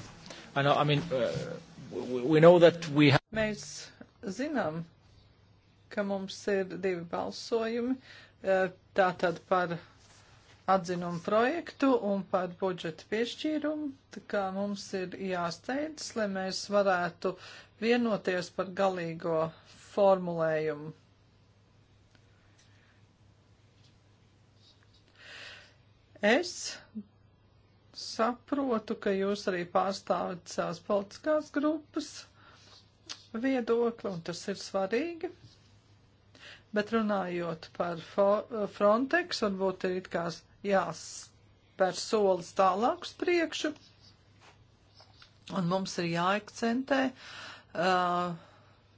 I know, I mean, uh, we know that we have... Mēs zinām, ka mums ir divi balsojumi, tātad par atzinumu projektu un par budžeta piešķīrumu. Tā kā mums ir jāsteidz, lai mēs varētu vienoties par galīgo formulējumu. Es saprotu, ka jūs arī pārstāvat savas politiskās grupas viedokli, un tas ir svarīgi. Bet runājot par Frontex, varbūt ir it kā jāspēr solis tālāk uz priekšu, un mums ir jāakcentē uh,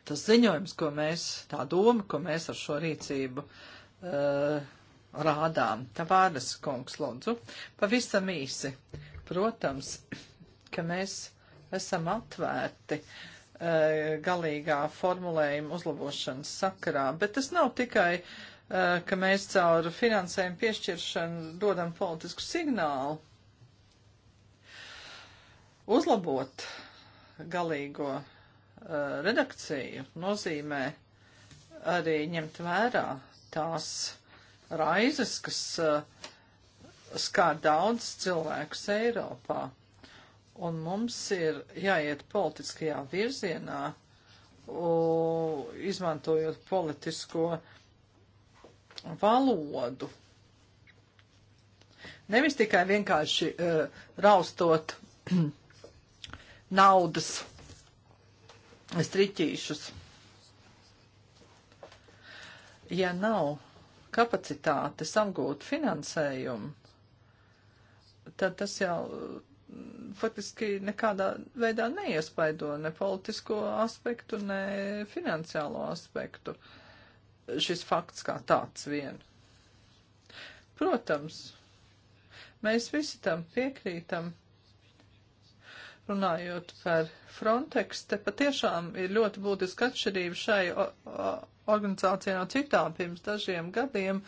tas ziņojums, ko mēs, tā doma, ko mēs ar šo rīcību uh, rādām. Tā vārdas kungs, lūdzu, pavisam īsi. Protams, ka mēs esam atvērti uh, galīgā formulējuma uzlabošanas sakarā, bet tas nav tikai uh, ka mēs caur finansējumu piešķiršanu dodam politisku signālu uzlabot galīgo uh, redakciju nozīmē arī ņemt vērā tās raizes, kas uh, skār daudz cilvēkus Eiropā. Un mums ir jāiet politiskajā virzienā, u, izmantojot politisko uh, valodu. Nevis tikai vienkārši uh, raustot <clears throat> naudas striķīšus. Ja nav kapacitātes apgūt finansējumu, tad tas jau mm, faktiski nekādā veidā neiespaido ne politisko aspektu, ne finansiālo aspektu. Uh, šis fakts kā tāds vien. Protams, mēs visi tam piekrītam. Runājot par Frontex, te patiešām ir ļoti būtiska atšķirība šai organizācijai no citām pirms dažiem gadiem.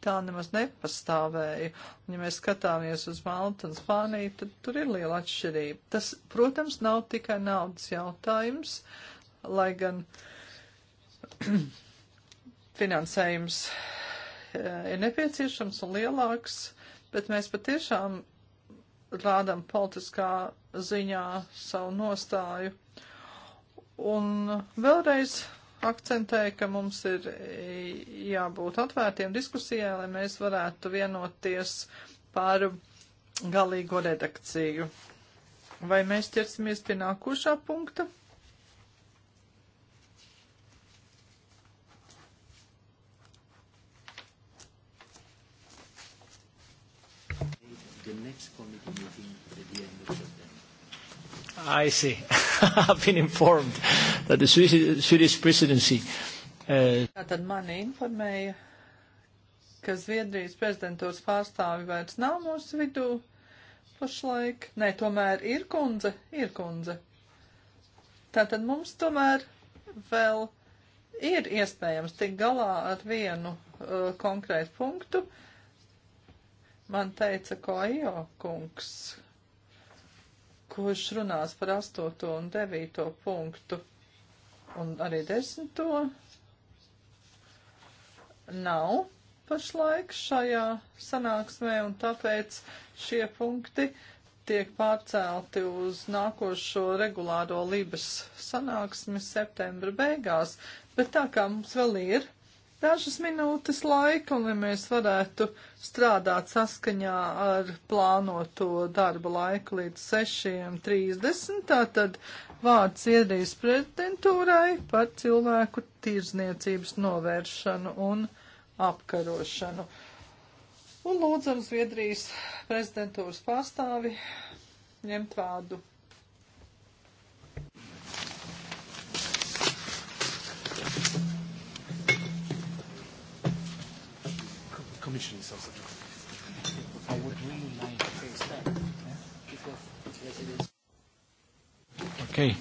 Tā nemaz nepastāvēja. Un, ja mēs skatāmies uz Maltu un Spāniju, tad tur ir liela atšķirība. Tas, protams, nav tikai naudas jautājums, lai gan <clears throat> finansējums eh, ir nepieciešams un lielāks, bet mēs patiešām rādam politiskā ziņā savu nostāju. Un vēlreiz akcentēja, ka mums ir eh, jābūt atvērtiem diskusijai, lai mēs varētu vienoties par galīgo redakciju. Vai mēs ķersimies pie nākošā punkta? meeting at the end of September. I see. <laughs> I've been informed that the Swedish, Swedish presidency. Uh, Tātad mani informēja, ka Zviedrijas prezidentūras pārstāvi vairs nav mūsu vidū pašlaik. Nē, tomēr ir kundze, ir kundze. Tātad mums tomēr vēl ir iespējams tikt galā ar vienu uh, konkrētu punktu. Uh, Man teica Kojo kungs, kurš runās par 8. un 9. punktu un arī 10. nav pašlaik šajā sanāksmē un tāpēc šie punkti tiek pārcelti uz nākošo regulāro Libas sanāksmi septembra beigās, bet tā kā mums vēl ir dažas minūtes laika, un lai mēs varētu strādāt saskaņā ar plānoto darba laiku līdz 6.30. Tātad vārds ierīs prezidentūrai par cilvēku tirzniecības novēršanu un apkarošanu. Un lūdzam Zviedrijas prezidentūras pārstāvi ņemt vārdu. Commission is also doing. I would really like to face that, yeah? because yes, it is. Okay.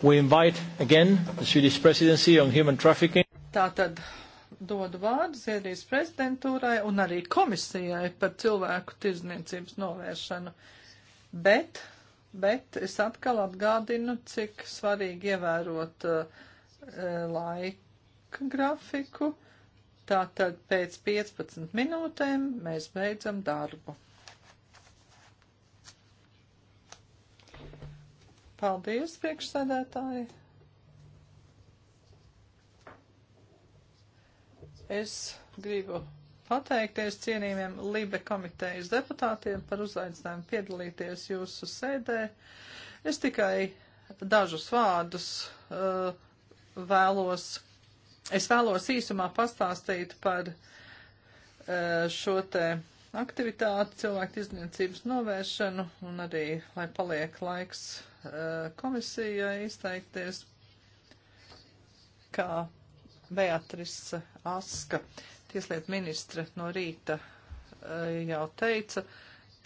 We invite again the Swedish presidency on human trafficking. Tātad dodu vārdu Zviedrijas prezidentūrai un arī komisijai par cilvēku tirzniecības novēršanu. Bet, bet es atkal atgādinu, cik svarīgi ievērot uh, laika grafiku. Uh, Tātad pēc 15 minūtēm mēs beidzam darbu. Paldies, priekšsēdētāji! Es gribu pateikties cienījumiem Libe komitejas deputātiem par uzaicinājumu piedalīties jūsu sēdē. Es tikai dažus vārdus uh, vēlos Es vēlos īsumā pastāstīt par eh, šo te aktivitāti, cilvēku izniecības novēršanu un arī, lai paliek laiks eh, komisijai izteikties, kā Beatrice Aska, tieslietu ministre no rīta eh, jau teica,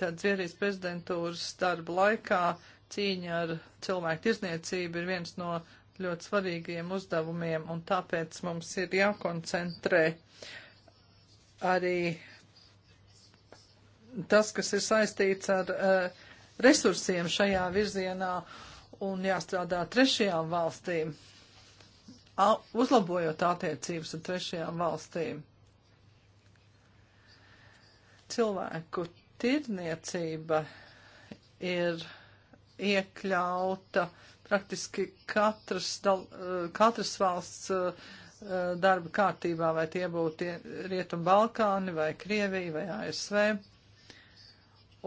tad Zviedrijas prezidentūras darba laikā cīņa ar cilvēku tirzniecību ir viens no ļoti svarīgiem uzdevumiem, un tāpēc mums ir jākoncentrē arī tas, kas ir saistīts ar uh, resursiem šajā virzienā un jāstrādā trešajām valstīm, uzlabojot attiecības ar trešajām valstīm. Cilvēku tirniecība ir iekļauta praktiski katras, dal, eh, katras valsts eh, eh, darba kārtībā, vai tie būtu Rietum Balkāni, vai Krievija, vai ASV.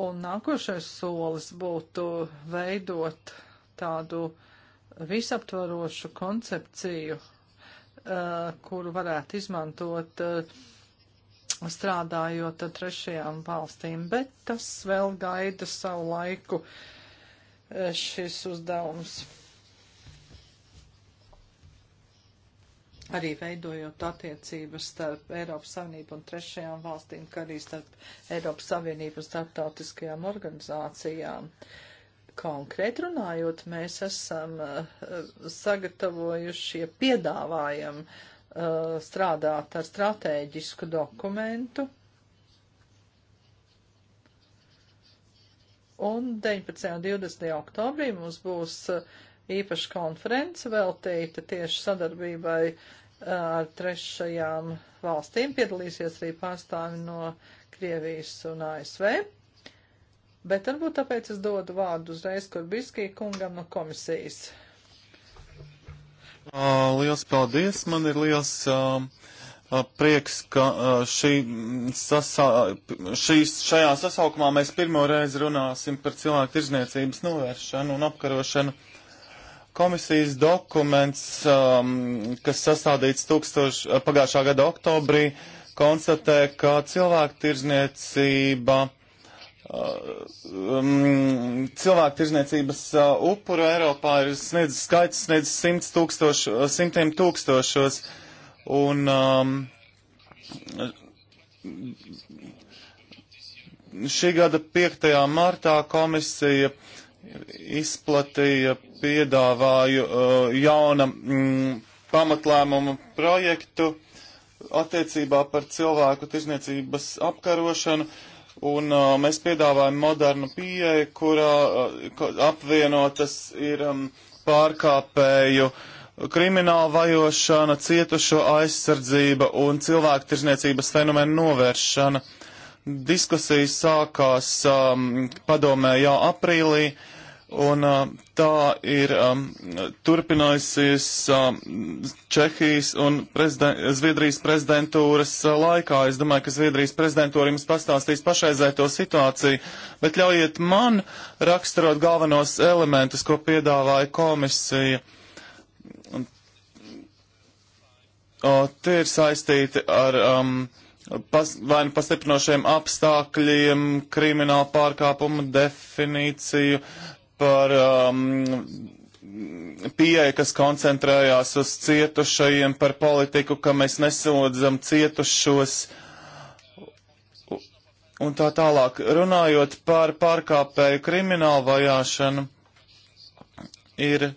Un nākošais solis būtu veidot tādu visaptvarošu koncepciju, kuru varētu izmantot strādājot ar trešajām valstīm, bet tas vēl gaida savu laiku. Uh, Eh, šis uzdevums. Arī veidojot attiecības starp Eiropas Savienību un trešajām valstīm, kā arī starp Eiropas Savienību un starptautiskajām organizācijām. Konkrēt runājot, mēs esam eh, sagatavojušie, piedāvājam eh, strādāt ar strateģisku dokumentu, Un 19. un 20. oktobrī mums būs uh, īpaša konference veltīta tieši sadarbībai uh, ar trešajām valstīm. Piedalīsies arī pārstāvi no Krievijas un ASV. Bet varbūt tāpēc es dodu vārdu uzreiz Korbiskī kungam no komisijas. Uh, liels paldies! Man ir liels. Uh prieks, ka šī sasā, šīs, šajā sasaukumā mēs pirmo reizi runāsim par cilvēku tirzniecības novēršanu un apkarošanu. Komisijas dokuments, um, kas sastādīts tūkstoš, pagājušā gada oktobrī, konstatē, ka cilvēku tirzniecība um, cilvēku tirzniecības uh, upuru Eiropā ir sniedz, skaits sniedz simt tūkstošu, simtiem tūkstošos. Uh, Un um, šī gada 5. martā komisija izplatīja piedāvāju uh, jauna mm, pamatlēmuma projektu attiecībā par cilvēku tirzniecības apkarošanu, un uh, mēs piedāvājam modernu pieeju, kurā uh, apvienotas ir um, pārkāpēju uh, krimināla vajošana, cietušo aizsardzība un cilvēktirzniecības fenomenu novēršana. Diskusijas sākās um, padomē jau aprīlī, un uh, tā ir um, turpinājusies um, Čehijas un preziden Zviedrijas prezidentūras uh, laikā. Es domāju, ka Zviedrijas prezidentūra jums pastāstīs pašreizēto situāciju, bet ļaujiet man raksturot galvenos elementus, ko piedāvāja komisija. Uh, O, tie ir saistīti ar um, pas, vai nu pastiprinošiem apstākļiem, kriminālu pārkāpumu definīciju, par um, pieeja, kas koncentrējās uz cietušajiem, par politiku, ka mēs nesodzam cietušos un tā tālāk. Runājot par pārkāpēju kriminālu vajāšanu, ir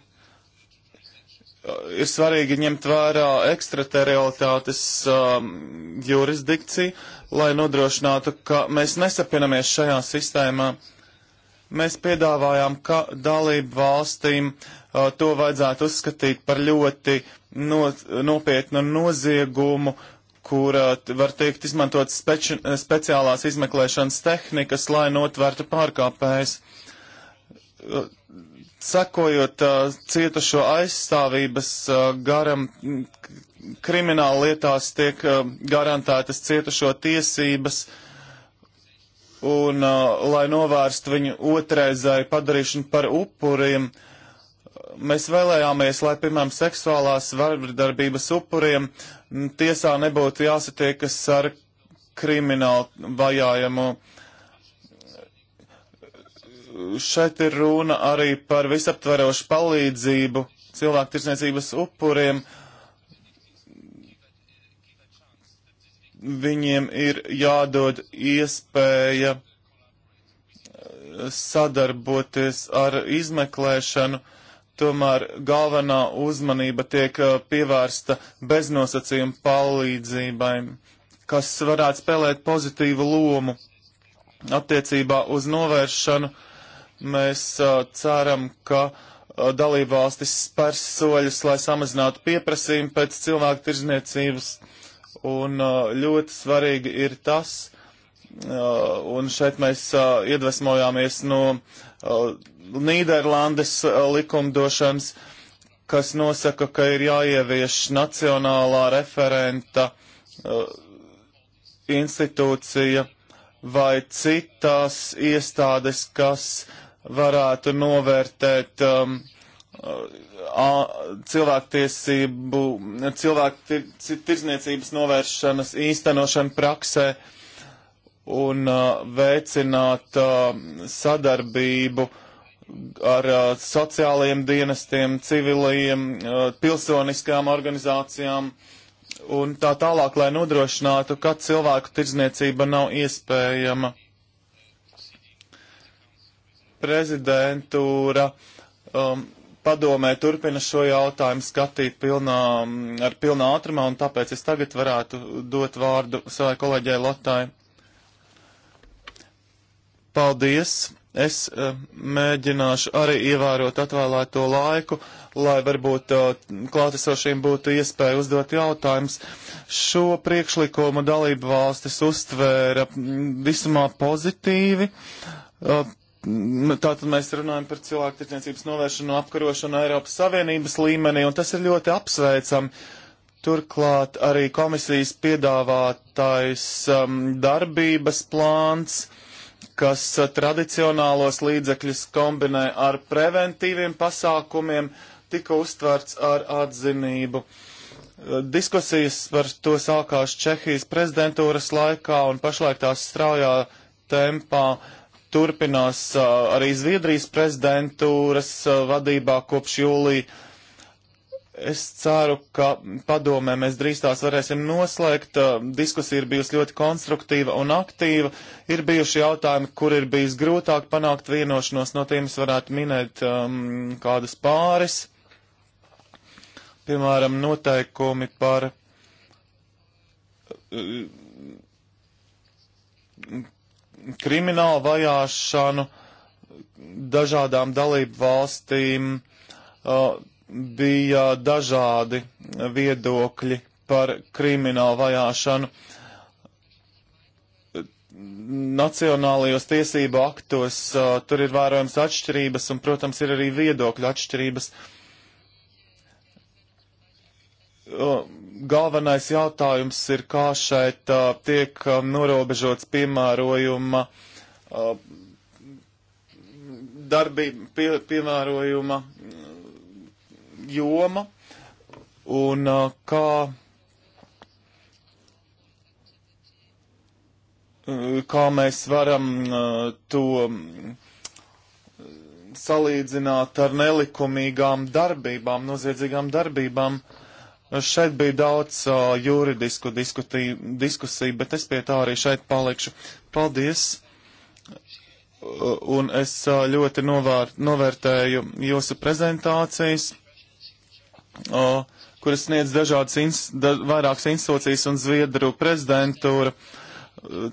Uh, ir svarīgi ņemt vērā ekstraterialitātes um, jurisdikciju, lai nodrošinātu, ka mēs nesapinamies šajā sistēmā. Mēs piedāvājām, ka dalību valstīm uh, to vajadzētu uzskatīt par ļoti no, nopietnu noziegumu, kur uh, var tikt izmantot speci speciālās izmeklēšanas tehnikas, lai notvertu pārkāpējs. Uh, Sakojot cietušo aizstāvības garam, krimināla lietās tiek garantētas cietušo tiesības un, lai novērstu viņu otrreizēju padarīšanu par upuriem, mēs vēlējāmies, lai, piemēram, seksuālās vardarbības upuriem tiesā nebūtiekas ar kriminālu vajājumu uh, šeit ir runa arī par visaptverošu palīdzību cilvēku tirsniecības upuriem. Viņiem ir jādod iespēja eh, sadarboties ar izmeklēšanu, tomēr galvenā uzmanība tiek eh, pievērsta beznosacījuma palīdzībai, kas varētu spēlēt pozitīvu lomu attiecībā uz novēršanu uh, Mēs uh, ceram, ka uh, dalībvalstis spērs soļus, lai samazinātu pieprasījumu pēc cilvēku tirzniecības. Un uh, ļoti svarīgi ir tas, un šeit mēs iedvesmojāmies no Nīderlandes likumdošanas, kas nosaka, ka ir jāievieš nacionālā referenta institūcija vai citas iestādes, kas varētu novērtēt um, cilvēktiesību, cilvēku tirzniecības novēršanas īstenošanu praksē un uh, veicināt uh, sadarbību ar uh, sociālajiem dienestiem, civilajiem, uh, pilsoniskajām organizācijām un tā tālāk, lai nodrošinātu, ka cilvēku tirzniecība nav iespējama prezidentūra um, padomē turpina šo jautājumu skatīt pilnā, um, ar pilnā ātrumā, un tāpēc es tagad varētu dot vārdu savai kolēģei Lotai. Paldies! Es uh, mēģināšu arī ievērot atvēlēto laiku, lai varbūt uh, klātesošiem būtu iespēja uzdot jautājumus. Šo priekšlikumu dalību valstis uztvēra mm, visumā pozitīvi. Uh, Nu, tātad mēs runājam par cilvēku tirdzniecības novēršanu un apkarošanu Eiropas Savienības līmenī, un tas ir ļoti apsveicami. Turklāt arī komisijas piedāvātais um, darbības plāns, kas uh, tradicionālos līdzekļus kombinē ar preventīviem pasākumiem, tika uztverts ar atzinību. Uh, diskusijas par to sākās Čehijas prezidentūras laikā un pašlaik tās straujā tempā turpinās arī Zviedrijas prezidentūras vadībā kopš jūlija. Es ceru, ka padomē mēs drīz tās varēsim noslēgt. Diskusija ir bijusi ļoti konstruktīva un aktīva. Ir bijuši jautājumi, kur ir bijis grūtāk panākt vienošanos, no tiem es varētu minēt um, kādas pāris. Piemēram, noteikumi par uh, kriminālu vajāšanu dažādām dalību valstīm uh, bija dažādi viedokļi par kriminālu vajāšanu. Nacionālajos tiesību aktos uh, tur ir vērojams atšķirības un, protams, ir arī viedokļu atšķirības. Uh, galvenais jautājums ir, kā šeit uh, tiek uh, norobežots piemērojuma uh, darbība, pie, piemērojuma joma un uh, kā. Uh, kā mēs varam uh, to salīdzināt ar nelikumīgām darbībām, noziedzīgām darbībām. Uh, Nu, šeit bija daudz uh, juridisku diskutī, diskusiju, bet es pie tā arī šeit palikšu. Paldies! Un es uh, ļoti novēr, novērtēju jūsu prezentācijas, uh, kuras sniedz dažādas ins, da, vairākas institūcijas un Zviedru prezidentūra.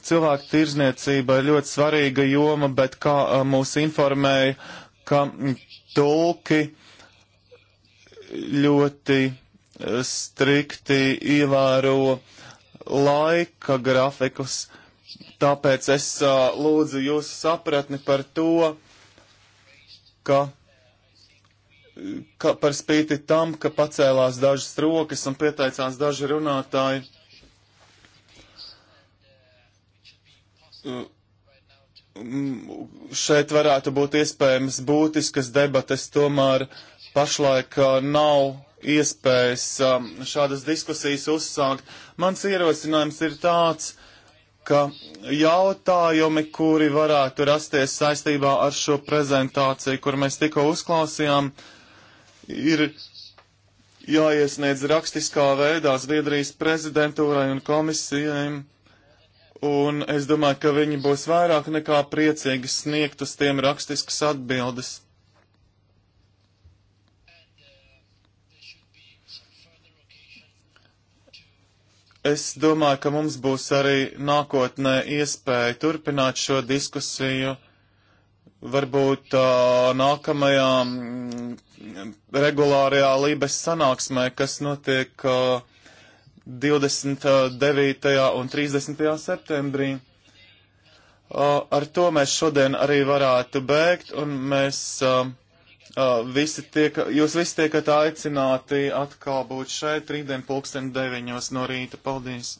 Cilvēku tirzniecība ir ļoti svarīga joma, bet kā uh, mūs informēja, ka tulki ļoti strikti ievēro laika grafikus, tāpēc es uh, lūdzu jūsu sapratni par to, ka, ka par spīti tam, ka pacēlās dažas rokas un pieteicās daži runātāji. Mm, šeit varētu būt iespējams būtiskas debates, tomēr pašlaik uh, nav iespējas um, šādas diskusijas uzsākt. Mans ierosinājums ir tāds, ka jautājumi, kuri varētu rasties saistībā ar šo prezentāciju, kur mēs tikko uzklausījām, ir jāiesniedz rakstiskā veidā Zviedrijas prezidentūrai un komisijai. Un es domāju, ka viņi būs vairāk nekā priecīgi sniegt uz tiem rakstiskas atbildes. Es domāju, ka mums būs arī nākotnē iespēja turpināt šo diskusiju. Varbūt uh, nākamajā mm, regulārajā lībes sanāksmē, kas notiek uh, 29. un 30. septembrī. Uh, ar to mēs šodien arī varētu beigt, un mēs. Uh, visi tiek, jūs visi tiekat aicināti atkal būt šeit rītdien pulksten deviņos no rīta. Paldies!